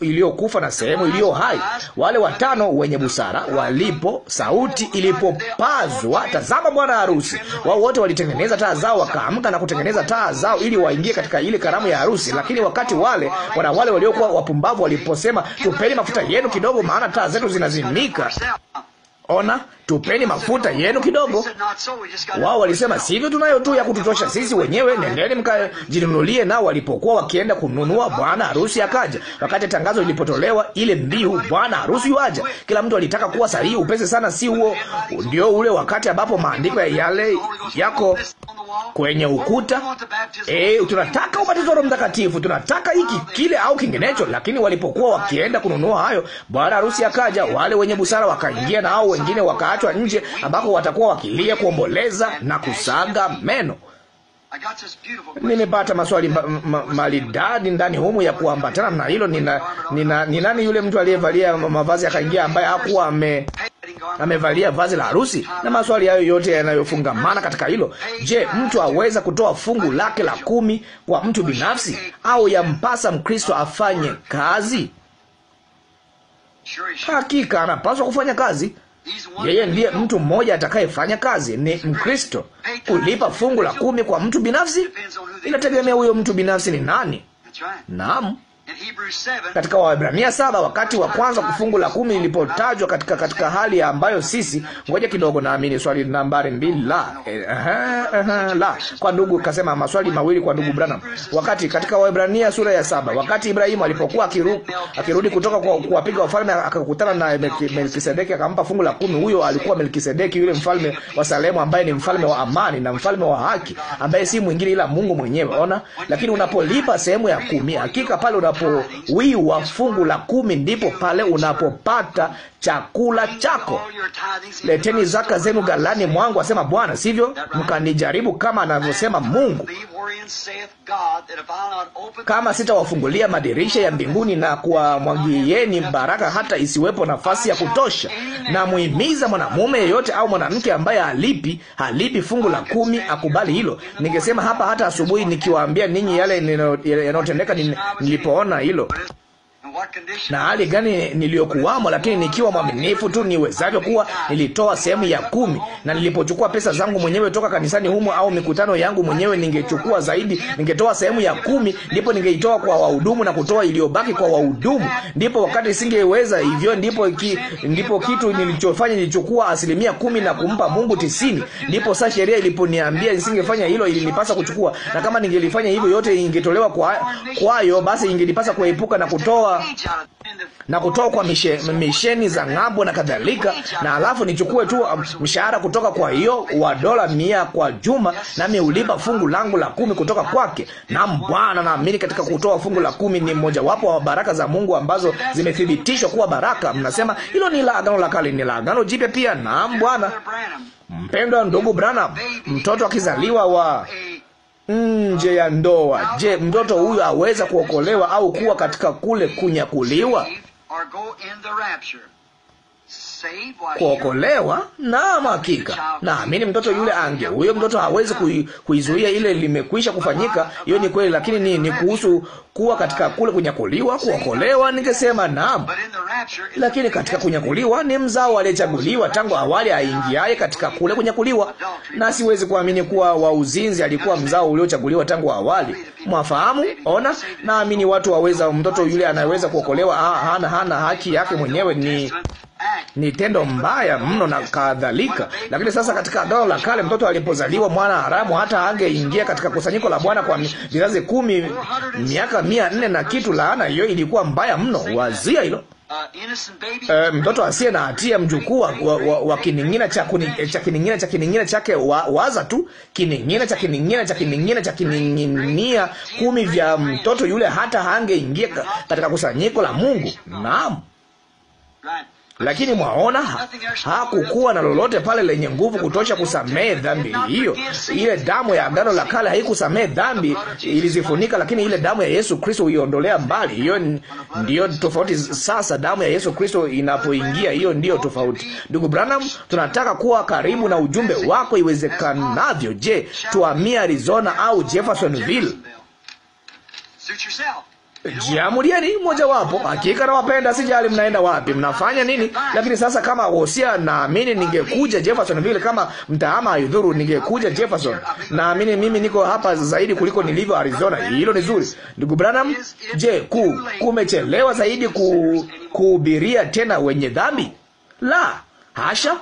iliyokufa na sehemu iliyo hai. Wale watano wenye busara walipo sauti ilipopazwa, tazama, bwana harusi, wao wote walitengeneza taa zao, wakaamka na kutengeneza taa zao ili waingie katika ile karamu ya harusi. Lakini wakati wale wanawali waliokuwa wapum wapumbavu waliposema, tupeni mafuta yenu kidogo, maana taa zetu zinazimika. Ona, tupeni mafuta yenu kidogo. Wao walisema sivyo, tunayo tu ya kututosha sisi wenyewe, nendeni mkajinunulie. Nao walipokuwa wakienda kununua, bwana harusi akaja. Wakati tangazo lilipotolewa, ile mbiu, bwana harusi waja, kila mtu alitaka kuwa sahihi upesi sana. Si huo ndio ule wakati ambapo maandiko ya yale yako kwenye ukuta. E, tunataka ubatizo wa Mtakatifu, tunataka hiki kile au kinginecho. Lakini walipokuwa wakienda kununua hayo, bwana harusi akaja, wale wenye busara wakaingia, na hao wengine wakaachwa nje, ambako watakuwa wakilia, kuomboleza na kusaga meno. Nimepata maswali ma, ma, malidadi ndani humu ya kuambatana na hilo. ni nani yule mtu aliyevalia mavazi akaingia ambaye hakuwa ame amevalia vazi la harusi na maswali hayo yote yanayofungamana katika hilo. Je, mtu aweza kutoa fungu lake la kumi kwa mtu binafsi au yampasa Mkristo afanye kazi? Hakika anapaswa kufanya kazi. Yeye ndiye mtu mmoja atakayefanya kazi, ni Mkristo. Kulipa fungu la kumi kwa mtu binafsi inategemea huyo mtu binafsi ni nani. Naam katika Waebrania saba wakati wa kwanza kufungu la kumi lilipotajwa katika katika hali ambayo sisi, ngoja kidogo, naamini swali nambari mbili la eh, aha, eh, aha, eh, eh, la kwa ndugu kasema maswali mawili kwa ndugu Branham, wakati katika Waebrania sura ya saba wakati Ibrahimu alipokuwa akiru, akirudi kutoka kwa kuwapiga wafalme akakutana na Melkisedeki akampa fungu la kumi. Huyo alikuwa Melkisedeki yule mfalme wa Salemu ambaye ni mfalme wa amani na mfalme wa haki ambaye si mwingine ila Mungu mwenyewe. Ona, lakini unapolipa sehemu ya kumi, hakika pale unapo unapowiwa fungu la kumi, ndipo pale unapopata chakula chako. Leteni zaka zenu ghalani mwangu, asema Bwana, sivyo mkanijaribu, kama anavyosema Mungu. Kama sitawafungulia madirisha ya mbinguni na kuwamwagieni baraka hata isiwepo nafasi ya kutosha. Na muhimiza mwanamume yeyote au mwanamke ambaye halipi halipi fungu la kumi akubali hilo. Ningesema hapa hata asubuhi nikiwaambia ninyi yale yanayotendeka nilipoona hilo na hali gani niliyokuwamo, lakini nikiwa mwaminifu tu niwezavyo kuwa, nilitoa sehemu ya kumi. Na nilipochukua pesa zangu mwenyewe toka kanisani humo au mikutano yangu mwenyewe, ningechukua zaidi, ningetoa sehemu ya kumi, ndipo ningeitoa kwa wahudumu na kutoa iliyobaki kwa wahudumu. Ndipo wakati singeweza hivyo, ndipo ki, ndipo kitu nilichofanya nilichukua asilimia kumi na kumpa Mungu tisini. Ndipo saa sheria iliponiambia nisingefanya hilo, ilinipasa kuchukua, na kama ningelifanya hivyo, yote ingetolewa kwa kwayo, basi ingenipasa kuepuka na kutoa na kutoa kwa misheni, misheni za ng'ambo na kadhalika, na alafu nichukue tu um, mshahara kutoka kwa hiyo wa dola mia kwa juma, nami ulipa fungu langu la kumi kutoka kwake. Na Bwana, naamini katika kutoa fungu la kumi ni mmojawapo wa baraka za Mungu ambazo zimethibitishwa kuwa baraka. Mnasema hilo ni la agano la kale, ni la agano jipya pia. Na Bwana mpendwa, ndugu Branham, mtoto akizaliwa wa nje ya ndoa. Je, mtoto huyo aweza kuokolewa au kuwa katika kule kunyakuliwa? kuokolewa. Naam, hakika naamini mtoto yule ange huyo mtoto hawezi kuizuia ile, limekwisha kufanyika. Hiyo ni kweli, lakini ni, ni kuhusu kuwa katika kule kunyakuliwa, kuokolewa, ningesema naam, lakini katika kunyakuliwa ni mzao aliyechaguliwa tangu awali aingiaye katika kule kunyakuliwa, na siwezi kuamini kuwa wa uzinzi alikuwa mzao uliochaguliwa tangu awali. Mwafahamu? Ona, naamini watu waweza, mtoto yule anaweza kuokolewa. Ah, hana hana haki yake mwenyewe ni ni tendo mbaya mno na kadhalika. Lakini sasa katika agano la kale, mtoto alipozaliwa mwana haramu, hata angeingia katika kusanyiko la Bwana kwa vizazi kumi, miaka mia nne na kitu. Laana hiyo ilikuwa mbaya mno, wazia hilo. Uh, uh, mtoto asiye na hatia, mjukuu wa, wa, wa wa kining'ina cha kuni, eh, cha kining'ina cha kining'ina chake wa, waza tu kining'ina cha kining'ina cha kining'ina cha kining'inia kumi vya mtoto yule, hata hangeingia katika kusanyiko la Mungu. Naam. Lakini mwaona, hakukuwa na lolote pale lenye nguvu kutosha kusamehe dhambi hiyo. Ile damu ya agano la kale haikusamehe dhambi, ilizifunika, lakini ile damu ya Yesu Kristo huiondolea mbali. Hiyo ndiyo tofauti. Sasa damu ya Yesu Kristo inapoingia, hiyo ndiyo tofauti. Ndugu Branham, tunataka kuwa karibu na ujumbe wako iwezekanavyo. Je, tuhamie Arizona au Jeffersonville? Jiamulieni mojawapo. Hakika nawapenda, sijali mnaenda wapi, mnafanya nini. Lakini sasa, kama Hosia, naamini ningekuja Jefferson vile, kama mtaama haidhuru, ningekuja Jefferson. Naamini mimi niko hapa zaidi kuliko nilivyo Arizona. Hilo ni zuri, ndugu Branham. Je, ku, kumechelewa zaidi ku, kuhubiria tena wenye dhambi? La hasha,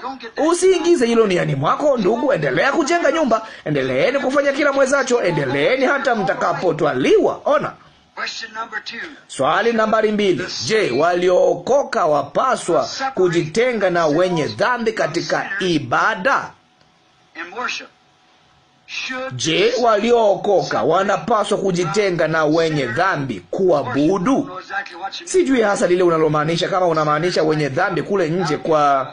usiingize hilo niani mwako. Ndugu, endelea kujenga nyumba, endeleeni kufanya kila mwezacho, endeleeni hata mtakapotwaliwa. Ona Swali nambari mbili: Je, waliookoka wapaswa kujitenga na wenye dhambi katika ibada? Je, waliookoka wanapaswa kujitenga na wenye dhambi kuabudu? Sijui hasa lile unalomaanisha, kama unamaanisha wenye dhambi kule nje kwa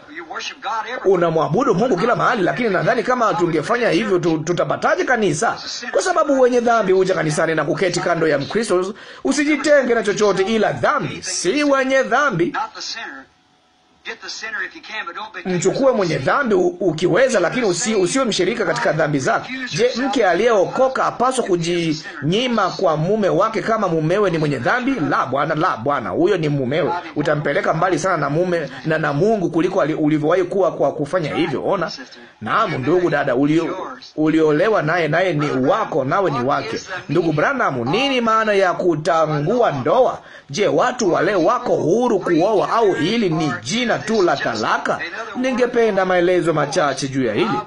unamwabudu Mungu kila mahali, lakini nadhani kama tungefanya hivyo tutapataje kanisa? Kwa sababu wenye dhambi huja kanisani na kuketi kando ya Mkristo. Usijitenge na chochote ila dhambi, si wenye dhambi Mchukue mwenye dhambi ukiweza, lakini usi, usiwe mshirika katika dhambi zake. Je, mke aliyeokoka apaswa kujinyima kwa mume wake kama mumewe ni mwenye dhambi? La bwana, la bwana, huyo ni mumewe. Utampeleka mbali sana na mume na na Mungu kuliko ulivyowahi kuwa kwa kufanya hivyo. Ona, naam, ndugu dada, ulio uliolewa naye, naye ni wako, nawe ni wake. Ndugu Branham, nini maana ya kutangua ndoa? Je, watu wale wako huru kuoa au hili ni jina jina tu la talaka. Ningependa maelezo machache juu ya hili.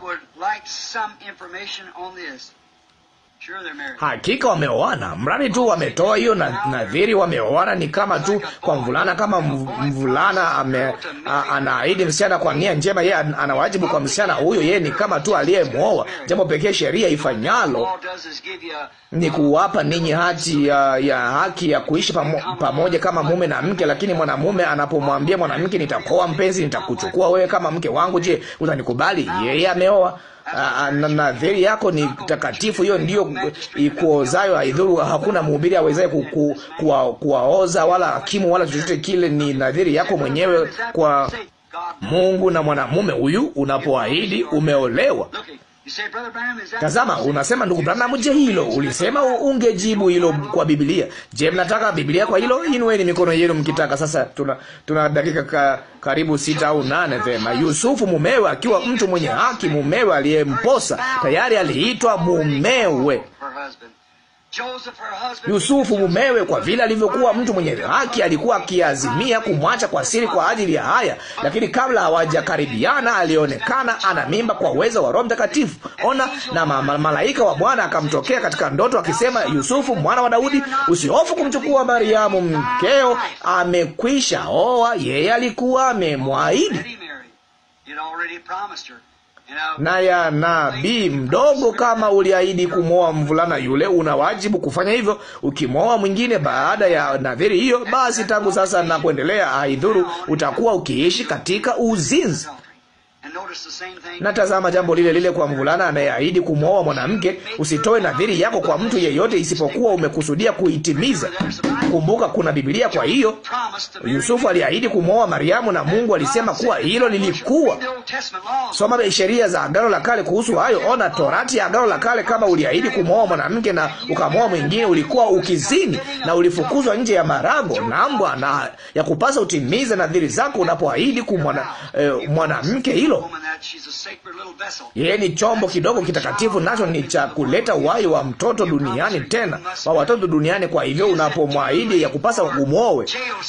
Hakika wameoana, mradi tu wametoa hiyo nadhiri, wameoana. Ni kama tu kwa mvulana, kama mvulana ame, anaahidi msichana kwa nia njema, yeye anawajibu kwa msichana huyo, yeye ni kama tu aliyemwoa. Jambo pekee sheria ifanyalo ni kuwapa ninyi hati ya, ya haki ya kuishi pamo, pamoja kama mume na mke. Lakini mwanamume anapomwambia mwanamke, nitakoa mpenzi, nitakuchukua wewe kama mke wangu, je, utanikubali? Yeye ameoa. Ah, ah, na nadhiri yako ni takatifu, hiyo ndiyo ikuozayo, haidhuru. Hakuna mhubiri awezaye kuwaoza wala hakimu wala chochote kile, ni nadhiri yako mwenyewe kwa Mungu na mwanamume huyu. Unapoahidi umeolewa, Tazama, unasema ndugu Branham, je, hilo ulisema ungejibu hilo kwa Biblia? Je, mnataka Biblia kwa hilo? Inueni mikono yenu mkitaka. Sasa tuna, tuna dakika ka, karibu sita au nane. Vema. Yusufu mumewe akiwa mtu mwenye haki, mumewe aliyemposa tayari aliitwa mumewe Yusufu mumewe, kwa vile alivyokuwa mtu mwenye haki, alikuwa akiazimia kumwacha kwa siri kwa ajili ya haya, lakini kabla hawajakaribiana alionekana ana mimba kwa uwezo wa Roho Mtakatifu. Ona, na malaika wa Bwana akamtokea katika ndoto akisema, Yusufu mwana wa Daudi, usihofu kumchukua Mariamu mkeo, amekwisha oa, yeye alikuwa amemwahidi naya nabii mdogo, kama uliahidi kumwoa mvulana yule, una wajibu kufanya hivyo. Ukimwoa mwingine baada ya nadhiri hiyo, basi tangu sasa na kuendelea, haidhuru, utakuwa ukiishi katika uzinzi. Natazama jambo lile lile kwa mvulana anayeahidi kumwoa mwanamke, usitoe nadhiri yako kwa mtu yeyote isipokuwa umekusudia kuitimiza. Kumbuka kuna Biblia. Kwa hiyo Yusufu aliahidi kumwoa Mariamu, na Mungu alisema kuwa hilo lilikuwa. Soma sheria za Agano la Kale kuhusu hayo. Ona Torati ya Agano la Kale, kama uliahidi kumwoa mwanamke na ukamwoa mwingine, ulikuwa ukizini na ulifukuzwa nje ya marango nambwa, na ya kupasa utimize nadhiri zako unapoahidi kumwana eh, mwanamke hilo yeni ni chombo kidogo kitakatifu, nacho ni cha kuleta uhai wa mtoto duniani, tena wa watoto duniani. Kwa hivyo unapomwahidi ya kupasa umwowe,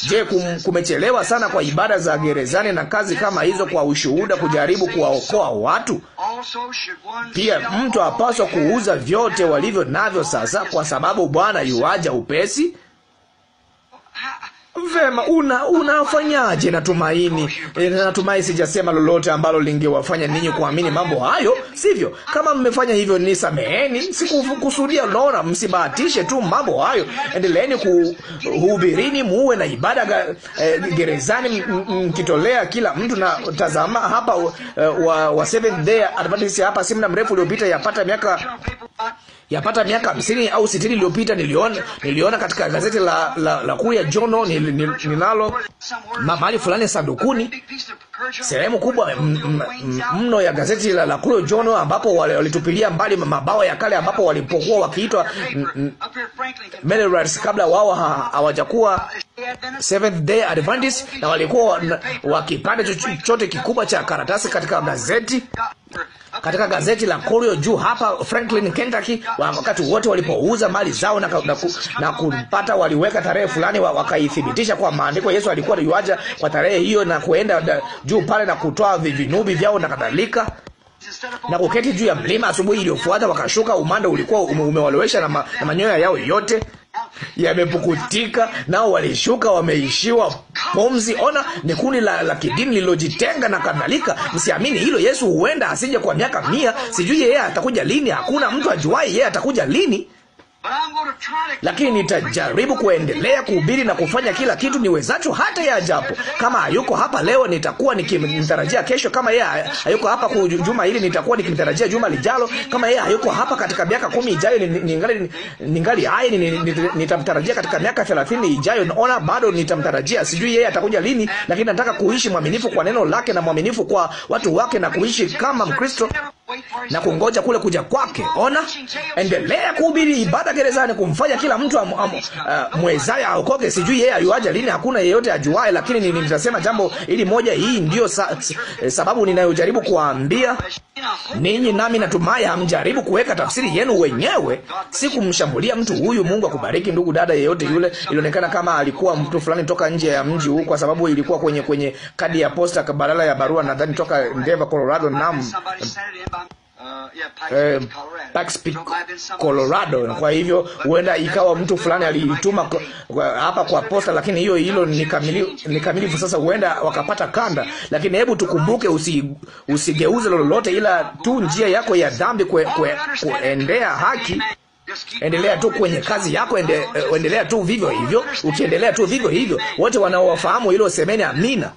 je, kum, kumechelewa sana kwa ibada za gerezani na kazi kama hizo, kwa ushuhuda, kujaribu kuwaokoa watu? Pia mtu apaswa kuuza vyote walivyo navyo sasa, kwa sababu Bwana yuaja upesi. Vema, una unafanyaje? Natumaini, eh, natumai sijasema lolote ambalo lingewafanya ninyi kuamini mambo hayo, sivyo? Kama mmefanya hivyo, ni sameheni, sikukusudia. Unaona, msibahatishe tu mambo hayo. Endeleeni kuhubirini, muwe na ibada ga, eh, gerezani, mkitolea kila mtu. Na tazama hapa, uh, wa, wa Seventh Day Adventist hapa si muda mrefu uliopita, yapata miaka yapata miaka hamsini au sitini iliyopita niliona, niliona katika gazeti la, la, la kuu ya Jono ninalo mahali fulani sandukuni, sehemu kubwa mno ya gazeti la, la kuu ya Jono ambapo walitupilia mbali mabao ya kale ambapo walipokuwa wakiitwa kabla wao hawajakuwa Seventh Day Adventist, na walikuwa wakipanda chochote kikubwa cha karatasi katika gazeti katika gazeti la korio juu hapa Franklin, Kentucky, wakati wote walipouza mali zao na, na, na kupata, waliweka tarehe fulani wakaithibitisha kwa maandiko. Yesu alikuwa yuaja kwa tarehe hiyo na kuenda juu pale na kutoa vinubi vyao na kadhalika na kuketi juu ya mlima. Asubuhi iliyofuata wakashuka, umande ulikuwa umewalowesha na, ma, na manyoya yao yote yamepukutika, nao walishuka wameishiwa pomzi. Ona, ni kundi la, la kidini lilojitenga na kadhalika. Msiamini hilo. Yesu huenda asije kwa miaka mia. Sijui yeye atakuja lini, hakuna mtu ajuai yeye atakuja lini lakini nitajaribu kuendelea kuhubiri na kufanya kila kitu niwezacho, hata yajapo Kama hayuko hapa leo, nitakuwa nikimtarajia kesho. Kama yeye hayuko hapa juma hili, nitakuwa nikimtarajia juma lijalo. Kama yeye hayuko hapa katika miaka kumi ijayo, ningali ningali hai, nitamtarajia katika miaka thelathini ijayo. Naona bado nitamtarajia, sijui yeye atakuja lini, lakini nataka kuishi mwaminifu kwa neno lake na mwaminifu kwa watu wake na kuishi kama Mkristo na kungoja kule kuja kwake. Ona, endelea kuhubiri ibada gerezani, kumfanya kila mtu uh, mwezaye aokoke. Sijui yeye ayuaje lini, hakuna yeyote ajuae, lakini nitasema jambo ili moja. Hii ndiyo sa, eh, sababu ninayojaribu kuambia ninyi, nami natumai hamjaribu kuweka tafsiri yenu wenyewe. Sikumshambulia mtu huyu. Mungu akubariki ndugu, dada yeyote yule. Ilionekana kama alikuwa mtu fulani toka nje ya mji huu, kwa sababu ilikuwa kwenye kwenye kadi ya posta badala ya barua, nadhani toka Denver, Colorado. Naam eh, Pikes Colorado. Kwa hivyo huenda ikawa mtu fulani aliituma hapa kwa posta, lakini hiyo hilo ni kamili, kamilifu. Sasa huenda wakapata kanda, lakini hebu tukumbuke, usi, usigeuze lolote ila tu njia yako ya dhambi kwe, kwe, kuendea haki Endelea tu kwenye kazi yako, ende, endelea tu vivyo hivyo. Ukiendelea tu vivyo hivyo, wote wanaofahamu hilo semeni amina.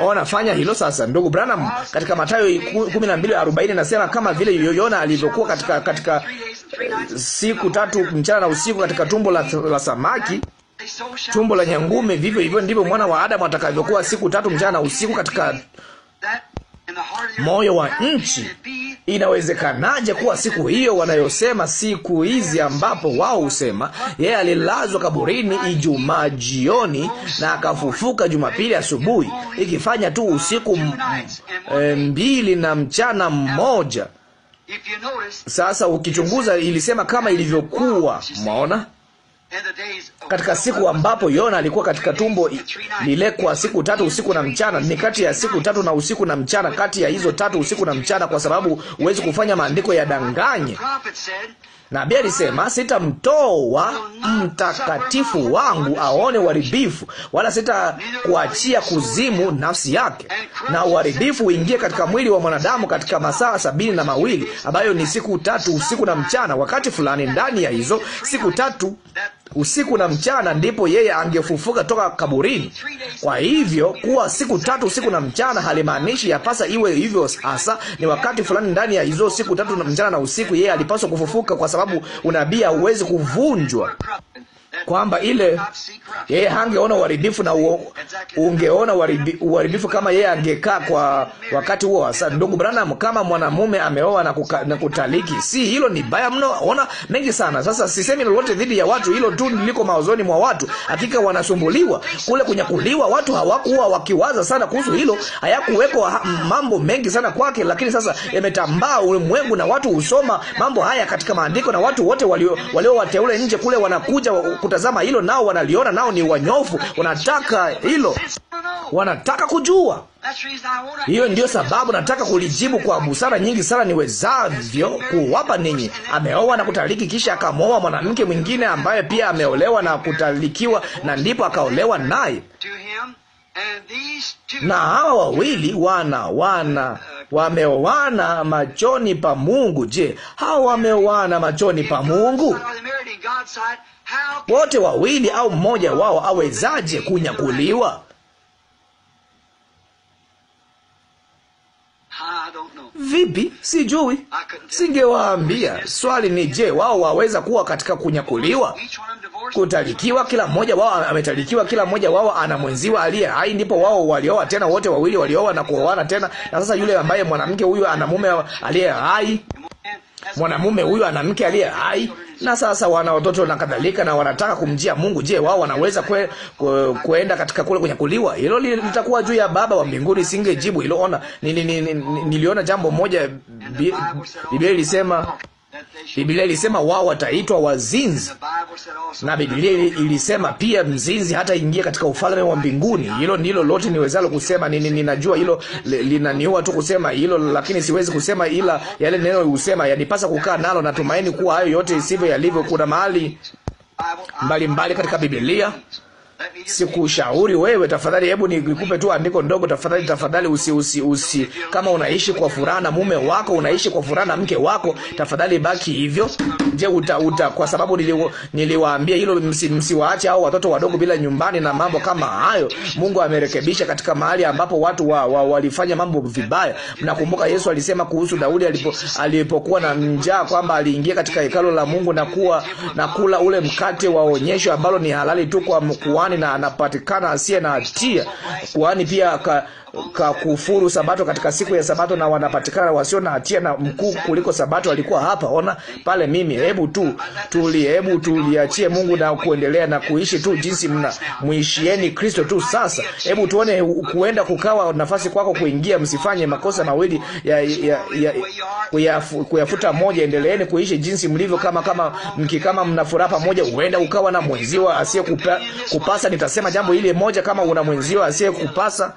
Ona, nafanya hilo sasa, ndugu Branham. Katika Mathayo 12:40 nasema kama vile Yona alivyokuwa katika katika siku tatu mchana na usiku katika tumbo la, la samaki tumbo la nyangume, vivyo hivyo ndivyo mwana wa Adamu atakavyokuwa siku tatu mchana na usiku katika moyo wa nchi. Inawezekanaje kuwa siku hiyo wanayosema siku hizi, ambapo wao husema yeye alilazwa kaburini Ijumaa jioni na akafufuka Jumapili asubuhi, ikifanya tu usiku e, mbili na mchana mmoja. Sasa ukichunguza, ilisema kama ilivyokuwa, mwaona katika siku ambapo Yona alikuwa katika tumbo lile kwa siku tatu usiku na mchana. Ni kati ya siku tatu na usiku na mchana, kati ya hizo tatu usiku na mchana, kwa sababu huwezi kufanya maandiko yadanganye. Nabii alisema, sitamtoa mtakatifu wangu aone uharibifu, wala sitakuachia kuzimu nafsi yake, na uharibifu uingie katika mwili wa mwanadamu katika masaa sabini na mawili ambayo ni siku tatu usiku na mchana. Wakati fulani ndani ya hizo siku tatu usiku na mchana, ndipo yeye angefufuka toka kaburini. Kwa hivyo kuwa siku tatu usiku na mchana halimaanishi yapasa iwe hivyo hasa. Ni wakati fulani ndani ya hizo siku tatu na mchana na usiku, yeye alipaswa kufufuka, kwa sababu unabii hauwezi kuvunjwa kwamba ile yeye hangeona uharibifu na ungeona uharibifu kama yeye angekaa kwa wakati huo hasa. Ndugu Branham, kama mwanamume ameoa na, kuka, na kutaliki, si hilo ni baya mno? Ona mengi sana. Sasa sisemi lolote dhidi ya watu, hilo tu liko mawazoni mwa watu. Hakika wanasumbuliwa kule kunyakuliwa, watu hawakuwa wakiwaza sana kuhusu hilo, hayakuweko mambo mengi sana kwake, lakini sasa yametambaa ulimwengu na watu husoma mambo haya katika maandiko, na watu wote walio walio wateule nje kule wanakuja kuta kulitazama hilo, nao wanaliona, nao ni wanyofu, wanataka hilo, wanataka kujua. Hiyo ndio sababu nataka kulijibu kwa busara nyingi sana niwezavyo kuwapa ninyi. Ameoa na kutaliki, kisha akamwoa mwanamke mwingine ambaye pia ameolewa na kutalikiwa, na ndipo akaolewa naye na hawa wawili wana wana wameoana machoni pa Mungu. Je, hawa wameoana machoni pa Mungu? Wote wawili au mmoja wao awezaje kunyakuliwa? Vipi? Sijui, singewaambia. Swali ni je, wao waweza kuwa katika kunyakuliwa, kutalikiwa? Kila mmoja wao ametalikiwa, kila mmoja wao ana mwenziwa aliye hai. Ndipo wao walioa tena, wote wawili walioa na kuoana tena, na sasa yule ambaye mwanamke huyu ana mume aliye hai, mwanamume huyu ana mke aliye hai, na sasa wana watoto na kadhalika, na wanataka kumjia Mungu. Je, wao wanaweza kwe, kwe, kwenda katika kule kunyakuliwa? Hilo litakuwa juu ya Baba wa mbinguni. Singejibu hilo. Ona, niliona ni, ni, ni, ni, jambo moja, Biblia ilisema Biblia ilisema wao wataitwa wazinzi, na Biblia ilisema pia mzinzi hata ingia katika ufalme wa mbinguni. Hilo ndilo lote niwezalo kusema. Nini, ninajua hilo linaniua tu kusema hilo, lakini siwezi kusema ila yale neno usema yanipasa kukaa nalo. Natumaini kuwa hayo yote isivyo yalivyo. Kuna mahali mbalimbali katika Biblia sikushauri wewe, tafadhali, hebu nikupe tu andiko ndogo, tafadhali, tafadhali, usi, usi, usi. Kama unaishi kwa furaha na mume wako, unaishi kwa furaha na mke wako, tafadhali baki hivyo. Je, uta, uta, kwa sababu niliwaambia nili hilo, msiwaache msi au watoto wadogo bila nyumbani na mambo kama hayo. Mungu amerekebisha katika mahali ambapo watu wa, wa, walifanya mambo vibaya. Mnakumbuka Yesu alisema kuhusu Daudi alipo, alipokuwa na njaa kwamba aliingia katika hekalo la Mungu na kuwa na kula ule mkate wa onyesho ambalo ni halali tu kwa mkuani kuhani na anapatikana asiye na hatia. kwani pia kakufuru sabato katika siku ya sabato na wanapatikana wasio na hatia na mkuu kuliko sabato alikuwa hapa. Ona pale mimi, hebu tu tuli, hebu tuliachie Mungu na kuendelea na kuishi tu jinsi mna muishieni Kristo tu. Sasa hebu tuone, kuenda kukawa nafasi kwako kuingia. Msifanye makosa mawili ya, ya, ya, ya kuyafuta moja. Endeleeni kuishi jinsi mlivyo, kama kama mki kama mnafuraha pamoja. Huenda ukawa na mwenzio asiye kupa, kupasa, nitasema jambo ile moja, kama una mwenzio asiye kupasa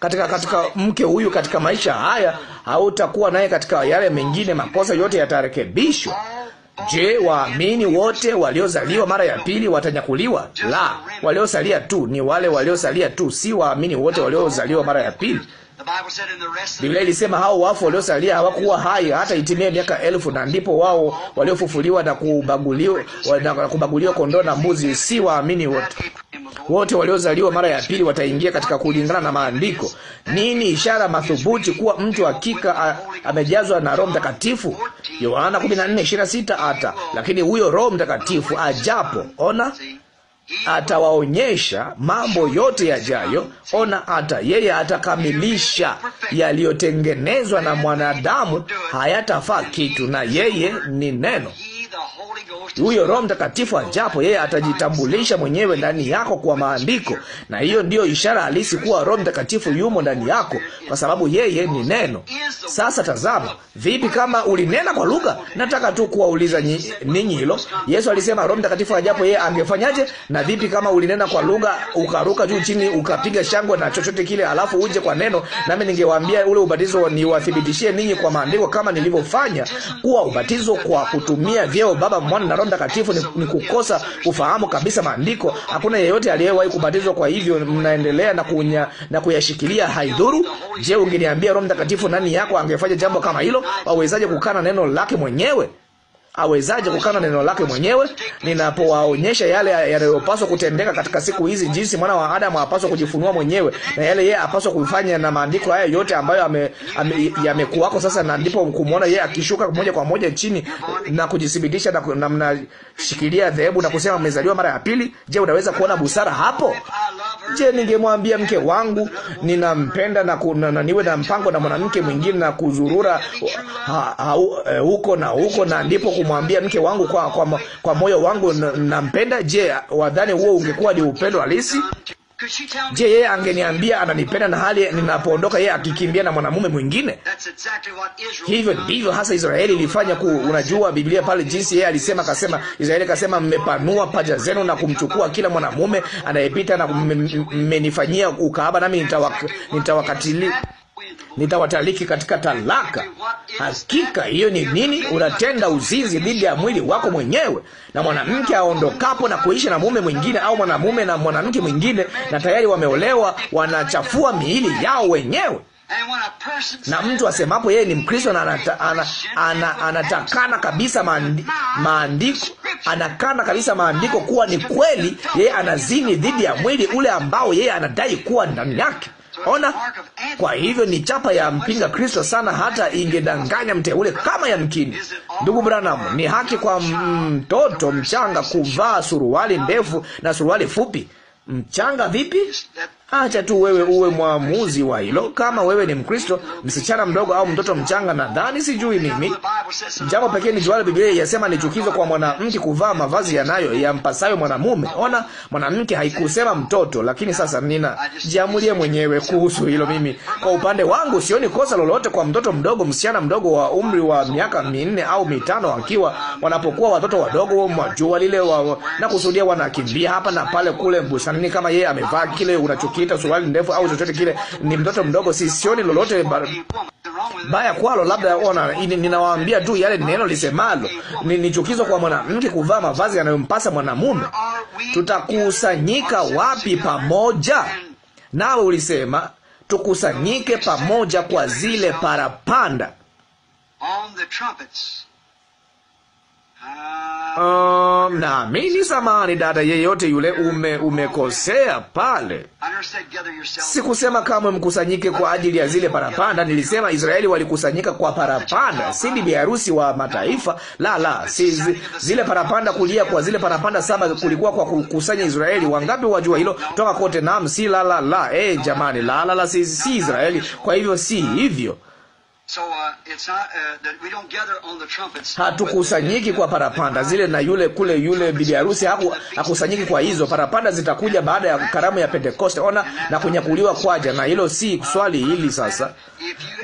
katika katika mke huyu katika maisha haya, hautakuwa naye katika yale mengine. Makosa yote yatarekebishwa. Je, waamini wote waliozaliwa mara ya pili watanyakuliwa? La, waliosalia tu ni wale waliosalia tu, si waamini wote waliozaliwa mara ya pili. Biblia ilisema hao wafu waliosalia hawakuwa hai hata itimie miaka elfu, na ndipo wao waliofufuliwa na kubaguliwa na kubaguliwa kondoo na mbuzi. Si waamini wote wote waliozaliwa mara ya pili wataingia katika, kulingana na maandiko. Nini ishara madhubuti kuwa mtu hakika amejazwa na Roho Mtakatifu? Yohana 14:26 hata lakini huyo Roho Mtakatifu ajapo, ona atawaonyesha mambo yote yajayo. Ona, hata yeye atakamilisha yaliyotengenezwa na mwanadamu, hayatafaa kitu, na yeye ni neno. Huyo Roho Mtakatifu ajapo, yeye atajitambulisha mwenyewe ndani yako kwa maandiko, na hiyo ndiyo ishara halisi kuwa Roho Mtakatifu yumo ndani yako, kwa sababu yeye ni neno. Sasa tazama, vipi kama ulinena kwa lugha? Nataka tu kuwauliza ninyi hilo. Yesu alisema Roho Mtakatifu ajapo, yeye angefanyaje? Na vipi kama ulinena kwa lugha ukaruka juu chini ukapiga shangwe na chochote kile, alafu uje kwa neno? Nami ningewaambia ule ubatizo niwathibitishie ninyi kwa maandiko kama nilivyofanya, kuwa ubatizo kwa kutumia vyeo leo Baba, Mwana na Roho Mtakatifu ni, ni kukosa ufahamu kabisa maandiko. Hakuna yeyote aliyewahi kubatizwa, kwa hivyo mnaendelea na kunya, na kuyashikilia. Haidhuru. Je, ungeniambia Roho Mtakatifu nani yako angefanya jambo kama hilo? Wawezaje kukana neno lake mwenyewe? awezaje kukana neno lake mwenyewe? Ninapowaonyesha yale yanayopaswa kutendeka katika siku hizi, jinsi mwana wa Adamu apaswa kujifunua mwenyewe na yale yeye apaswa kufanya, na maandiko haya yote ambayo ame, ame, yamekuwako sasa, na ndipo kumwona yeye akishuka moja kwa moja chini na kujithibitisha, na mnashikilia dhehebu na kusema mmezaliwa mara ya pili. Je, unaweza kuona busara hapo? Je, ningemwambia mke wangu ninampenda na, na, na niwe na mpango na mwanamke mwingine na kuzurura ha, ha, e, huko na huko na ndipo kum nikimwambia mke wangu kwa, kwa, kwa moyo wangu nampenda, je, wadhani huo ungekuwa ni upendo halisi? Je, yeye angeniambia ananipenda na hali ninapoondoka yeye akikimbia na mwanamume mwingine? Hivyo ndivyo hasa Israeli ilifanya ku, unajua Biblia pale jinsi yeye alisema, akasema Israeli kasema, mmepanua paja zenu na kumchukua kila mwanamume anayepita na mmenifanyia ukahaba, nami nitawakatilia nitawakatili nitawataliki katika talaka. Hakika hiyo ni nini? Unatenda uzinzi dhidi ya mwili wako mwenyewe. Na mwanamke aondokapo na kuishi na mume mwingine, au mwanamume na mwanamke mwingine, na tayari wameolewa, wanachafua miili yao wenyewe. Na mtu asemapo yeye ni Mkristo na anata, ana, ana, anatakana kabisa maandi, maandiko anakana kabisa maandiko kuwa ni kweli, yeye anazini dhidi ya mwili ule ambao yeye anadai kuwa ndani yake. Ona, kwa hivyo ni chapa ya mpinga Kristo sana, hata ingedanganya mteule kama yamkini. Ndugu Branham, ni haki kwa mtoto mchanga kuvaa suruali ndefu na suruali fupi? Mchanga vipi? Acha tu wewe uwe mwamuzi wa hilo. Kama wewe ni Mkristo, msichana mdogo au mtoto mchanga, nadhani sijui mimi, jambo pekee ni juala, Biblia yasema ni chukizo kwa mwanamke kuvaa mavazi yanayo yampasayo mwanamume. Ona, mwanamke haikusema mtoto, lakini sasa nina ninajiamulie mwenyewe kuhusu hilo. Mimi kwa upande wangu sioni kosa lolote kwa mtoto mdogo, msichana mdogo wa umri wa miaka minne au mitano, akiwa wanapokuwa watoto wadogo, mwajua lile wa, na kusudia wanakimbia hapa na pale kule bustanini, kama yeye amevaa kile unachukia ukiita suruali ndefu au chochote kile, ni mtoto mdogo, si sioni lolote bar... baya kwalo. Labda ona, ninawaambia tu yale neno lisemalo. Ni, ni chukizo kwa mwanamke kuvaa mavazi yanayompasa mwanamume. Tutakusanyika wapi pamoja? Nawe ulisema tukusanyike pamoja kwa zile parapanda Um, naamini samani, dada yeyote yule, ume umekosea pale. Sikusema kamwe mkusanyike kwa ajili ya zile parapanda. Nilisema Israeli walikusanyika kwa parapanda, si bibi harusi wa mataifa. La, la, si zile parapanda, kulia kwa zile parapanda saba kulikuwa kwa kukusanya Israeli. Wangapi wajua hilo toka kote? Naam, si la, la, la. Eh, jamani, la, la, la, si, si Israeli. Kwa hivyo si hivyo Uh, uh, Hatukusanyiki kwa parapanda zile, na yule kule yule bibi harusi hakusanyiki kwa hizo parapanda. Zitakuja baada ya karamu ya Pentekoste, ona na kunyakuliwa kwaja, na hilo si swali hili. Sasa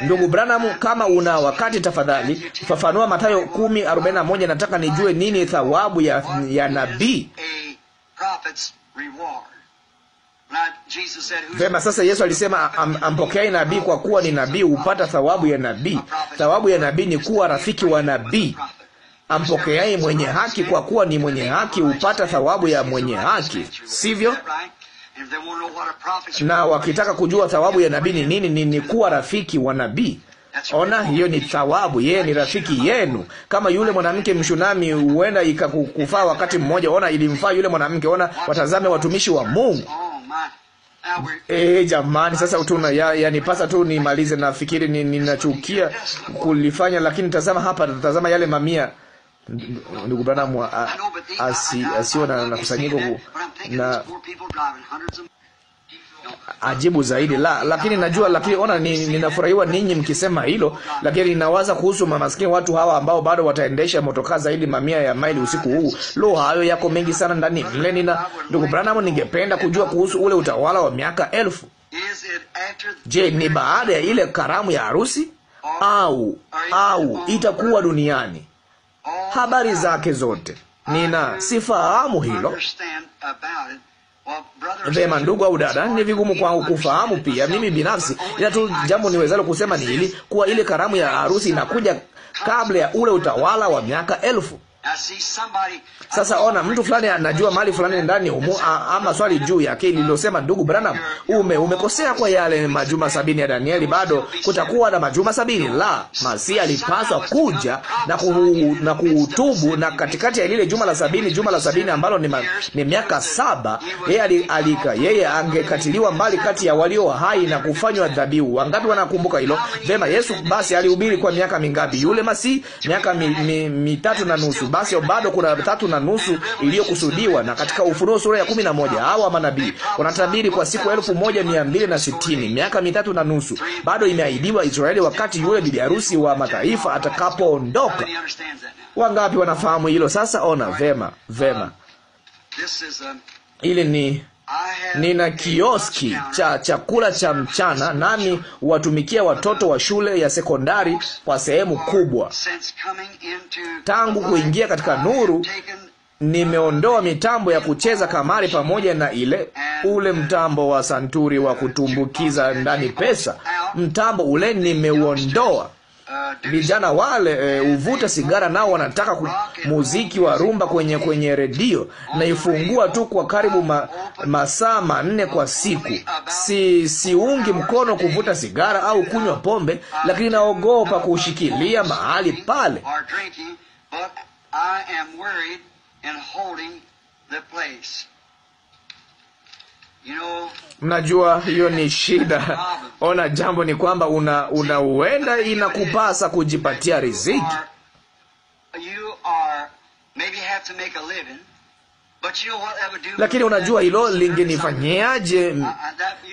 ndugu Branham, kama una wakati tafadhali, fafanua Mathayo 10:41. Nataka nijue nini thawabu ya, ya nabii Vema, sasa Yesu alisema am, ampokeai nabii kwa kuwa ni nabii hupata thawabu ya nabii. Thawabu ya nabii ni kuwa rafiki wa nabii. Ampokeai mwenye haki kwa kuwa ni mwenye haki hupata thawabu ya mwenye haki, sivyo? Na wakitaka kujua thawabu ya nabii ni nini, ni, ni kuwa rafiki wa nabii. Ona, hiyo ni thawabu. Yeye ni rafiki yenu, kama yule mwanamke mshunami. Huenda ikakufaa wakati mmoja. Ona, ilimfaa yule mwanamke. Ona, watazame watumishi wa Mungu Eh, jamani, sasa utuna ya, yanipasa tu nimalize. Nafikiri ninachukia ni kulifanya, lakini tazama hapa, tazama yale mamia ndugu Branham asiwe na kusanyiko na ajibu zaidi la, lakini najua, lakini ona, ninafurahiwa ni ninyi mkisema hilo, lakini ninawaza kuhusu mamaskini watu hawa ambao bado wataendesha motokaa zaidi mamia ya maili usiku huu. Lo, hayo yako mengi sana ndani mle. Nina ndugu Branham, ningependa kujua kuhusu ule utawala wa miaka elfu. Je, ni baada ya ile karamu ya harusi au au itakuwa duniani? Habari zake zote nina sifahamu hilo. Vema, ndugu au dada, ni vigumu kwangu kufahamu. Pia mimi binafsi, ila tu jambo niwezalo kusema ni hili, kuwa ile karamu ya harusi inakuja kabla ya ule utawala wa miaka elfu. Sasa ona, mtu fulani anajua mali fulani ndani humo, ama swali juu yake lililosema ndugu Branham, ume umekosea kwa yale majuma sabini ya Danieli, bado kutakuwa na majuma sabini. La, Masihi alipaswa kuja na ku, na kuhutubu, na katikati ya lile juma la sabini, juma la sabini ambalo ni, ma, ni miaka saba, yeye alika, yeye angekatiliwa mbali kati ya walio hai na kufanywa dhabihu. Wangapi wanakumbuka hilo vema? Yesu basi alihubiri kwa miaka mingapi yule Masihi? Miaka mi, mi, mitatu na nusu basi bado kuna tatu na nusu iliyokusudiwa. Na katika Ufunuo sura ya kumi na moja hawa manabii wanatabiri kwa siku elfu moja mia mbili na sitini miaka mitatu na nusu bado imeahidiwa Israeli wakati yule bibi harusi wa mataifa atakapoondoka. Wangapi wanafahamu hilo? Sasa ona vema, vema, ili ni nina kioski cha chakula cha mchana, nami huwatumikia watoto wa shule ya sekondari kwa sehemu kubwa. Tangu kuingia katika nuru, nimeondoa mitambo ya kucheza kamari pamoja na ile ule mtambo wa santuri wa kutumbukiza ndani pesa. Mtambo ule nimeuondoa vijana wale eh, huvuta e, sigara nao wanataka ku, muziki wa rumba kwenye kwenye redio naifungua tu kwa karibu ma, masaa manne kwa siku. Si siungi mkono kuvuta sigara au kunywa pombe, lakini naogopa kushikilia mahali pale. Mnajua hiyo ni shida. Ona, jambo ni kwamba una unauenda, inakupasa kujipatia riziki lakini unajua hilo lingenifanyiaje uh,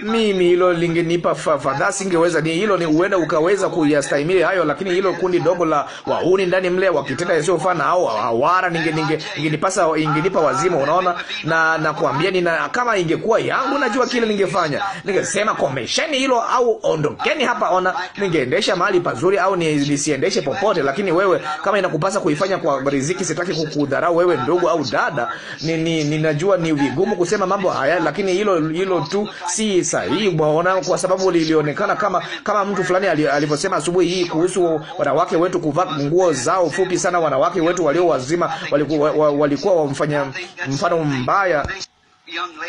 mimi? Hilo lingenipa fadhaa, singeweza. Ni hilo ni uenda ukaweza kuyastahimili hayo, lakini hilo kundi dogo la wahuni ndani mle wakitenda yasiyofana au hawara, ningenipasa ingenipa wazimu. Unaona, na nakwambia, nina kama ingekuwa yangu, najua kile ningefanya. Ningesema komesheni hilo au ondokeni hapa. Ona, ningeendesha mahali pazuri au nisiendeshe popote. Lakini wewe kama inakupasa kuifanya kwa riziki, sitaki kukudharau wewe, ndugu au dada ni ni, ninajua ni vigumu kusema mambo haya, lakini hilo hilo tu si sahihi, bwana, kwa sababu lilionekana kama kama mtu fulani alivyosema asubuhi hii kuhusu wanawake wetu kuvaa nguo zao fupi sana. Wanawake wetu walio wazima walikuwa walikuwa wamfanya mfano mbaya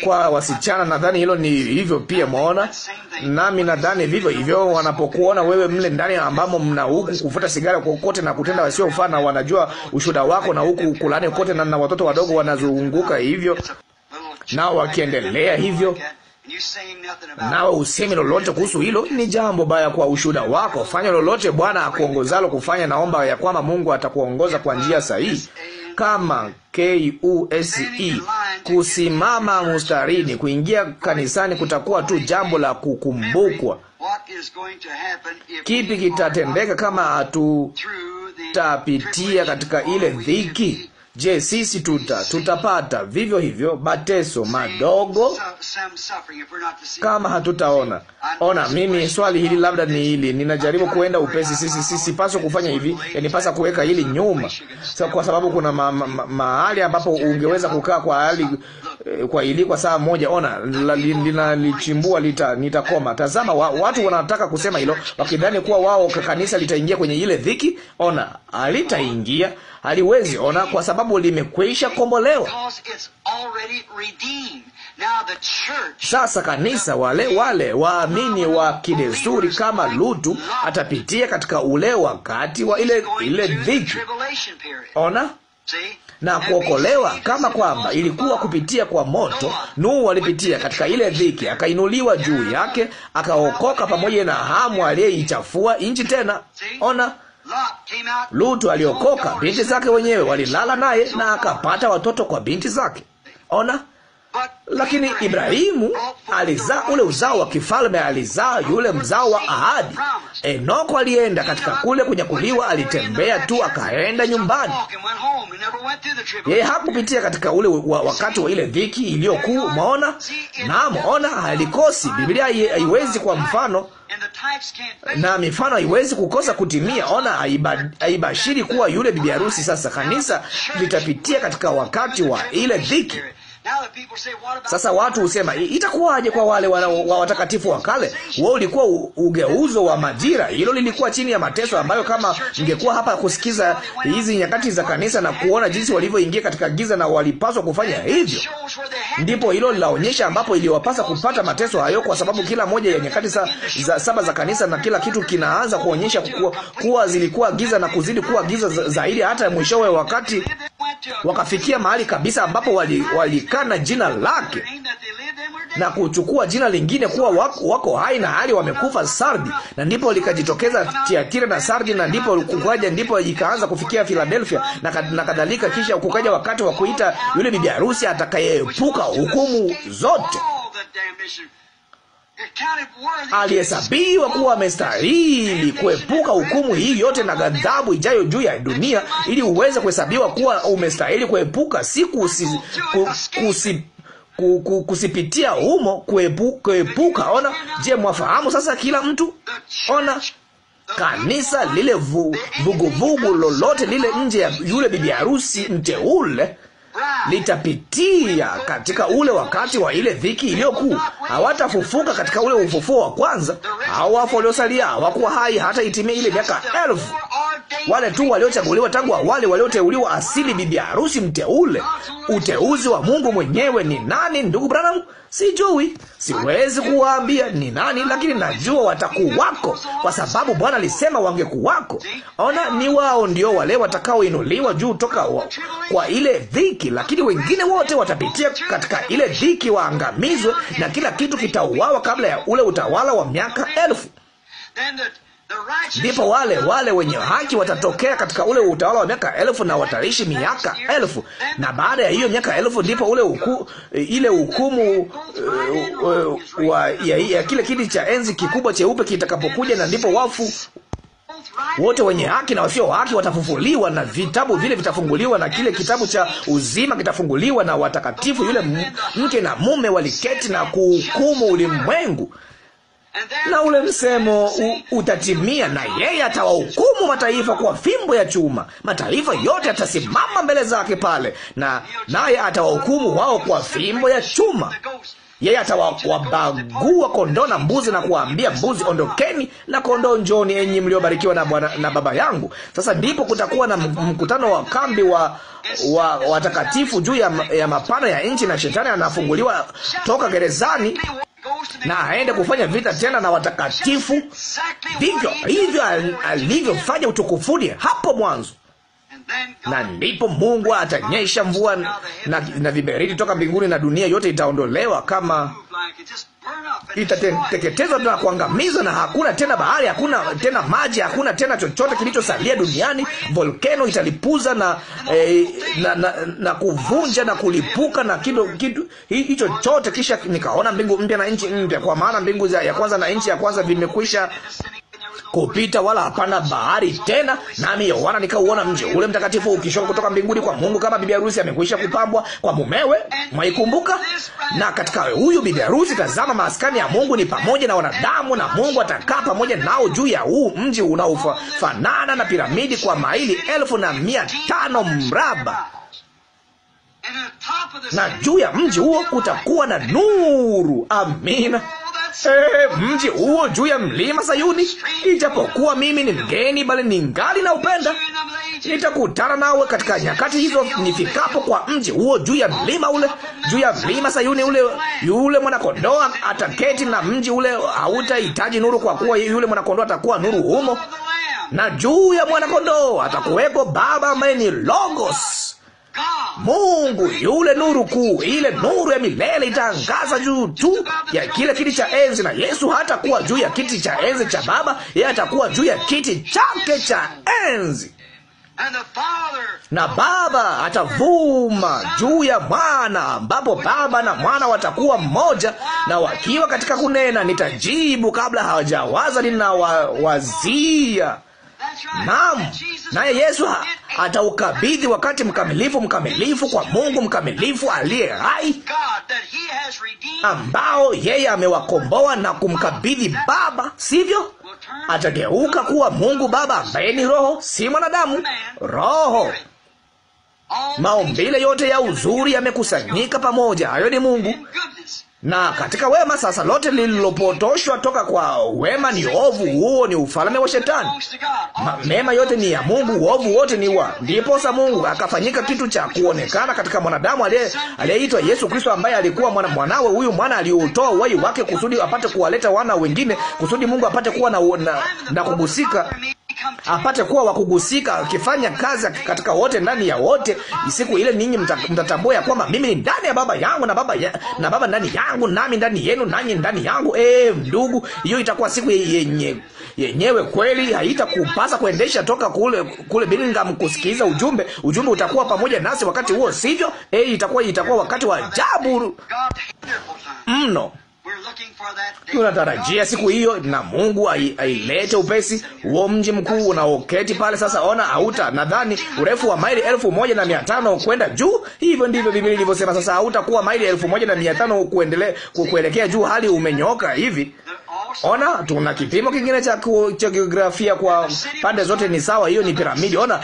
kwa wasichana. Nadhani hilo ni hivyo pia, mwaona, nami nadhani vivyo hivyo wanapokuona wewe mle ndani ambamo mna huku kuvuta sigara kokote na kutenda wasiofaa, na wanajua ushuda wako, na huku kulani kote, na, na watoto wadogo wanazunguka hivyo, nao wakiendelea hivyo nawe usemi lolote kuhusu hilo, ni jambo baya kwa ushuda wako. Fanya lolote Bwana akuongozalo kufanya, naomba ya kwamba Mungu atakuongoza kwa njia sahihi kama kuse, kusimama mustarini. Kuingia kanisani kutakuwa tu jambo la kukumbukwa. Kipi kitatendeka kama hatutapitia katika ile dhiki? Je, sisi tuta, tutapata vivyo hivyo mateso madogo kama hatutaona ona? Mimi swali hili labda ni hili, ninajaribu kuenda upesi. Sisi sisipaswa kufanya hivi, yanipasa kuweka hili nyuma, so, kwa sababu kuna ma, ma, ma, mahali ambapo ungeweza kukaa kwa hali eh, kwa ili kwa saa moja. Ona linalichimbua li, lita, nitakoma. Tazama wa, watu wanataka kusema hilo wakidhani kuwa wao kanisa litaingia kwenye ile dhiki. Ona, alitaingia haliwezi ona kwa sababu limekwisha kombolewa. Sasa kanisa, wale wale waamini wa kidesturi kama Lutu, atapitia katika ule wakati wa ile ile dhiki, ona na kuokolewa kama kwamba ilikuwa kupitia kwa moto. Nuhu alipitia katika ile dhiki, akainuliwa juu yake, akaokoka pamoja na Hamu aliyeichafua nchi tena. Ona, Lutu aliokoka, binti zake wenyewe walilala naye na akapata watoto kwa binti zake. Ona, lakini Ibrahimu alizaa ule uzao wa kifalme, alizaa yule mzao wa ahadi. Enoko alienda katika kule kunyakuliwa, alitembea tu akaenda nyumbani. Yeye hakupitia katika ule wa, wakati wa ile dhiki iliyokuu. Maona Naam, ona halikosi Biblia haiwezi kwa mfano na mifano haiwezi kukosa kutimia. Ona, haibashiri kuwa yule bibi harusi. Sasa kanisa litapitia katika wakati wa ile dhiki. Sasa watu husema itakuwaje kwa wale wa watakatifu wa kale? Wao ulikuwa ugeuzo wa majira. Hilo lilikuwa chini ya mateso ambayo, kama mngekuwa hapa kusikiza hizi nyakati za kanisa na kuona jinsi walivyoingia katika giza na walipaswa kufanya hivyo, ndipo hilo linaonyesha ambapo iliwapasa kupata mateso hayo, kwa sababu kila moja ya nyakati sa, za saba za kanisa na kila kitu kinaanza kuonyesha kuwa, kuwa zilikuwa giza na kuzidi kuwa giza zaidi hata mwishowe wakati wakafikia mahali kabisa ambapo wali, jina lake na kuchukua jina lingine kuwa wako, wako hai na hali wamekufa Sardi. Na ndipo likajitokeza Tiatira na Sardi, na ndipo kukaja, ndipo ikaanza kufikia Filadelfia na kadhalika. Kisha kukaja wakati wa kuita yule bibi harusi atakayeepuka hukumu zote aliyesabiwa kuwa amestahili kuepuka hukumu hii yote na ghadhabu ijayo juu ya dunia, ili uweze kuhesabiwa kuwa umestahili kuepuka, si kusi, kusi, kusipitia humo kuepu, kuepuka. Ona, je, mwafahamu sasa? Kila mtu ona kanisa lile vuguvugu vugu, lolote lile nje ya yule bibi harusi mteule litapitia katika ule wakati wa ile dhiki iliyokuu. Hawatafufuka katika ule ufufuo wa kwanza. Hao wafu waliosalia hawakuwa hai hata itimie ile miaka elfu. Wale tu waliochaguliwa tangu awali, walioteuliwa asili, bibi harusi mteule, uteuzi wa Mungu mwenyewe. Ni nani, ndugu Branham? Sijui, siwezi kuwaambia ni nani, lakini ah, najua watakuwako, kwa sababu Bwana alisema wangekuwako. Ona, ni wao ndio wale watakaoinuliwa juu toka wa, kwa ile dhiki, lakini wengine wote watapitia katika ile dhiki, waangamizwe, na kila kitu kitauawa kabla ya ule utawala wa miaka elfu ndipo wale wale wenye haki watatokea katika ule utawala wa miaka elfu na wataishi miaka elfu, na baada ya hiyo miaka elfu ndipo ule uku, ile hukumu uh, uh, wa ya, ya kile kiti cha enzi kikubwa cheupe kitakapokuja, na ndipo wafu wote wenye haki na wasio haki watafufuliwa, na vitabu vile vitafunguliwa, na kile kitabu cha uzima kitafunguliwa, na watakatifu, yule mke na mume, waliketi na kuhukumu ulimwengu na ule msemo utatimia, na yeye atawahukumu mataifa kwa fimbo ya chuma. Mataifa yote atasimama mbele zake pale, na naye atawahukumu wao kwa fimbo ya chuma. Yeye atawabagua kondoo na mbuzi na kuwaambia mbuzi, ondokeni na kondoo, njoni enyi mliobarikiwa na Bwana na Baba yangu. Sasa ndipo kutakuwa na mkutano wa kambi wa wa watakatifu juu ya, ya mapana ya nchi, na shetani anafunguliwa toka gerezani na aende kufanya vita tena na watakatifu, vivyo hivyo alivyofanya utukufuni hapo mwanzo na ndipo Mungu atanyesha mvua na, na viberiti toka mbinguni na dunia yote itaondolewa kama itateketezwa na kuangamiza, na hakuna tena bahari, hakuna tena maji, hakuna tena chochote kilichosalia duniani. Volkeno italipuza na, eh, na, na, na kuvunja na kulipuka na kitu kitu hicho chote. Kisha nikaona mbingu mpya na nchi mpya, kwa maana mbingu ya kwanza na nchi ya kwanza vimekwisha kupita, wala hapana bahari tena. Nami Yohana nikauona mji ule mtakatifu ukishuka kutoka mbinguni kwa Mungu, kama bibi harusi amekwisha kupambwa kwa mumewe. Mwaikumbuka? Na katika huyu bibi harusi, tazama, maskani ya Mungu ni pamoja na wanadamu, na Mungu atakaa pamoja nao juu ya huu mji unaofanana na piramidi kwa maili elfu na mia tano mraba na juu ya mji huo kutakuwa na nuru. Amina eh, mji huo juu ya mlima Sayuni. Ijapokuwa mimi ni mgeni, bali ningali na upenda, nitakutana nawe katika nyakati hizo nifikapo kwa mji huo juu ya mlima ule, juu ya mlima Sayuni ule. Yule mwanakondoa ataketi na mji ule hautahitaji nuru, kwa kuwa yule mwanakondoo atakuwa nuru humo, na juu ya mwanakondoo atakuweko Baba ambaye ni Logos. Mungu yule nuru kuu, ile nuru ya milele itaangaza juu tu ya kile kiti cha enzi, na Yesu hatakuwa juu ya kiti cha enzi cha Baba, yeye atakuwa juu ya kiti chake cha enzi na Baba atavuma juu ya Mwana, ambapo Baba na Mwana watakuwa mmoja. Na wakiwa katika kunena, nitajibu kabla hawajawaza, ninawawazia Naam, naye Yesu ataukabidhi wakati mkamilifu mkamilifu kwa Mungu mkamilifu aliye hai, ambao yeye amewakomboa na kumkabidhi Baba, sivyo? Atageuka kuwa Mungu Baba ambaye ni Roho, si mwanadamu. Roho, maumbile yote ya uzuri yamekusanyika pamoja. Hayo ni Mungu na katika wema. Sasa lote lililopotoshwa toka kwa wema ni ovu, huo ni ufalme wa Shetani. Ma, mema yote ni ya Mungu, ovu wote ni wa. Ndiposa Mungu akafanyika kitu cha kuonekana katika mwanadamu aliyeitwa Yesu Kristo, ambaye alikuwa mwana mwanawe. Huyu mwana aliyotoa uhai wake kusudi apate kuwaleta wana wengine, kusudi Mungu apate kuwa na, na, na kugusika apate kuwa wakugusika, akifanya kazi katika wote, ndani ya wote. Siku ile ninyi mtatambua ya kwamba mimi ni ndani ya Baba yangu na Baba ya, na Baba ndani yangu nami ndani yenu nanyi ndani yangu. Eh, ndugu, hiyo itakuwa siku yenye yenyewe kweli. Haitakupasa kuendesha toka kule kule Birmingham kusikiliza ujumbe. Ujumbe utakuwa pamoja nasi wakati huo, sivyo? Eh, itakuwa itakuwa wakati wa ajabu mno tunatarajia siku hiyo, na Mungu ailete upesi. Huo mji mkuu unaoketi pale sasa, ona, hauta nadhani urefu wa maili elfu moja na mia tano kwenda juu. Hivyo ndivyo Biblia ilivyosema. Sasa hautakuwa maili elfu moja na mia tano kuendelea kuelekea juu, hali umenyoka hivi. Ona, tuna kipimo kingine cha cha kwa pande zote ni sawa. Hiyo ni piramidi. Ona,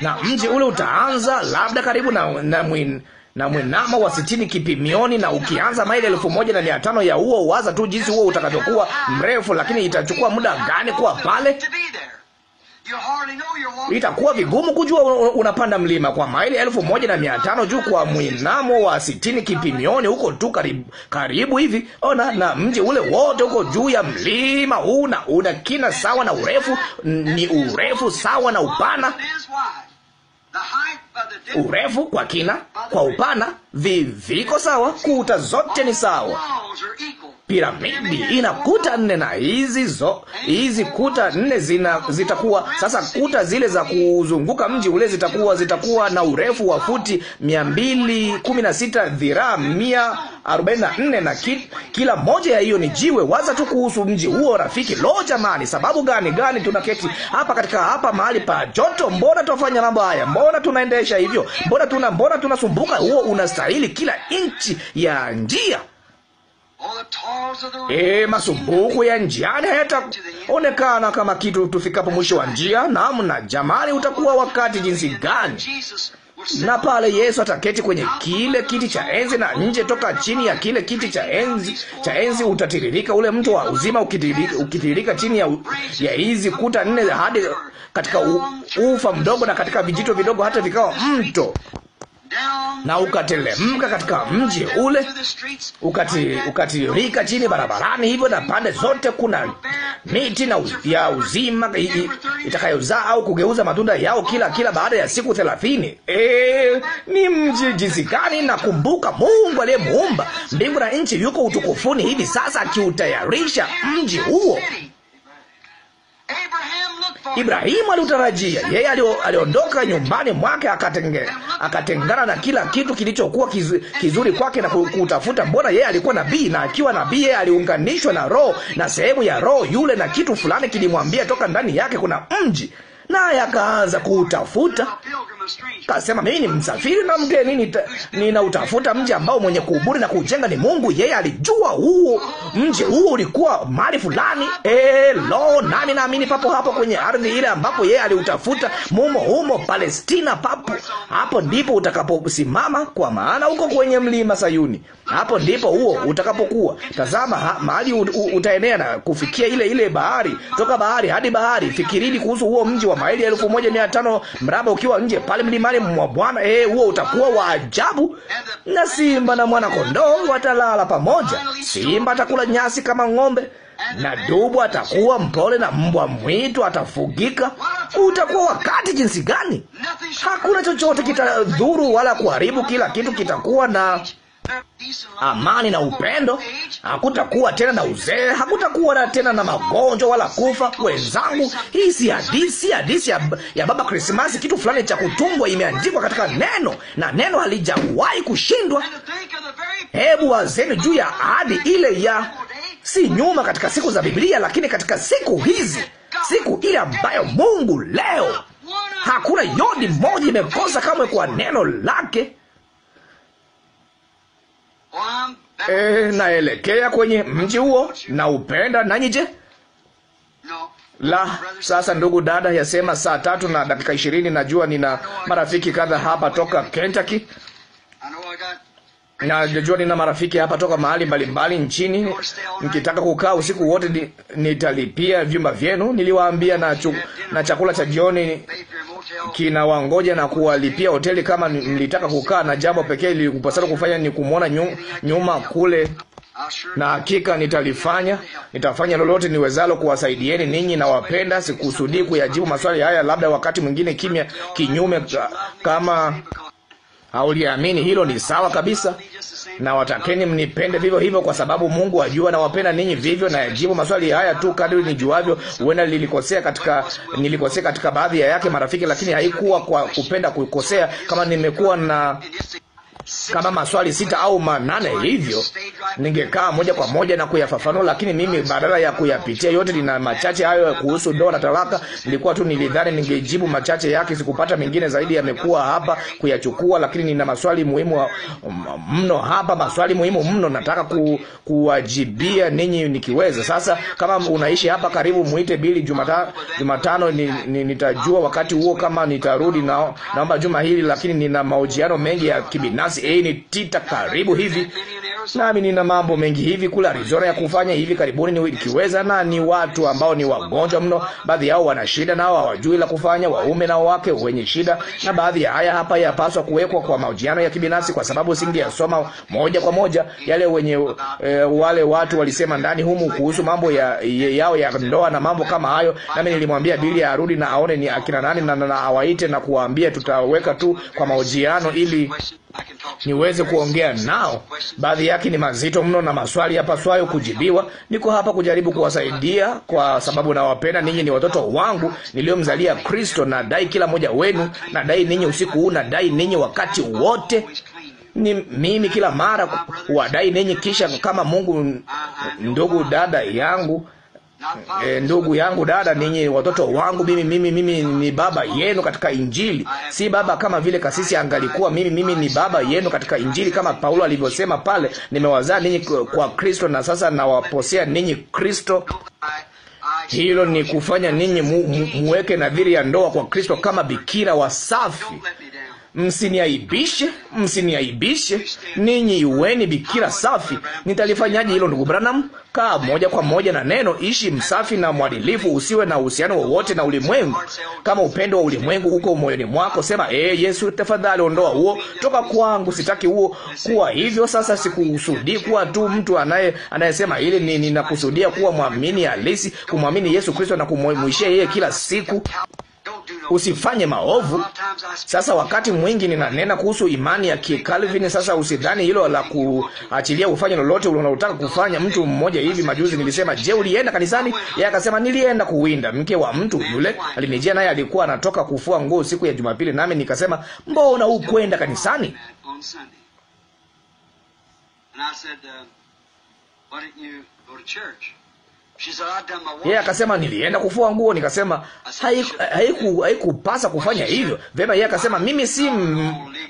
na mji ule utaanza labda karibu na na mwin na mwenamo wa sitini kipimioni, na ukianza maili elfu moja na mia tano ya huo, waza tu jinsi huo utakavyokuwa mrefu, lakini itachukua muda gani kuwa pale? Itakuwa vigumu kujua unapanda mlima kwa maili elfu moja na mia tano juu kwa mwinamo wa sitini kipimioni, huko tu karibu, karibu hivi ona, na mji ule wote huko juu ya mlima una una kina sawa na urefu, ni urefu sawa na upana urefu kwa kina, kwa upana, viviko sawa, kuta zote ni sawa. Piramidi ina kuta nne na hizi zo hizi kuta nne zina zitakuwa sasa, kuta zile za kuzunguka mji ule zitakuwa zitakuwa na urefu wa futi 216 dhiraa 144 na ki, kila moja ya hiyo ni jiwe. Waza tu kuhusu mji huo, rafiki. Lo, jamani, sababu gani gani tunaketi hapa katika hapa mahali pa joto? Mbona tunafanya mambo haya? Mbona tunaende kuendesha hivyo? Mbona tuna mbona tunasumbuka? Huo unastahili kila inchi ya njia. E, masumbuko ya njiani hayataonekana kama kitu tufikapo mwisho wa njia. Namna jamani, utakuwa wakati jinsi gani! Na pale Yesu ataketi kwenye kile kiti cha enzi, na nje toka chini ya kile kiti cha enzi cha enzi utatiririka ule mto wa uzima ukitiririka, ukitiririka chini ya hizi kuta nne hadi katika ufa mdogo na katika vijito vidogo, hata vikawa mto na ukatelemka katika mji ule ukati, ukatirika chini barabarani hivyo, na pande zote kuna miti na ya uzima itakayozaa au kugeuza matunda yao kila kila baada ya siku thelathini. E, ni mji jinsi gani! Na kumbuka Mungu aliyemuumba mbingu na nchi yuko utukufuni hivi sasa akiutayarisha mji huo Ibrahimu aliutarajia. Yeye aliondoka nyumbani mwake akatenge, akatengana na kila kitu kilichokuwa kizuri kwake na kutafuta. Mbona yeye alikuwa nabii, na akiwa nabii yeye aliunganishwa na roho na sehemu ya roho yule, na kitu fulani kilimwambia toka ndani yake kuna mji naye akaanza kuutafuta. Kasema, mimi ni msafiri na mgeni, ninautafuta mji ambao mwenye kuuburi na kuujenga ni Mungu. Yeye alijua huo mji huo ulikuwa mahali fulani. Eh, lo, nami naamini papo hapo kwenye ardhi ile ambapo yeye aliutafuta, mumo humo Palestina, papo hapo ndipo utakaposimama, kwa maana uko kwenye mlima Sayuni. Hapo ndipo huo utakapokuwa. Tazama mahali utaenea na kufikia ile ile bahari, toka bahari hadi bahari. Fikirini kuhusu huo mji wa maili elfu moja mia tano mraba ukiwa nje pale mlimani mwa Bwana. Eh, huo utakuwa wa ajabu. Na simba na mwana kondoo watalala pamoja. Simba atakula nyasi kama ng'ombe na dubu atakuwa mpole na mbwa mwitu atafugika. Utakuwa wakati jinsi gani! Hakuna chochote kitadhuru wala kuharibu, kila kitu kitakuwa na Ah, amani na upendo. Hakutakuwa tena na uzee, hakutakuwa tena na magonjwa wala kufa. Wenzangu, hii si hadisi, hadisi ya, ya Baba Krismasi, kitu fulani cha kutumbwa. Imeandikwa katika neno na neno halijawahi kushindwa. Hebu wazeni juu ya ahadi ile ya si nyuma katika siku za Biblia, lakini katika siku hizi, siku ile ambayo Mungu leo hakuna yodi moja imekosa kamwe kwa neno lake e, naelekea kwenye mji huo na upenda nanyi je? La, sasa ndugu dada, yasema saa tatu na dakika ishirini. Najua nina marafiki kadha hapa toka Kentucky na najua nina marafiki hapa toka mahali mbalimbali nchini. Nikitaka kukaa usiku wote, nitalipia vyumba vyenu. Niliwaambia na, chu, na chakula cha jioni kinawangoja na kuwalipia hoteli kama mlitaka kukaa, na jambo pekee lilikupasana kufanya ni kumwona nyuma kule na hakika nitalifanya. Nitafanya lolote niwezalo kuwasaidieni ninyi, na wapenda. Sikusudii kuyajibu maswali haya, labda wakati mwingine kimya, kinyume kama hauliamini. Hilo ni sawa kabisa na watakeni mnipende vivyo hivyo, kwa sababu Mungu ajua nawapenda ninyi vivyo. Na yajibu maswali haya tu kadri nijuavyo. Huenda nilikosea katika, nilikosea katika baadhi ya yake marafiki, lakini haikuwa kwa kupenda kukosea. Kama nimekuwa na kama maswali sita au manane hivyo, ningekaa moja kwa moja na kuyafafanua, lakini mimi badala ya kuyapitia yote, nina machache hayo kuhusu ndoa na talaka. Nilikuwa tu nilidhani ningejibu machache yake, sikupata mengine zaidi, yamekuwa hapa kuyachukua, lakini nina maswali muhimu um, mno hapa, maswali muhimu mno, nataka ku, kuwajibia ninyi nikiweza. Sasa kama unaishi hapa karibu, muite Bili Jumatano, Jumatano ni, ni, nitajua wakati huo kama nitarudi. Na naomba juma hili, lakini nina mahojiano mengi ya kibinafsi PCA Tita karibu hivi, nami nina mambo mengi hivi kula Arizona ya kufanya hivi karibuni nikiweza, na ni watu ambao ni wagonjwa mno. Baadhi yao wana shida nao hawajui la kufanya, waume na wake wenye shida, na baadhi ya haya hapa yapaswa kuwekwa kwa mahojiano ya kibinafsi, kwa sababu singeyasoma moja kwa moja yale wenye e, wale watu walisema ndani humu kuhusu mambo ya, yao ya ndoa na mambo kama hayo. Nami nilimwambia Bili arudi na aone ni akina nani na, na, na awaite na kuwaambia tutaweka tu kwa mahojiano ili niweze kuongea nao. Baadhi yake ni mazito mno na maswali yapaswayo kujibiwa. Niko hapa kujaribu kuwasaidia kwa sababu nawapenda ninyi, ni watoto wangu niliyomzalia Kristo. Nadai kila mmoja wenu, nadai ninyi usiku huu, nadai ninyi wakati wote ni mimi kila mara wadai ninyi, kisha kama Mungu, ndugu dada yangu E, ndugu yangu, dada, ninyi watoto wangu, mimi mimi mimi ni baba yenu katika Injili, si baba kama vile kasisi angalikuwa. Mimi mimi ni baba yenu katika Injili, kama Paulo alivyosema pale, nimewazaa ninyi kwa Kristo na sasa nawaposea ninyi Kristo. Hilo ni kufanya ninyi muweke nadhiri ya ndoa kwa Kristo, kama bikira wasafi. Msiniaibishe, msiniaibishe. Ninyi iweni bikira safi. Nitalifanyaje hilo ndugu Branham? Kaa moja kwa moja na neno, ishi msafi na mwadilifu, usiwe na uhusiano wowote na ulimwengu. Kama upendo wa ulimwengu uko moyoni mwako, sema e, Yesu tafadhali ondoa huo toka kwangu, sitaki huo kuwa hivyo. Sasa sikusudii kuwa tu mtu anaye anayesema hili, ni ninakusudia kuwa mwamini halisi, kumwamini Yesu Kristo na kumwishia yeye kila siku usifanye maovu. Sasa wakati mwingi ninanena kuhusu imani ya Kikalvini. Sasa usidhani hilo la kuachilia ufanye lolote unalotaka kufanya. Mtu mmoja hivi majuzi nilisema, je, ulienda kanisani? Yeye akasema nilienda kuwinda. Mke wa mtu yule alinijia, naye alikuwa anatoka kufua nguo siku ya Jumapili, nami nikasema, mbona hukwenda kanisani? And I said, uh, why didn't you go to church? Yeye akasema nilienda kufua nguo. Nikasema haiku haikupasa kufanya hivyo. Vema, yeye akasema mimi si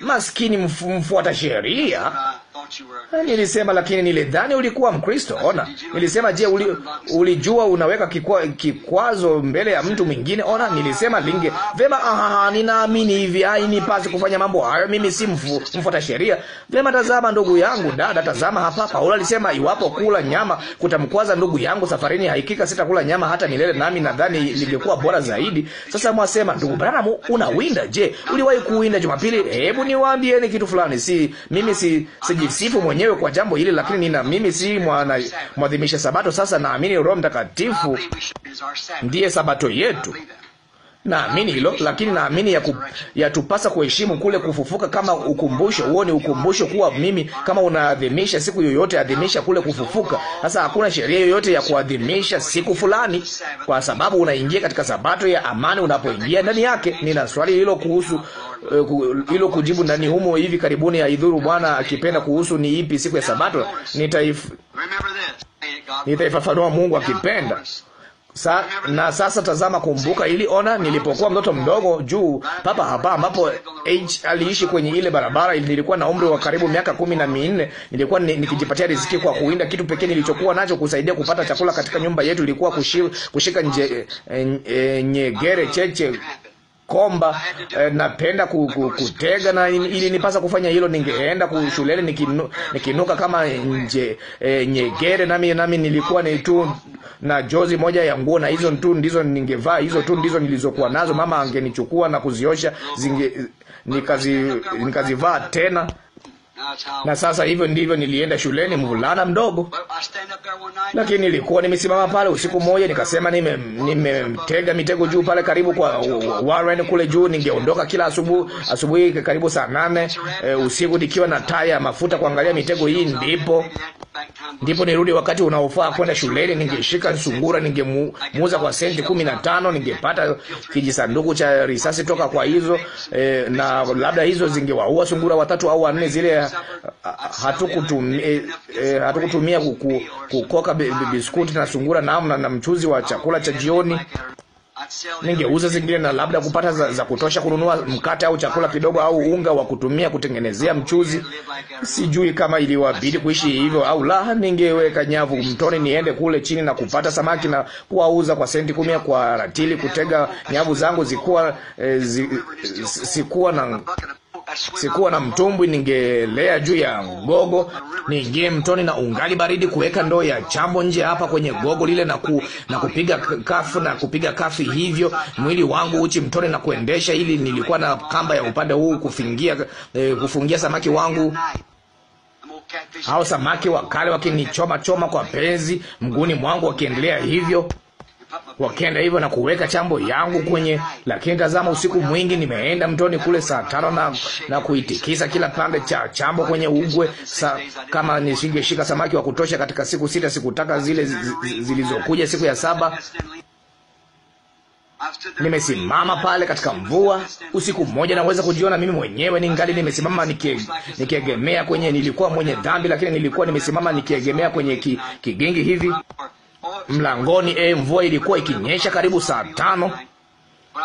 maskini mfuata sheria Nilisema, lakini nilidhani ulikuwa Mkristo. Ona, nilisema, je, uli, ulijua unaweka kikwa, kikwazo mbele ya mtu mwingine? Ona, nilisema linge vema. Aha, ninaamini hivi, ai, nipasi kufanya mambo hayo, mimi si mfu, mfuata sheria. Vema, tazama ndugu yangu, dada, tazama hapa. Paulo alisema, iwapo kula nyama kutamkwaza ndugu yangu safarini, hakika sitakula nyama hata milele, nami nadhani lingekuwa bora zaidi. Sasa mwasema, ndugu Branham, unawinda. Je, uliwahi kuwinda Jumapili? Hebu niwaambieni kitu fulani, si mimi si, si kujisifu mwenyewe kwa jambo hili, lakini nina mimi si mwana mwadhimisha Sabato. Sasa naamini Roho Mtakatifu ndiye Sabato yetu. Naamini hilo, lakini naamini ya yatupasa ya kuheshimu kule kufufuka kama ukumbusho. Huo ni ukumbusho kuwa mimi, kama unaadhimisha siku yoyote, adhimisha kule kufufuka. Sasa hakuna sheria yoyote ya kuadhimisha siku fulani, kwa sababu unaingia katika sabato ya amani unapoingia ndani yake. Nina swali hilo kuhusu eh, hilo uh, kujibu ndani humo hivi karibuni, aidhuru Bwana akipenda, kuhusu ni ipi siku ya sabato. Nitaif, nitaifafanua Mungu akipenda. Sa, na sasa tazama, kumbuka ili ona, nilipokuwa mtoto mdogo juu papa hapa ambapo aliishi kwenye ile barabara, nilikuwa na umri wa karibu miaka kumi na minne. Nilikuwa nikijipatia riziki kwa kuinda Kitu pekee nilichokuwa nacho kusaidia kupata chakula katika nyumba yetu ilikuwa kushika nje, e, e, nyegere cheche komba eh, napenda ku, ku, kutega na ili nipasa kufanya hilo, ningeenda kushuleni nikinu, nikinuka kama nje eh, nyegere, nami nami nilikuwa ni tu na jozi moja ya nguo, na hizo tu ndizo ningevaa, hizo tu ndizo nilizokuwa nazo. Mama angenichukua na kuziosha zinge, nikazi nikazivaa tena na sasa hivyo ndivyo nilienda shuleni, mvulana mdogo. Lakini nilikuwa nimesimama pale usiku mmoja, nikasema nimetega nime mitego juu pale karibu kwa Warren kule juu, ningeondoka kila asubuhi asubuhi karibu saa nane e, usiku nikiwa na taya ya mafuta kuangalia mitego hii, ndipo ndipo nirudi wakati unaofaa kwenda shuleni. Ningeshika sungura, ningemuuza kwa senti kumi na tano, ningepata kijisanduku cha risasi toka kwa hizo e, na labda hizo zingewaua sungura watatu au wanne, zile Eh, eh, hatukutumia eh, kukoka biskuti na sungura namna na mchuzi wa chakula cha jioni. Ningeuza zingine na labda kupata za, za kutosha kununua mkate au chakula kidogo au unga wa kutumia kutengenezea mchuzi. Sijui kama iliwabidi kuishi hivyo au la. Ningeweka nyavu mtoni, niende kule chini na kupata samaki na kuwauza kwa senti kumi kwa ratili. Kutega nyavu zangu zikuwa e, zi, sikuwa na sikuwa na mtumbwi, ningelea juu ya gogo, ningie mtoni na ungali baridi, kuweka ndoo ya chambo nje hapa kwenye gogo lile na, ku, na kupiga kafu na kupiga kafi hivyo, mwili wangu uchi mtoni na kuendesha, ili nilikuwa na kamba ya upande huu kufungia, eh, kufungia samaki wangu au samaki wakale wakinichoma choma kwa penzi mguuni mwangu, wakiendelea hivyo wakenda hivyo na kuweka chambo yangu kwenye. Lakini tazama, usiku mwingi nimeenda mtoni kule saa tano na, na kuitikisa kila pande cha chambo kwenye ugwe sa, kama nisingeshika samaki wa kutosha katika siku sita, sikutaka zile zilizokuja siku ya saba nimesimama pale katika mvua usiku mmoja, naweza kujiona mimi mwenyewe ningali nimesimama nikiegemea kwenye, nilikuwa mwenye dhambi, lakini nilikuwa nimesimama nikiegemea kwenye ki, kigingi hivi mlangoni. E, mvua ilikuwa ikinyesha karibu saa tano.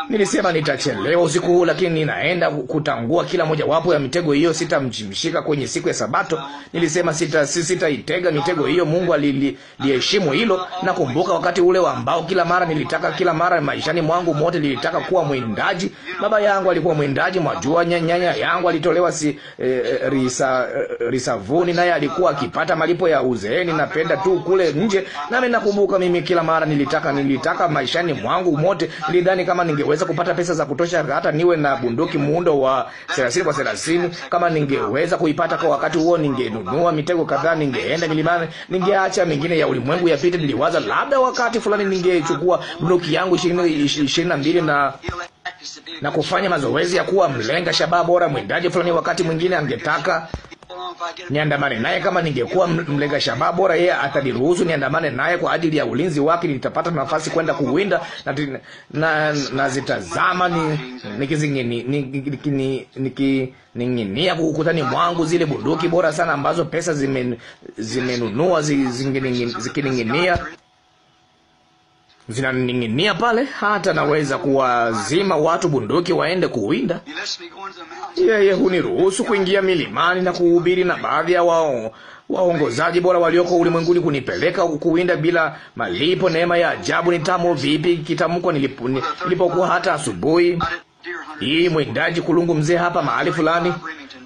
Nilisema nitachelewa usiku huu, lakini ninaenda kutangua kila moja wapo ya mitego hiyo. Sitamshika kwenye siku ya Sabato. Nilisema sita sitaitega mitego hiyo. Mungu aliliheshimu hilo. Nakumbuka wakati ule ambao kila mara nilitaka, kila mara maishani mwangu mote nilitaka kuwa mwindaji. Baba yangu alikuwa mwindaji, mwajua. Nyanya yangu alitolewa si, eh, eh risa, eh, risavuni, naye alikuwa akipata malipo ya uzeeni. Napenda tu kule nje, nami nakumbuka mimi kila mara nilitaka, nilitaka maishani mwangu mote, nilidhani kama ni ningeweza kupata pesa za kutosha, hata niwe na bunduki muundo wa 30 kwa 30. Kama ningeweza kuipata kwa wakati huo, ningenunua mitego kadhaa, ningeenda milimani, ningeacha mingine ya ulimwengu yapite. Niliwaza labda wakati fulani ningechukua bunduki yangu 22 na na kufanya mazoezi ya kuwa mlenga shabaha bora, mwindaji fulani. Wakati mwingine angetaka niandamane naye. Kama ningekuwa mlenga shabaha bora, yeye ataniruhusu niandamane naye kwa ajili ya ulinzi wake. Nitapata nafasi kwenda kuwinda na nazitazama na nikining'inia ukutani mwangu zile bunduki bora sana ambazo pesa zimenunua zikining'inia zinaning'inia pale, hata naweza kuwazima watu bunduki waende kuwinda. Yeye huniruhusu kuingia milimani na kuhubiri, na baadhi ya wao waongozaji bora walioko ulimwenguni kunipeleka kuwinda bila malipo. Neema ya ajabu ni tamu vipi kitamko nilipokuwa hata asubuhi hii mwindaji kulungu mzee hapa mahali fulani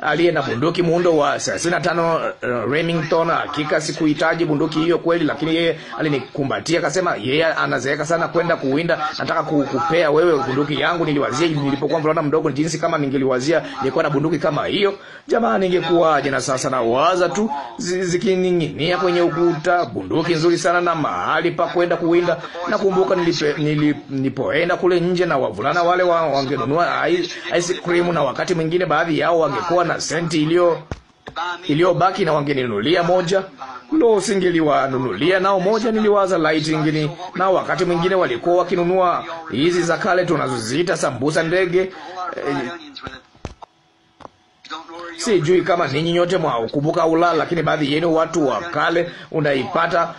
aliye na bunduki muundo wa 35 uh, eh, Remington. Hakika sikuhitaji bunduki hiyo kweli, lakini yeye alinikumbatia akasema, yeye anazeeka sana kwenda kuwinda, nataka kukupea wewe bunduki yangu. Niliwazia nilipokuwa mvulana mdogo, jinsi kama ningeliwazia nilikuwa na bunduki kama hiyo, jamani, ingekuwaje? Na sasa nawaza tu zikining'inia kwenye ukuta, bunduki nzuri sana na mahali pa kwenda kuwinda. Nakumbuka nilipoenda kule nje na wavulana wale wangenunua ice cream, na wakati mwingine baadhi yao wangekuwa na senti iliyo iliyobaki na wangeninunulia moja. Lo, singeliwanunulia nao moja? Niliwaza laiti ingini. Na wakati mwingine walikuwa wakinunua hizi za kale tunazoziita sambusa ndege. E, sijui kama ninyi nyote mwa mwakumbuka ula, lakini baadhi yenu watu wa kale unaipata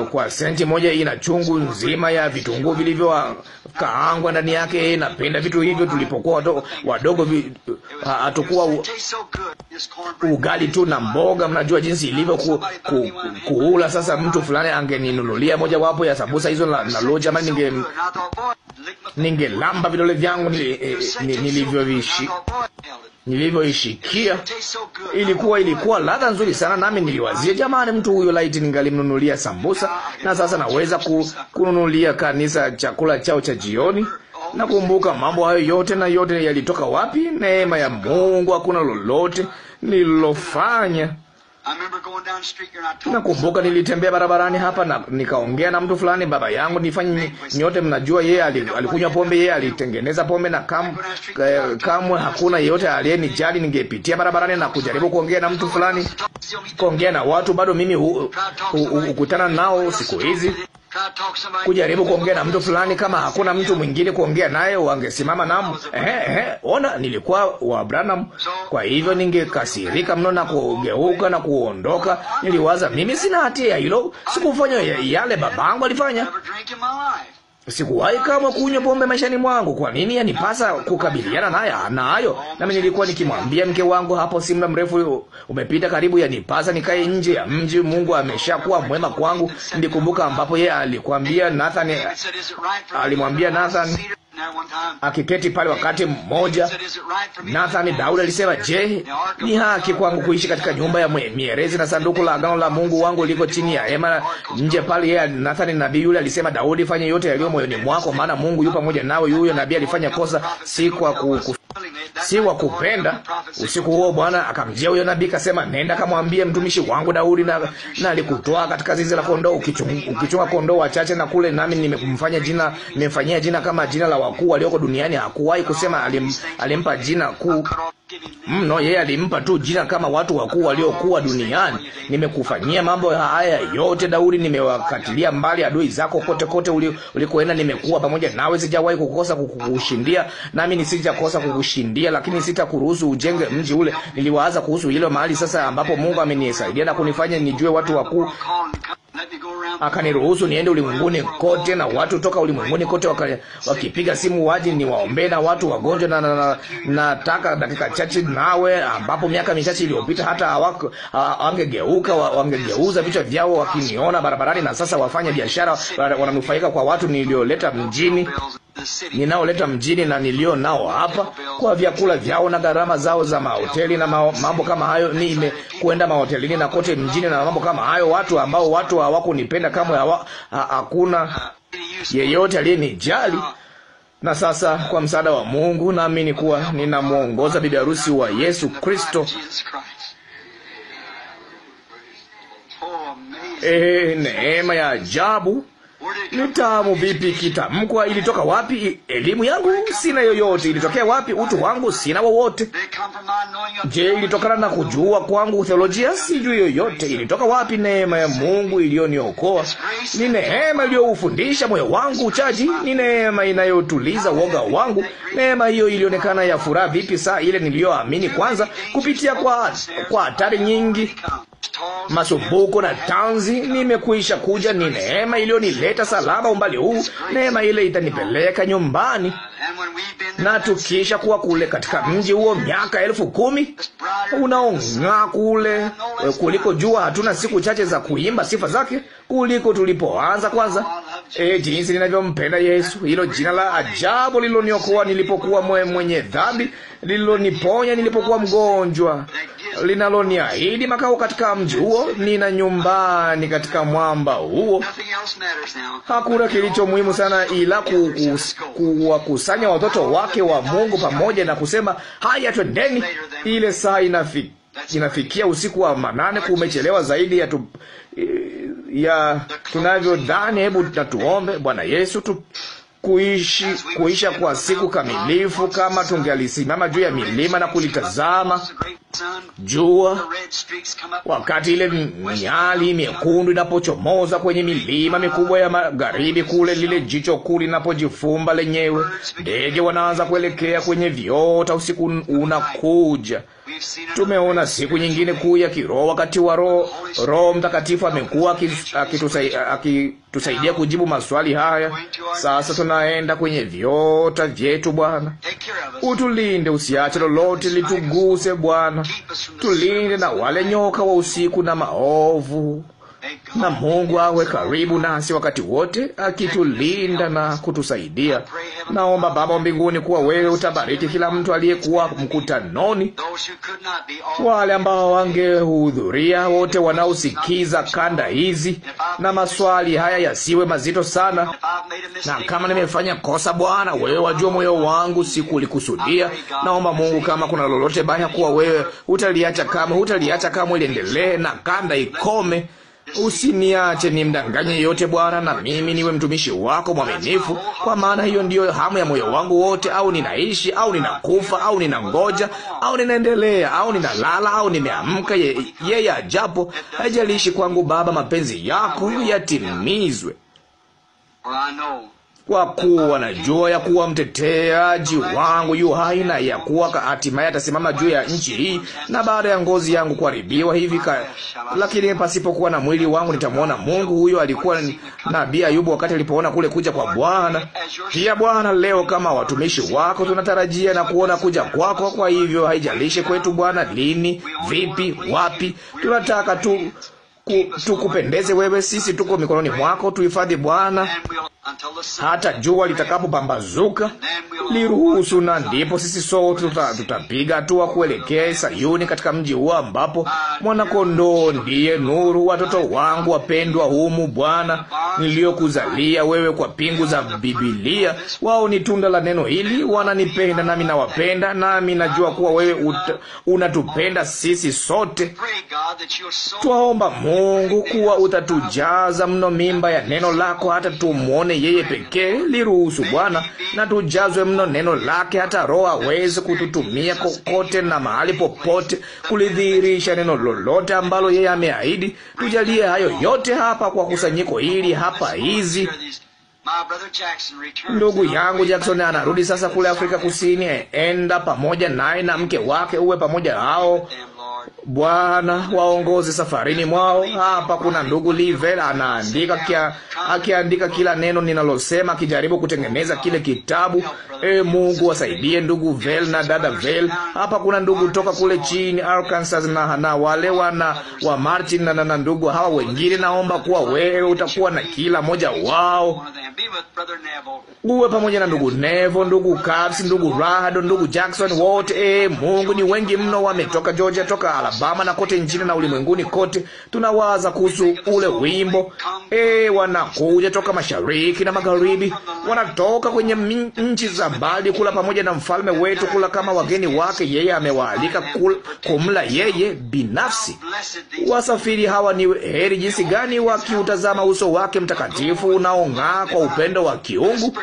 uh, kwa senti moja ina chungu nzima ya vitunguu vilivyo kaangwa ndani yake. Napenda vitu hivyo. Tulipokuwa wadogo, hatukuwa ugali tu na mboga. Mnajua jinsi ilivyo ku, ku, kuula. Sasa mtu fulani angeninunulia wapo ya sambusa hizo na, na lo, jamani, ninge ningelamba vidole vyangu eh, eh, nilivyovishi nilivyoishikia ilikuwa ilikuwa ladha nzuri sana, nami niliwazia, jamani, mtu huyo laiti ningalimnunulia sambusa, na sasa naweza ku, kununulia kanisa chakula chao cha jioni. Nakumbuka mambo hayo yote, na yote yalitoka wapi? Neema ya Mungu. Hakuna lolote nililofanya Nakumbuka nilitembea barabarani hapa na nikaongea na mtu fulani, baba yangu nifanye, nyote mnajua, yeye alikunywa pombe, yeye alitengeneza pombe, na kam, eh, kamwe hakuna yeyote aliyenijali. Ningepitia barabarani na kujaribu kuongea na mtu fulani, kuongea na watu, bado mimi hukutana nao siku hizi kujaribu kuongea na mtu fulani, kama hakuna mtu mwingine kuongea naye, wangesimama nam. Ehe, ehe, ona, nilikuwa wa Branham, kwa hivyo ningekasirika mno na kugeuka na kuondoka. Niliwaza mimi sina hatia ya hilo, sikufanya yale babangu alifanya. Sikuwahi kama kunywa pombe maishani mwangu. Kwa nini yanipasa kukabiliana nayo nayo? Nami nilikuwa nikimwambia mke wangu hapo si muda mrefu umepita, karibu yanipasa nikae nje ya mji. Mungu ameshakuwa mwema kwangu. Ndikumbuka ambapo yeye alikwambia Nathan, alimwambia Nathan akiketi pale. Wakati mmoja Nathani Daudi alisema, je, ni haki kwangu kuishi katika nyumba ya mierezi na sanduku la agano la Mungu wangu liko chini ya hema nje pale? Yeye Nathani nabii yule alisema, Daudi, fanye yote yaliyo moyoni mwako, maana Mungu yu pamoja nawe. Yuyo nabii alifanya kosa, si kwa ku si wa kupenda. Usiku huo Bwana akamjia huyo nabii kasema, nenda kamwambie mtumishi wangu Daudi, na na katika zizi la kondoo ukichunga, ukichunga kondoo wachache na kule, nami nimemfanya jina, nimefanyia jina kama jina la wakuu walioko duniani. Hakuwahi kusema alim, alimpa jina kuu mno. Mm, yeye alimpa tu jina kama watu wakuu waliokuwa duniani. Nimekufanyia mambo haya yote Daudi, nimewakatilia mbali adui zako kote kote ulikoenda, nimekuwa pamoja nawe, sijawahi kukosa kukushindia, nami nisijakosa kukushindia, lakini sitakuruhusu ujenge mji ule. Niliwaza kuhusu hilo mahali sasa ambapo Mungu amenisaidia na kunifanya nijue watu wakuu akaniruhusu niende ulimwenguni kote, na watu toka ulimwenguni kote waka, wakipiga simu waje niwaombee, na watu wagonjwa, na nataka na, na, dakika chache nawe, ambapo miaka michache iliyopita hata wangegeuka wangegeuza vichwa vyao wakiniona barabarani, na sasa wafanya biashara wananufaika kwa watu nilioleta mjini ninaoleta mjini na nilio nao hapa, kwa vyakula vyao na gharama zao za mahoteli na mambo kama hayo. Ni imekwenda mahotelini na kote mjini na mambo kama hayo, watu ambao watu hawakunipenda kamwe, hakuna yeyote aliyenijali na sasa kwa msaada wa Mungu naamini kuwa ninamwongoza bibi harusi wa Yesu Kristo. E, neema ya ajabu! Nitamu tamu vipi? Kitamkwa ilitoka wapi? Elimu yangu sina yoyote. Ilitokea wapi? Utu wangu sina wowote. Je, ilitokana na kujua kwangu theolojia? Sijui yoyote. Ilitoka wapi neema ya Mungu iliyoniokoa? Ni neema iliyoufundisha moyo wangu uchaji, ni neema inayotuliza woga wangu. Neema hiyo ilionekana ya furaha vipi saa ile niliyoamini kwanza, kupitia kwa kwa hatari nyingi masumbuko na tanzi. Nimekwisha kuja, ni neema iliyonileta salama umbali huu, neema ile itanipeleka nyumbani. Na tukisha kuwa kule katika mji huo miaka elfu kumi unaong'aa kule kuliko jua, hatuna siku chache za kuimba sifa zake kuliko tulipoanza kwanza E, jinsi ninavyompenda Yesu, hilo jina la ajabu lililoniokoa nilipokuwa mwe mwenye dhambi, lililoniponya nilipokuwa mgonjwa, linaloniahidi makao katika mji huo, nina nyumbani katika mwamba huo. Hakuna kilicho muhimu sana ila kuwakusanya watoto wake wa Mungu pamoja na kusema haya, twendeni. Ile saa inafi, inafikia usiku wa manane, kumechelewa zaidi ya tu, Eh, ya tunavyodhani. Hebu natuombe. Bwana Yesu tu kuishi kuisha kwa siku kamilifu, kama tungelisimama juu ya milima na kulitazama jua wakati ile miali miekundu inapochomoza kwenye milima mikubwa ya magharibi kule, lile jicho kuu linapojifumba lenyewe, ndege wanaanza kuelekea kwenye viota, usiku unakuja. Tumeona siku nyingine kuu ya kiroho, wakati wa roho Roho Mtakatifu amekuwa akitusaidia kujibu maswali haya. Sasa tunaenda kwenye viota vyetu, Bwana, utulinde, usiache lolote lituguse, Bwana, tulinde na wale nyoka wa usiku na maovu na Mungu awe karibu nasi wakati wote akitulinda na kutusaidia. Naomba Baba wa mbinguni kuwa wewe utabariki kila mtu aliyekuwa mkutanoni, wale ambao wangehudhuria, wote wanaosikiza kanda hizi, na maswali haya yasiwe mazito sana. Na kama nimefanya kosa, Bwana, wewe wajua moyo wangu, sikulikusudia. Naomba Mungu, kama kuna lolote baya, kuwa wewe utaliacha kama utaliacha kama iliendelee na kanda ikome Usiniache nimdanganye yote Bwana, na mimi niwe mtumishi wako mwaminifu, kwa maana hiyo ndiyo hamu ya moyo wangu wote. Au ninaishi au ninakufa au ninangoja au ninaendelea au ninalala au nimeamka, yeye ye ajapo, haijalishi kwangu Baba, mapenzi yako yatimizwe kwa kuwa wanajua ya kuwa mteteaji wangu yu hai na ya kuwa hatimaye atasimama juu ya nchi hii, na baada ya ngozi yangu kuharibiwa hivi ka, lakini pasipokuwa na mwili wangu nitamwona Mungu. Huyo alikuwa nabii Ayubu wakati alipoona kule kuja kwa Bwana. Pia Bwana, leo kama watumishi wako tunatarajia na kuona kuja kwako. Kwa hivyo haijalishi kwetu Bwana lini, vipi, wapi, tunataka tu tukupendeze wewe. Sisi tuko mikononi mwako, tuhifadhi Bwana hata jua litakapopambazuka liruhusu, na ndipo sisi sote tutapiga hatua kuelekea Sayuni, katika mji huo ambapo mwanakondoo ndiye nuru. Watoto wangu wapendwa, humu Bwana niliyokuzalia wewe, kwa pingu za Bibilia. Wao ni tunda la neno hili, wananipenda nami nawapenda, nami najua kuwa wewe uta, unatupenda sisi sote. Twaomba Mungu kuwa utatujaza mno mimba ya neno lako, hata tumwone ambaye yeye pekee liruhusu Bwana, na tujazwe mno neno lake, hata Roho aweze kututumia kokote na mahali popote kulidhihirisha neno lolote ambalo yeye ameahidi. Tujalie hayo yote hapa kwa kusanyiko hili hapa hizi Ndugu yangu Jackson anarudi sasa kule Afrika Kusini. Enda pamoja naye na mke wake, uwe pamoja hao Bwana waongoze safarini mwao. Hapa kuna ndugu Livel anaandika kia, akiandika kila neno ninalosema akijaribu kutengeneza kile kitabu. E, Mungu wasaidie ndugu Vel na dada Vel. Hapa kuna ndugu toka kule chini Arkansas na, na wale wana wa Martin na, na ndugu hawa wengine. Naomba kuwa wewe utakuwa na kila moja wao, uwe pamoja na ndugu Nevo, ndugu Caps, ndugu Rahado, ndugu Jackson wote. E, Mungu ni wengi mno, wametoka Georgia, toka Alabama na kote nchini na ulimwenguni kote. Tunawaza kuhusu ule wimbo e, wanakuja toka mashariki na magharibi, wanatoka kwenye nchi za mbali kula pamoja na mfalme wetu, kula kama wageni wake. Yeye amewaalika kumla yeye binafsi. Wasafiri hawa ni heri jinsi gani wakiutazama uso wake mtakatifu unaong'aa kwa upendo wa kiungu.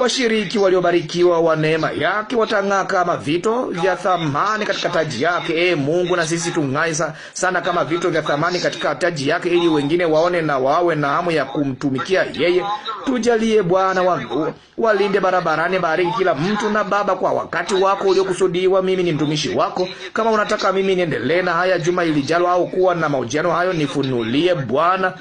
Washiriki waliobarikiwa wa neema yake watang'aa kama vito vya thamani katika taji yake. E, Mungu Mungu, na sisi tung'ae sana kama vito vya thamani katika taji yake, ili wengine waone na wawe na hamu ya kumtumikia yeye. Tujalie Bwana wangu walinde barabarani, bariki kila mtu. Na Baba, kwa wakati wako uliokusudiwa, mimi ni mtumishi wako. Kama unataka mimi niendelee na haya juma ilijalo au kuwa na mahojiano hayo, nifunulie Bwana,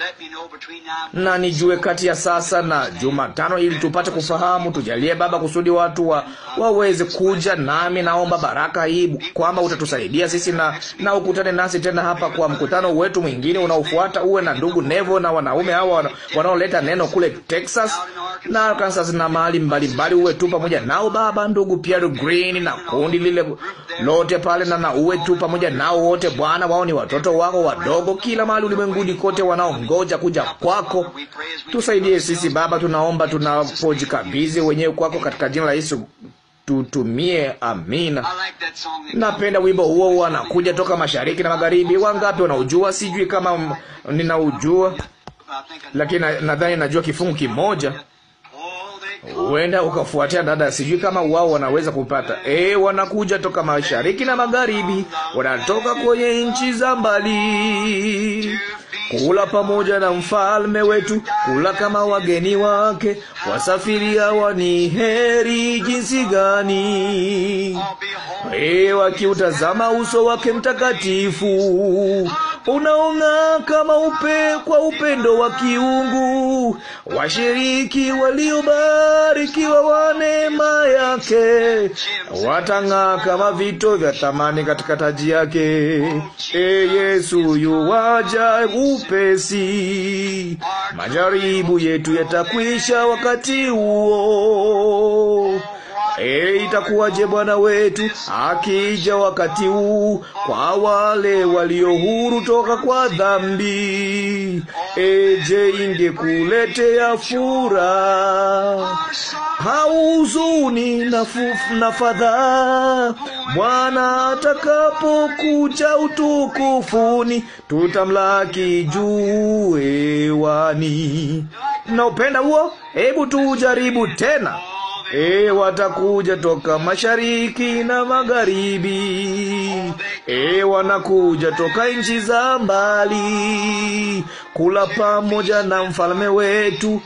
na nijue kati ya sasa na Jumatano, ili tupate kufahamu. Tujalie Baba kusudi watu wa, waweze kuja nami. Naomba baraka hii kwamba utatusaidia sisi na, na ukutane nasi tena hapa kwa mkutano wetu mwingine unaofuata. Uwe na ndugu Nevo na wanaume hawa wanaoleta neno kule Texas na Arkansas na mahali mbalimbali, uwe tu pamoja nao Baba, ndugu Pierre Green na kundi lile lote pale, na na uwe tu pamoja nao wote Bwana. Wao ni watoto wako wadogo kila mahali ulimwenguni kote, wanaongoja kuja kwako. Tusaidie sisi Baba, tunaomba tunapojikabidhi wenyewe kwako, katika jina la Yesu tutumie. Amina. Napenda wimbo huo, wanakuja toka mashariki na magharibi. Wangapi wanaujua? Sijui kama ninaujua, lakini nadhani najua kifungu kimoja huenda ukafuatia dada, sijui kama wao wanaweza kupata. E, wanakuja toka mashariki na magharibi, wanatoka kwenye nchi za mbali kula pamoja na mfalme wetu, kula kama wageni wake. Wasafiri hawa ni heri jinsi gani! e, wakiutazama uso wake mtakatifu unaong'aa kama upe kwa upendo wa kiungu. Washiriki waliobarikiwa wa neema yake watang'aa kama vito vya thamani katika taji yake. E Yesu yuwaja upesi, majaribu yetu yatakwisha wakati huo. Ee, itakuwaje Bwana wetu akija wakati huu kwa wale walio huru toka kwa dhambi? Eje, eh, ingekuletea furaha, hauzuni na fadhaa Bwana atakapokuja utukufuni, tutamlaki juu hewani. naupenda huo? Hebu tujaribu tena. E, watakuja toka mashariki na magharibi. E, wanakuja toka nchi za mbali kula pamoja na mfalme wetu,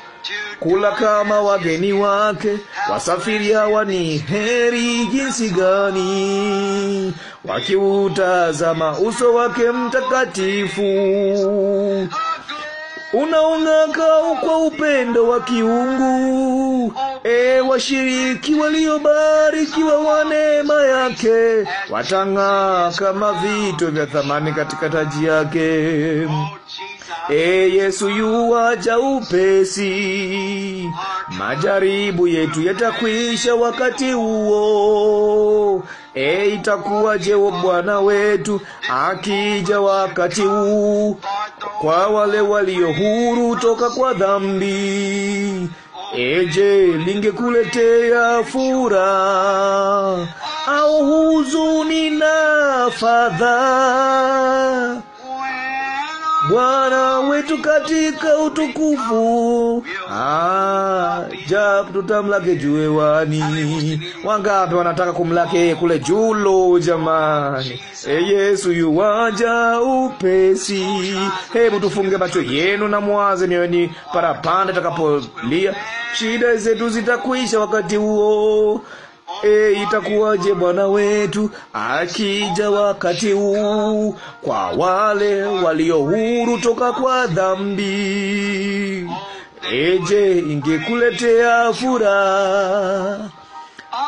kula kama wageni wake. Wasafiri hawa ni heri jinsi gani, wakiutazama uso wake mtakatifu unaong'aka kwa upendo wa kiungu. E, washiriki waliobarikiwa wa neema yake watang'aa kama vito vya thamani katika taji yake e Yesu, yuwaja upesi, majaribu yetu yatakwisha wakati huo. E, itakuwaje Bwana wetu akija wakati huu kwa wale walio huru toka kwa dhambi? Eje, lingekuletea furaha au huzuni na fadhaa? Bwana wetu katika utukufu. Ajabu, tutamlake juu hewani. Wangapi wanataka kumlake kule juu? Lo, jamani! E, Yesu yuwaja upesi. Hebu tufunge macho yenu na mwaze mioyoni parapanda itakapolia. Shida zetu zitakwisha wakati huo. E, itakuwaje Bwana wetu akija wakati huu kwa wale walio huru toka kwa dhambi? Eje, ingekuletea furaha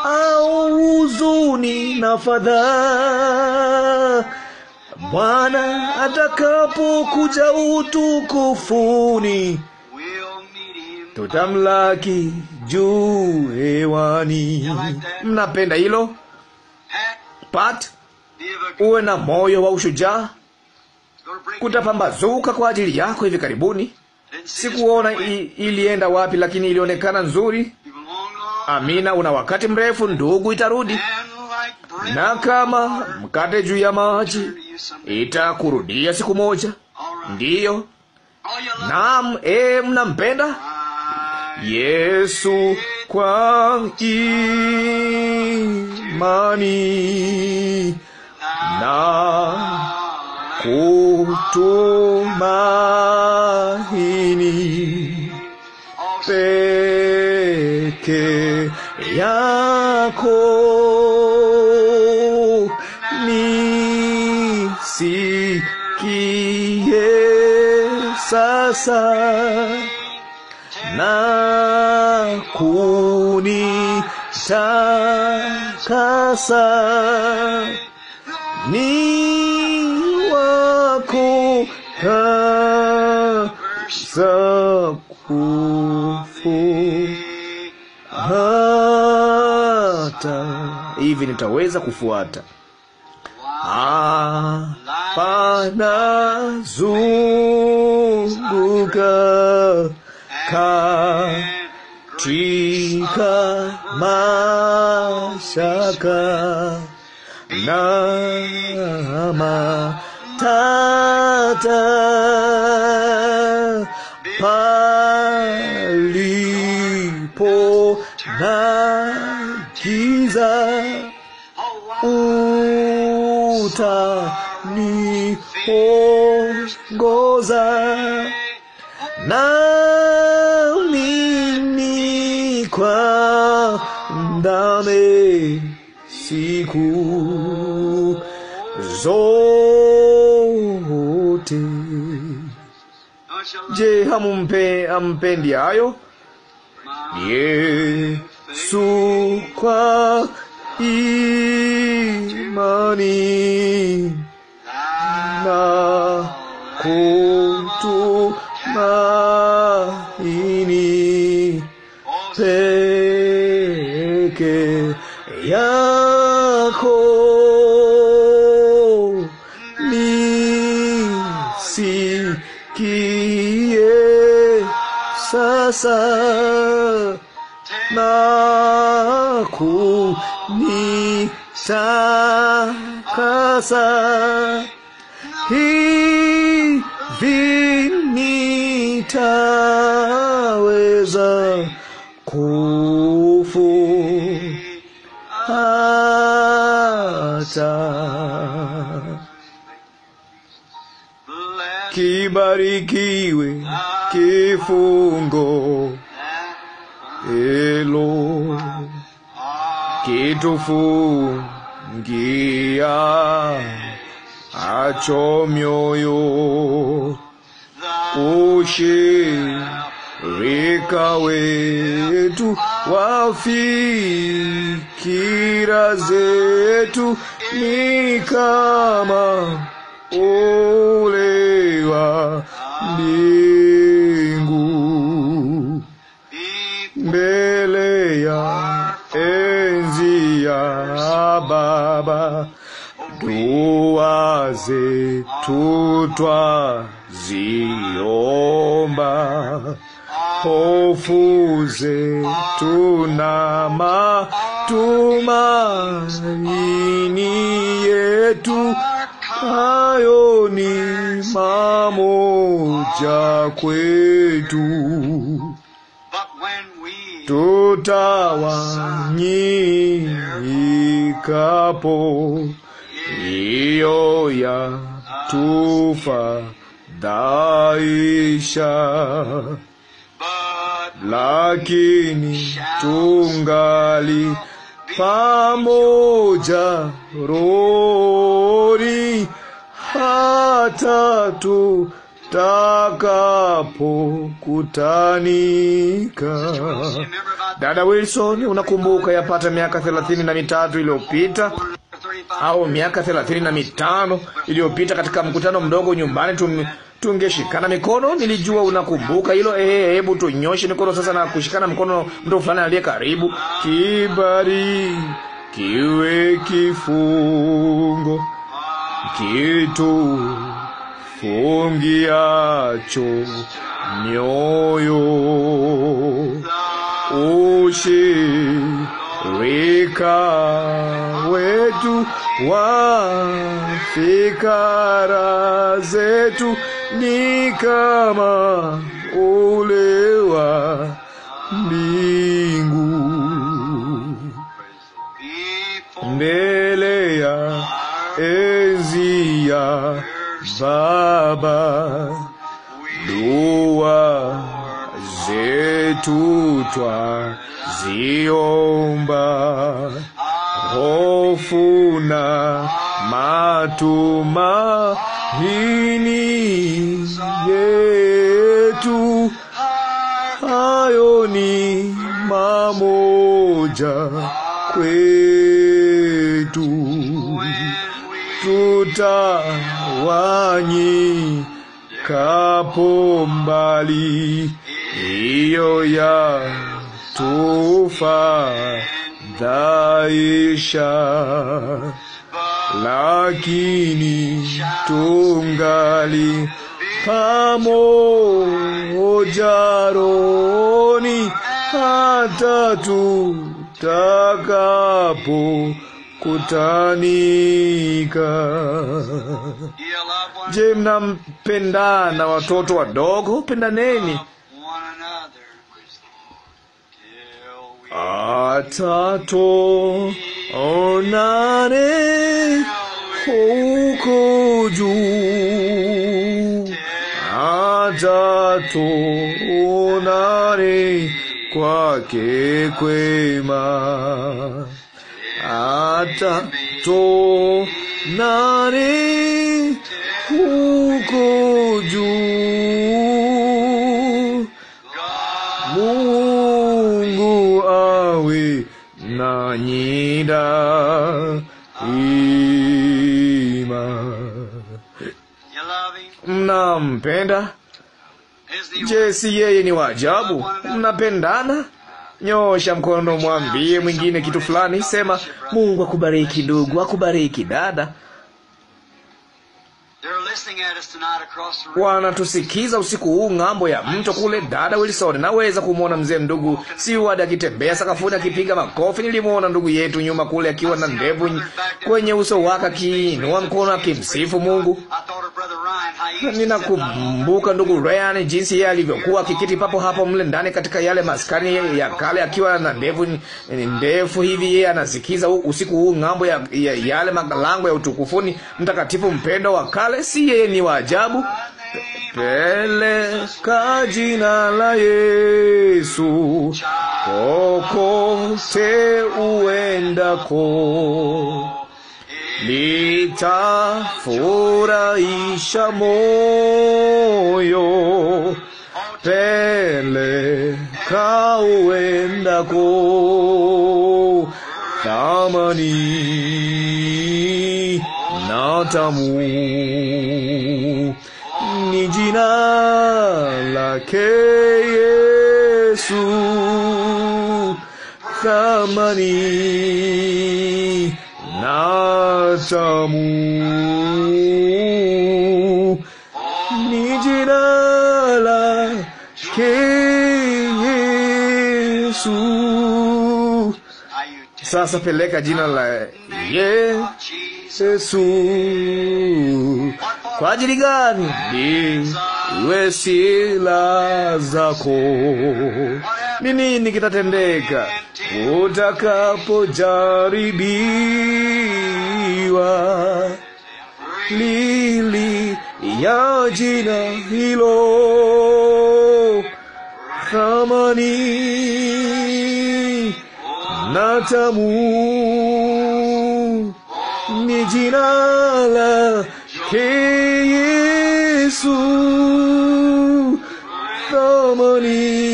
au huzuni na fadhaa Bwana atakapokuja utukufuni? tutamlaki juu hewani. Mnapenda hilo eh? pat? Uwe na moyo wa ushujaa, kutapambazuka kwa ajili yako. Hivi karibuni sikuona ilienda wapi, lakini ilionekana nzuri. Amina, una wakati mrefu ndugu, itarudi na kama mkate juu ya maji itakurudia siku moja. Ndiyo, naam. E, mnampenda Yesu kwa imani na kutumaini peke yako nisikie sasa na kunitakasa ni wako hasa kufu hata hivi nitaweza kufuata hapana zunguka katika mashaka na matata, palipo na giza utaniongoza na Niandame siku zote. Je, hamumpe ampendi hayo Yesu kwa imani na kutumai sasa na kunitakasa hivi nitaweza kufu kufuata. Kibarikiwe kifungo hilo kitufungia acho mioyo ushirika wetu wa fikira zetu ni kama ule wa mbili. mbele ya enzi ya Baba, dua zetu twaziomba, hofu zetu na matumaini yetu hayo ni mamoja kwetu tutawanyikapo, hiyo ya tufadhaisha, lakini tungali pamoja rohoni hata tu tutakapokutanika. Dada Wilson, unakumbuka yapata miaka thelathini na mitatu iliyopita au miaka thelathini na mitano iliyopita katika mkutano mdogo nyumbani tum, tungeshikana mikono. Nilijua unakumbuka hilo. Eh, hebu tunyoshe mikono sasa na kushikana mkono mtu fulani aliye karibu. Kibari kiwe kifungo kitu kifungiacho mioyo, ushirika wetu wa fikara zetu ni kama ule wa mbingu mbele ya enzi ya Baba, dua zetu twaziomba, hofu na matumaini yetu hayo ni mamoja kwetu tuta kapo mbali, hiyo ya tufa dhaisha lakini tungali pamoja rohoni hata tutakapo kutanika. Je, mnampendana watoto wadogo? Pendaneni atato onane huko juu, atato onane kwake kwema hata tonare huko juu. Mungu awe nyida ima Mnampenda? Je, si yeye ni wa Mnapendana? Nyosha mkono, mwambie mwingine kitu fulani, sema Mungu akubariki ndugu, akubariki dada wanatusikiza usiku huu ng'ambo ya mto kule, dada Wilson. Naweza kumwona mzee ndugu Siwad akitembea sakafuni akipiga makofi. Nilimwona ndugu yetu nyuma kule akiwa na ndevu kwenye uso wake, akiinua mkono akimsifu Mungu. Ninakumbuka ndugu Ryan, jinsi yeye alivyokuwa akikiti papo hapo mle ndani katika yale maskani ya kale, akiwa na ndevu ndefu hivi. Yeye anasikiza usiku huu ng'ambo ya, ya, yale malango ya utukufuni mtakatifu, mpendo wa kale si yeye ni wa ajabu. Peleka jina la Yesu kokote uendako, litafurahisha moyo. Peleka uendako, thamani matamu. Ni jina lake Yesu, thamani na tamu. Ni jina lake Yesu. Sasa peleka jina la ye Yesu, kwa ajili gani iwe sila zako? Ni nini kitatendeka utakapojaribiwa lili ya jina hilo thamani na tamu Mijinala Keyesu Thamani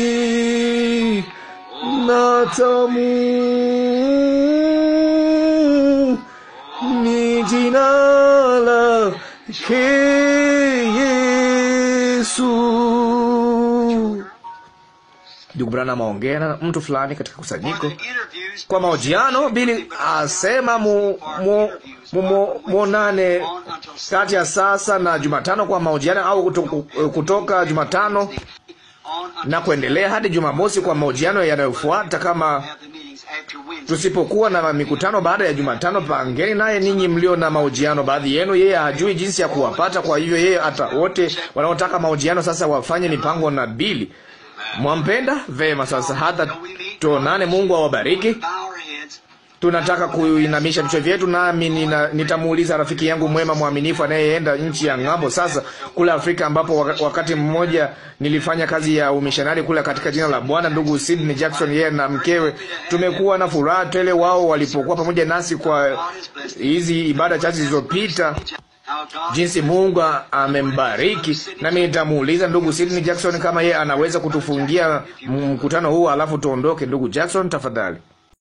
Natamu Mijinala Keyesu Ndugu Branham aongea na mtu fulani katika kusanyiko kwa mahojiano. Bili asema mu, mu, mu, mu, muonane kati ya sasa na Jumatano kwa mahojiano au eh, kutoka Jumatano na kuendelea hadi Jumamosi kwa mahojiano yanayofuata. Kama tusipokuwa na mikutano baada ya Jumatano, pangeni naye ninyi mlio na mahojiano. Baadhi yenu yeye hajui jinsi ya kuwapata, kwa hivyo yeye hata wote wanaotaka mahojiano sasa wafanye mipango na Bili. Mwampenda vema. Sasa hata tuonane, Mungu awabariki. Tunataka kuinamisha vichwa vyetu, nami nitamuuliza rafiki yangu mwema mwaminifu anayeenda nchi ya ng'ambo sasa kule Afrika, ambapo wakati mmoja nilifanya kazi ya umishonari kule katika jina la Bwana, ndugu Sidney Jackson, yeye na mkewe. Tumekuwa na furaha tele wao walipokuwa pamoja nasi kwa hizi ibada chache zilizopita jinsi Mungu amembariki. Nami nitamuuliza ndugu Sidney Jackson kama yeye anaweza kutufungia mkutano huu, alafu tuondoke. Ndugu Jackson, tafadhali.